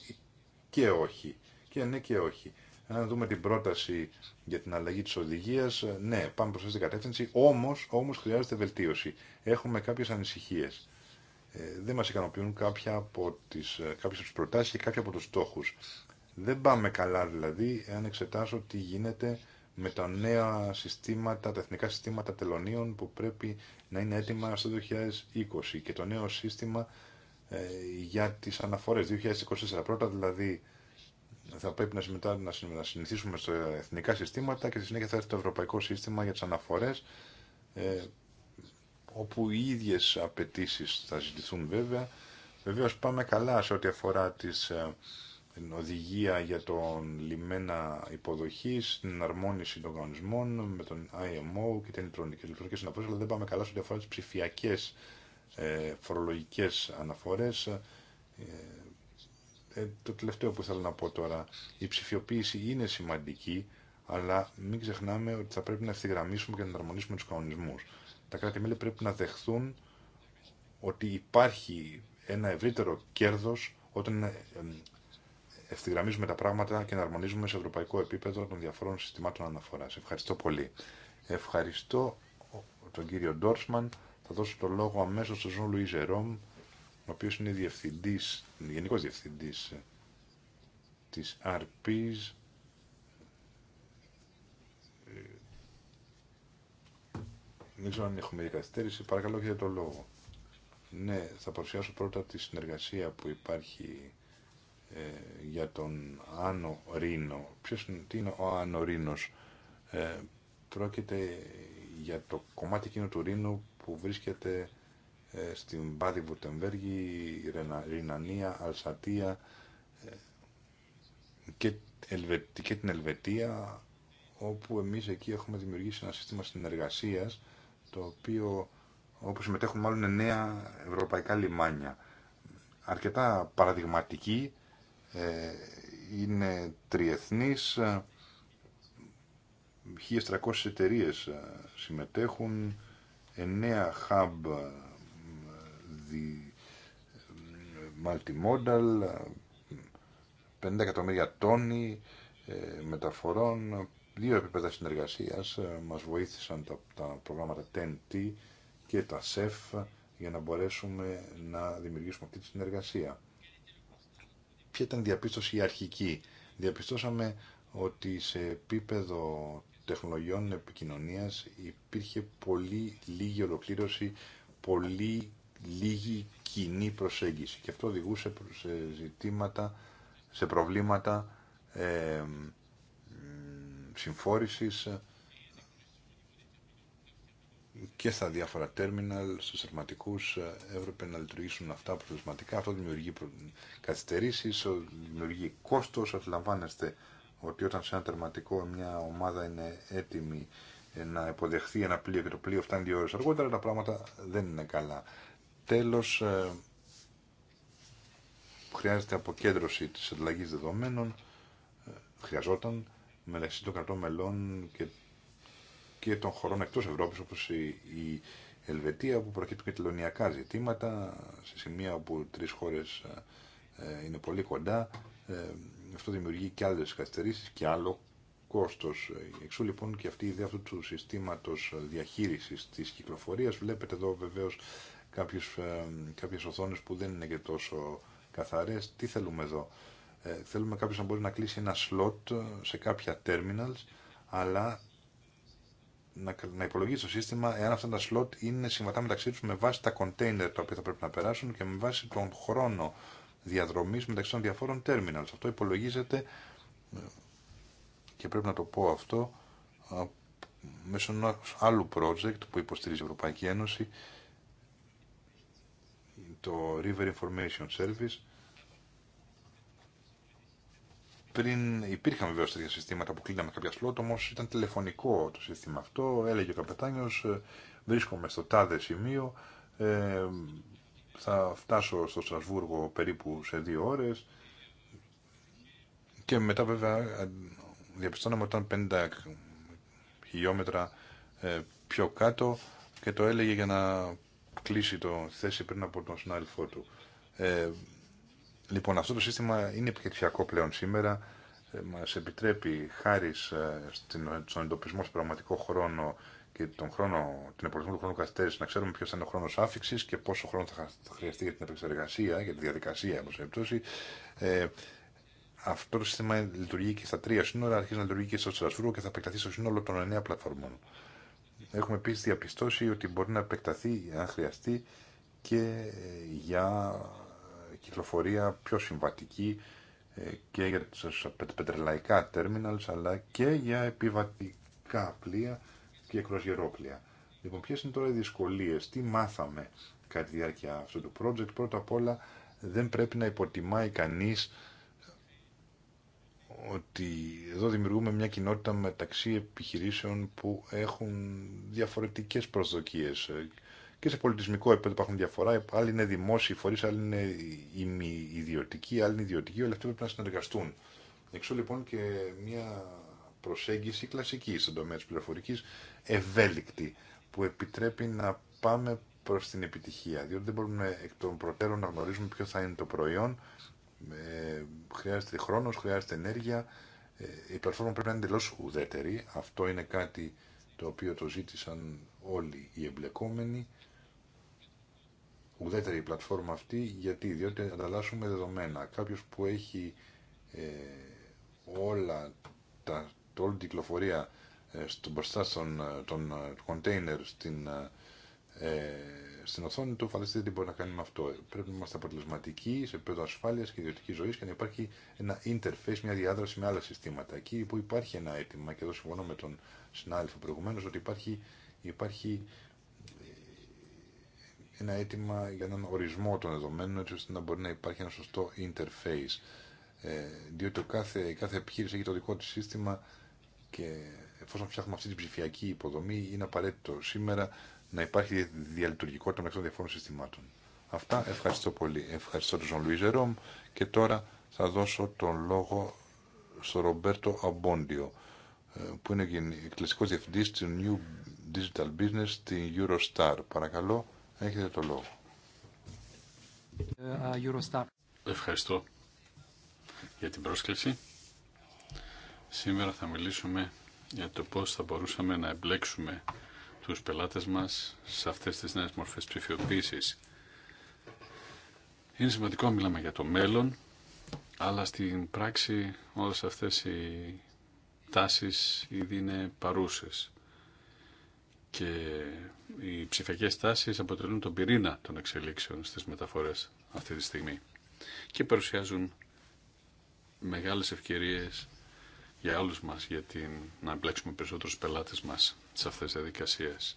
[SPEAKER 2] και όχι. Και ναι και όχι. Αν δούμε την πρόταση για την αλλαγή τη οδηγία, ναι, πάμε προ αυτή την κατεύθυνση, όμω όμως χρειάζεται βελτίωση. Έχουμε κάποιε ανησυχίε. Ε, δεν μα ικανοποιούν κάποια από τι ε, προτάσει και κάποια από του στόχου. Δεν πάμε καλά δηλαδή, αν εξετάσω τι γίνεται με τα νέα συστήματα, τα εθνικά συστήματα τελωνίων που πρέπει να είναι έτοιμα στο 2020 και το νέο σύστημα ε, για τις αναφορές 2024. Πρώτα δηλαδή θα πρέπει να, συμμετά, να συνηθίσουμε στα εθνικά συστήματα και στη συνέχεια θα έρθει το ευρωπαϊκό σύστημα για τις αναφορές ε, όπου οι ίδιες απαιτήσει θα ζητηθούν βέβαια. Βεβαίως πάμε καλά σε ό,τι αφορά τις, ε, την οδηγία για τον λιμένα υποδοχής, την αρμόνιση των κανονισμών με τον IMO και την ηλεκτρονική αναφορές, αλλά δεν πάμε καλά σε ό,τι αφορά τις ψηφιακές ε, φορολογικές αναφορές. Ε, ε, το τελευταίο που θέλω να πω τώρα, η ψηφιοποίηση είναι σημαντική, αλλά μην ξεχνάμε ότι θα πρέπει να ευθυγραμμίσουμε και να εναρμονίσουμε τους κανονισμούς. Τα κράτη-μέλη πρέπει να δεχθούν ότι υπάρχει ένα ευρύτερο κέρδος όταν ε, ευθυγραμμίζουμε τα πράγματα και εναρμονίζουμε σε ευρωπαϊκό επίπεδο των διαφορών συστημάτων αναφοράς. Ευχαριστώ πολύ. Ευχαριστώ τον κύριο Ντόρσμαν. Θα δώσω το λόγο αμέσως στον Ζων Λουίζε ο οποίος είναι διευθυντής, γενικός διευθυντής της ΑΡΠΗΣ, ε, Δεν ξέρω αν έχουμε διακαθυστέρηση. Παρακαλώ για το λόγο. Ναι, θα παρουσιάσω πρώτα τη συνεργασία που υπάρχει ε, για τον Άνω Ρήνο. Ποιος είναι, τι είναι ο Άνω Ρήνος. Ε, πρόκειται για το κομμάτι εκείνο του Ρήνου που βρίσκεται ε, στην Πάδη Βουρτεμβέργη, Ρινανία, Αλσατία ε, και, την Ελβετία όπου εμείς εκεί έχουμε δημιουργήσει ένα σύστημα συνεργασίας το οποίο όπου συμμετέχουν μάλλον νέα ευρωπαϊκά λιμάνια. Αρκετά παραδειγματική, ε, είναι τριεθνής, 1.300 εταιρείε συμμετέχουν, εννέα hub ε, ε, multimodal, 50 ε, εκατομμύρια τόνοι μεταφορών, δύο επίπεδα συνεργασίας μας βοήθησαν τα, τα προγράμματα και τα SEF για να μπορέσουμε να δημιουργήσουμε αυτή τη συνεργασία. Ποια ήταν η διαπίστωση αρχική. Διαπιστώσαμε ότι σε επίπεδο τεχνολογιών επικοινωνίας υπήρχε πολύ λίγη ολοκλήρωση, πολύ λίγη κοινή προσέγγιση και αυτό οδηγούσε σε ζητήματα, σε προβλήματα ε, συμφόρησης και στα διάφορα τέρμιναλ, στους θερματικούς έπρεπε να λειτουργήσουν αυτά αποτελεσματικά. Αυτό δημιουργεί καθυστερήσεις, δημιουργεί κόστος, αντιλαμβάνεστε ότι όταν σε ένα τερματικό μια ομάδα είναι έτοιμη ε, να υποδεχθεί ένα πλοίο και το πλοίο φτάνει δύο ώρες αργότερα, τα πράγματα δεν είναι καλά. Τέλος, ε, χρειάζεται αποκέντρωση της ανταλλαγής δεδομένων, ε, χρειαζόταν μεταξύ των κρατών μελών και, και των χωρών εκτός Ευρώπης όπως η, η Ελβετία που προκύπτουν και τελωνιακά ζητήματα σε σημεία όπου τρεις χώρες είναι πολύ κοντά αυτό δημιουργεί και άλλε καθυστερήσει και άλλο κόστο. Ε, εξού λοιπόν και αυτή η ιδέα αυτού του συστήματο διαχείριση τη κυκλοφορία. Βλέπετε εδώ βεβαίω ε, κάποιε οθόνε που δεν είναι και τόσο καθαρέ, Τι θέλουμε εδώ. Ε, θέλουμε κάποιο να μπορεί να κλείσει ένα σλότ σε κάποια terminals, αλλά να, να υπολογίσει το σύστημα εάν αυτά τα σλότ είναι συμβατά μεταξύ του με βάση τα container τα οποία θα πρέπει να περάσουν και με βάση τον χρόνο διαδρομής μεταξύ των διαφόρων terminals. Αυτό υπολογίζεται ε, και πρέπει να το πω αυτό μέσω ενό άλλου project που υποστηρίζει η Ευρωπαϊκή Ένωση το River Information Service πριν υπήρχαν βεβαίω τέτοια συστήματα που κλείναμε κάποια σλότ, όμω ήταν τηλεφωνικό το σύστημα αυτό. Έλεγε ο καπετάνιο, ε, βρίσκομαι στο τάδε σημείο, ε, θα φτάσω στο Στρασβούργο περίπου σε δύο ώρες και μετά βέβαια διαπιστώναμε ότι ήταν 50 χιλιόμετρα ε, πιο κάτω και το έλεγε για να κλείσει το θέση πριν από τον συνάδελφό του. Ε, λοιπόν, αυτό το σύστημα είναι επιχειρησιακό πλέον σήμερα. Ε, μας επιτρέπει χάρη στον εντοπισμό στο πραγματικό χρόνο και τον χρόνο, την εποχή του χρόνου καθυστέρηση, να ξέρουμε ποιο θα είναι ο χρόνο άφηξη και πόσο χρόνο θα χρειαστεί για την επεξεργασία, για τη διαδικασία, όπω Ε, αυτό το σύστημα λειτουργεί και στα τρία σύνορα, αρχίζει να λειτουργεί και στο Στρασβούργο και θα επεκταθεί στο σύνολο των εννέα πλατφορμών. Έχουμε επίση διαπιστώσει ότι μπορεί να επεκταθεί, αν χρειαστεί, και για κυκλοφορία πιο συμβατική και για τα πετρελαϊκά τέρμιναλς αλλά και για επιβατικά πλοία και γερόπλια. Λοιπόν, ποιε είναι τώρα οι δυσκολίε, τι μάθαμε κατά τη διάρκεια αυτού του project. Πρώτα απ' όλα, δεν πρέπει να υποτιμάει κανεί ότι εδώ δημιουργούμε μια κοινότητα μεταξύ επιχειρήσεων που έχουν διαφορετικέ προσδοκίε και σε πολιτισμικό επίπεδο υπάρχουν διαφορά. Άλλοι είναι δημόσιοι φορεί, άλλοι είναι ιδιωτικοί, άλλοι είναι ιδιωτικοί. Όλοι αυτοί πρέπει να συνεργαστούν. Εξού λοιπόν και μια προσέγγιση κλασική στον τομέα της πληροφορικής, ευέλικτη, που επιτρέπει να πάμε προς την επιτυχία, διότι δεν μπορούμε εκ των προτέρων να γνωρίζουμε ποιο θα είναι το προϊόν, ε, χρειάζεται χρόνος, χρειάζεται ενέργεια, ε, η πλατφόρμα πρέπει να είναι τελώς ουδέτερη, αυτό είναι κάτι το οποίο το ζήτησαν όλοι οι εμπλεκόμενοι, ουδέτερη η πλατφόρμα αυτή, γιατί, διότι ανταλλάσσουμε δεδομένα. Κάποιος που έχει ε, όλα τα όλη την κυκλοφορία ε, στο, μπροστά στον, ε, τον ε, κοντέινερ στην, ε, στην οθόνη του, φανταστείτε τι μπορεί να κάνει με αυτό. Πρέπει να είμαστε αποτελεσματικοί σε επίπεδο ασφάλεια και ιδιωτική ζωή και να υπάρχει ένα interface, μια διάδραση με άλλα συστήματα. Εκεί που υπάρχει ένα αίτημα, και εδώ συμφωνώ με τον συνάδελφο προηγουμένω, ότι υπάρχει, υπάρχει ένα αίτημα για έναν ορισμό των δεδομένων, έτσι ώστε να μπορεί να υπάρχει ένα σωστό interface. Ε, διότι κάθε, κάθε επιχείρηση έχει το δικό τη σύστημα και εφόσον φτιάχνουμε αυτή την ψηφιακή υποδομή είναι απαραίτητο σήμερα να υπάρχει διαλειτουργικότητα μεταξύ των διαφόρων συστημάτων. Αυτά ευχαριστώ πολύ. Ευχαριστώ τον Λουί Ζερόμ και τώρα θα δώσω τον λόγο στον Ρομπέρτο Αμπόντιο ε, που είναι κλασικό διευθύντη του New Digital Business στην Eurostar. Παρακαλώ, έχετε το λόγο.
[SPEAKER 3] Ε, ευχαριστώ για την πρόσκληση. Σήμερα θα μιλήσουμε για το πώς θα μπορούσαμε να εμπλέξουμε τους πελάτες μας σε αυτές τις νέες μορφές ψηφιοποίησης. Είναι σημαντικό μιλάμε για το μέλλον, αλλά στην πράξη όλες αυτές οι τάσεις ήδη είναι παρούσες. Και οι ψηφιακές τάσεις αποτελούν τον πυρήνα των εξελίξεων στις μεταφορές αυτή τη στιγμή και παρουσιάζουν μεγάλες ευκαιρίες για όλους μας για την, να εμπλέξουμε περισσότερους πελάτες μας σε αυτές τις διαδικασίες.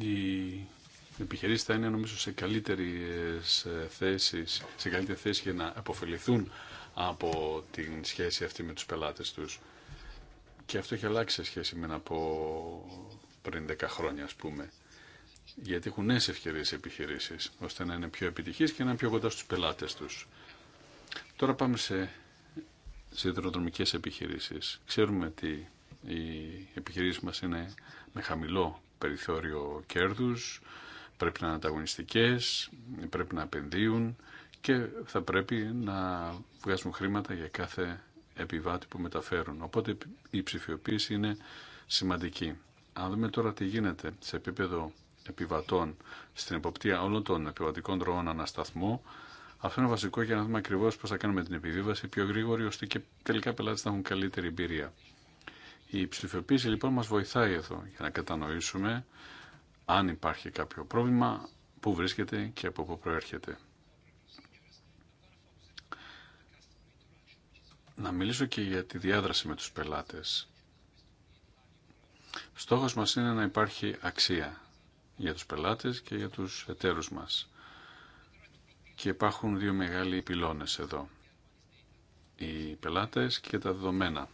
[SPEAKER 3] Οι επιχειρήσεις θα είναι νομίζω σε, καλύτερες ε, θέσεις, σε καλύτερη θέση για να αποφεληθούν από την σχέση αυτή με τους πελάτες τους. Και αυτό έχει αλλάξει σε σχέση με από πριν 10 χρόνια ας πούμε γιατί έχουν νέε ευκαιρίε επιχειρήσει ώστε να είναι πιο επιτυχεί και να είναι πιο κοντά στου πελάτε του. Τώρα πάμε σε σιδηροδρομικέ επιχειρήσει. Ξέρουμε ότι οι επιχειρήσει μα είναι με χαμηλό περιθώριο κέρδου, πρέπει να είναι ανταγωνιστικέ, πρέπει να επενδύουν και θα πρέπει να βγάζουν χρήματα για κάθε επιβάτη που μεταφέρουν. Οπότε η ψηφιοποίηση είναι σημαντική. Αν δούμε τώρα τι γίνεται σε επίπεδο επιβατών στην εποπτεία όλων των επιβατικών ροών ανασταθμού. Αυτό είναι βασικό για να δούμε ακριβώ πώ θα κάνουμε την επιβίβαση πιο γρήγορη, ώστε και τελικά οι πελάτε να έχουν καλύτερη εμπειρία. Η ψηφιοποίηση λοιπόν μα βοηθάει εδώ για να κατανοήσουμε αν υπάρχει κάποιο πρόβλημα, πού βρίσκεται και από πού προέρχεται. Να μιλήσω και για τη διάδραση με τους πελάτες. Στόχος μας είναι να υπάρχει αξία, για τους πελάτες και για τους εταίρους μας. Και υπάρχουν δύο μεγάλοι πυλώνες εδώ. Οι πελάτες και τα δεδομένα.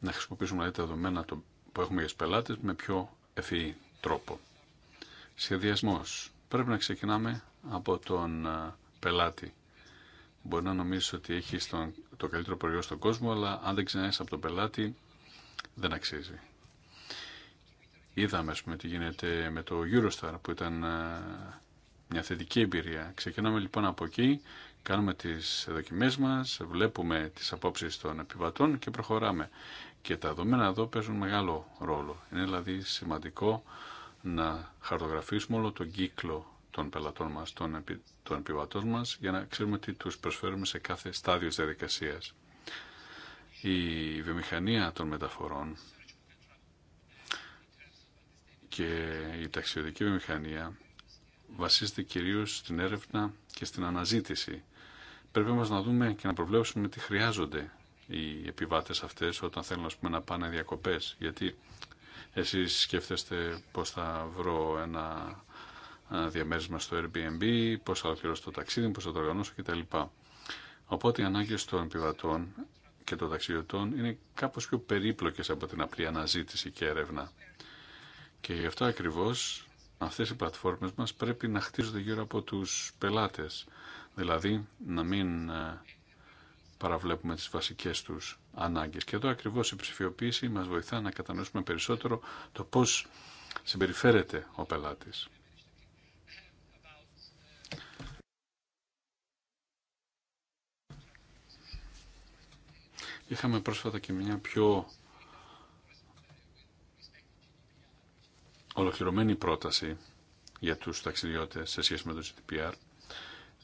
[SPEAKER 3] Να χρησιμοποιήσουμε δηλαδή, τα δεδομένα που έχουμε για τους πελάτες με πιο ευφυή τρόπο. Σχεδιασμός. Πρέπει να ξεκινάμε από τον ε, πελάτη. Μπορεί να νομίζεις ότι έχει το καλύτερο προϊόν στον κόσμο, αλλά αν δεν ξεκινάει από τον πελάτη, δεν αξίζει. Είδαμε, ας πούμε, τι γίνεται με το Eurostar που ήταν ε, μια θετική εμπειρία. Ξεκινάμε λοιπόν από εκεί, κάνουμε τις δοκιμές μας, βλέπουμε τις απόψεις των επιβατών και προχωράμε. Και τα δεδομένα εδώ παίζουν μεγάλο ρόλο. Είναι δηλαδή σημαντικό να χαρτογραφήσουμε όλο τον κύκλο των πελατών μας, των, των επιβατών μας, για να ξέρουμε τι τους προσφέρουμε σε κάθε στάδιο της διαδικασίας. Η βιομηχανία των μεταφορών και η ταξιδιωτική βιομηχανία βασίζεται κυρίως στην έρευνα και στην αναζήτηση. Πρέπει όμως να δούμε και να προβλέψουμε τι χρειάζονται οι επιβάτες αυτές όταν θέλουν πούμε, να πάνε διακοπές. Γιατί εσείς σκέφτεστε πώς θα βρω ένα ε, διαμέρισμα στο Airbnb, πώς θα ολοκληρώσω το ταξίδι, πώς θα το οργανώσω κτλ. Οπότε οι ανάγκες των επιβατών και των ταξιδιωτών είναι κάπως πιο περίπλοκες από την απλή αναζήτηση και έρευνα. Και γι' αυτό ακριβώς αυτές οι πλατφόρμες μας πρέπει να χτίζονται γύρω από τους πελάτες. Δηλαδή να μην ε, παραβλέπουμε τις βασικές τους ανάγκες. Και εδώ ακριβώς η ψηφιοποίηση μας βοηθά να κατανοήσουμε περισσότερο το πώς συμπεριφέρεται ο πελάτης. Είχαμε πρόσφατα και μια πιο ολοκληρωμένη πρόταση για τους ταξιδιώτες σε σχέση με το GDPR,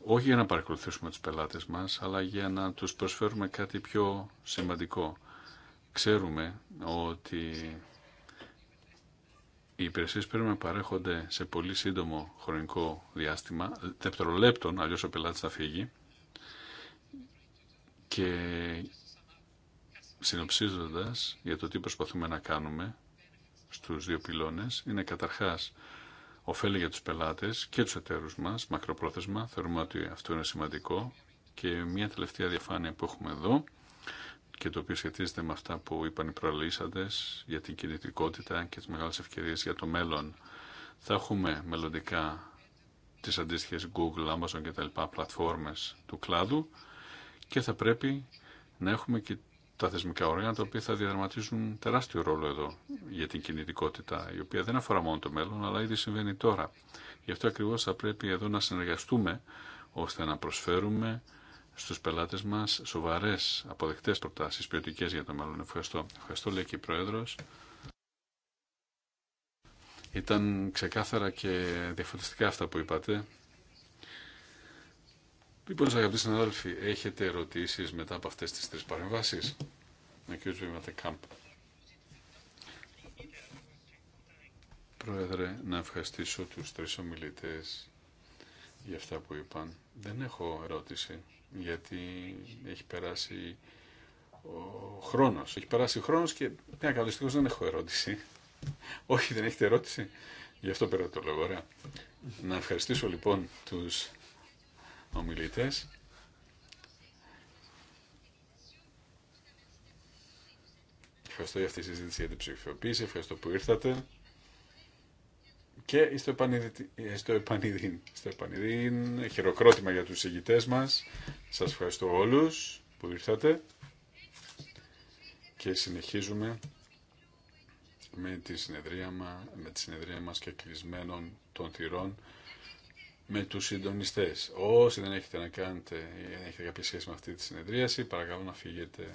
[SPEAKER 3] όχι για να παρακολουθήσουμε τους πελάτες μας, αλλά για να τους προσφέρουμε κάτι πιο σημαντικό. Ξέρουμε ότι οι υπηρεσίε πρέπει να παρέχονται σε πολύ σύντομο χρονικό διάστημα, δευτερολέπτων, αλλιώς ο πελάτης θα φύγει. Και συνοψίζοντας για το τι προσπαθούμε να κάνουμε, στους δύο πυλώνες είναι καταρχάς ωφέλη για τους πελάτες και τους εταίρους μας, μακροπρόθεσμα, θεωρούμε ότι αυτό είναι σημαντικό και μια τελευταία διαφάνεια που έχουμε εδώ και το οποίο σχετίζεται με αυτά που είπαν οι προαλήσαντε για την κινητικότητα και τις μεγάλες ευκαιρίες για το μέλλον. Θα έχουμε μελλοντικά τις αντίστοιχες Google, Amazon και τα πλατφόρμες του κλάδου και θα πρέπει να έχουμε και τα θεσμικά όργανα, τα οποία θα διαδραματίζουν τεράστιο ρόλο εδώ για την κινητικότητα, η οποία δεν αφορά μόνο το μέλλον, αλλά ήδη συμβαίνει τώρα. Γι' αυτό ακριβώς θα πρέπει εδώ να συνεργαστούμε, ώστε να προσφέρουμε στους πελάτες μας σοβαρέ, αποδεκτές προτάσει ποιοτικέ για το μέλλον. Ευχαριστώ. Ευχαριστώ λέει και η προέδρο. Ήταν ξεκάθαρα και διαφωτιστικά αυτά που είπατε Λοιπόν, αγαπητοί συνάδελφοι, έχετε ερωτήσεις μετά από αυτές τις τρεις παρεμβάσεις. με κ. Κάμπ. Πρόεδρε, να ευχαριστήσω του τρει ομιλητέ για αυτά που είπαν. Δεν έχω ερώτηση, γιατί έχει περάσει ο χρόνος. Έχει περάσει ο χρόνος και μια καλωστικό δεν έχω ερώτηση. Όχι, δεν έχετε ερώτηση. Γι' αυτό πέρα το λόγο, ωραία. Να ευχαριστήσω λοιπόν τους ομιλητές. Ευχαριστώ για αυτή τη συζήτηση για την ψηφιοποίηση. Ευχαριστώ που ήρθατε. Και στο επανειδήν, ε, στο επανειδήν, στο χειροκρότημα για τους ηγητές μας. Σας ευχαριστώ όλους που ήρθατε. Και συνεχίζουμε με τη συνεδρία, μα, με τη συνεδρία μας και κλεισμένων των θυρών με τους συντονιστές. Όσοι δεν έχετε να κάνετε ή δεν έχετε κάποια σχέση με αυτή τη συνεδρίαση, παρακαλώ να φύγετε.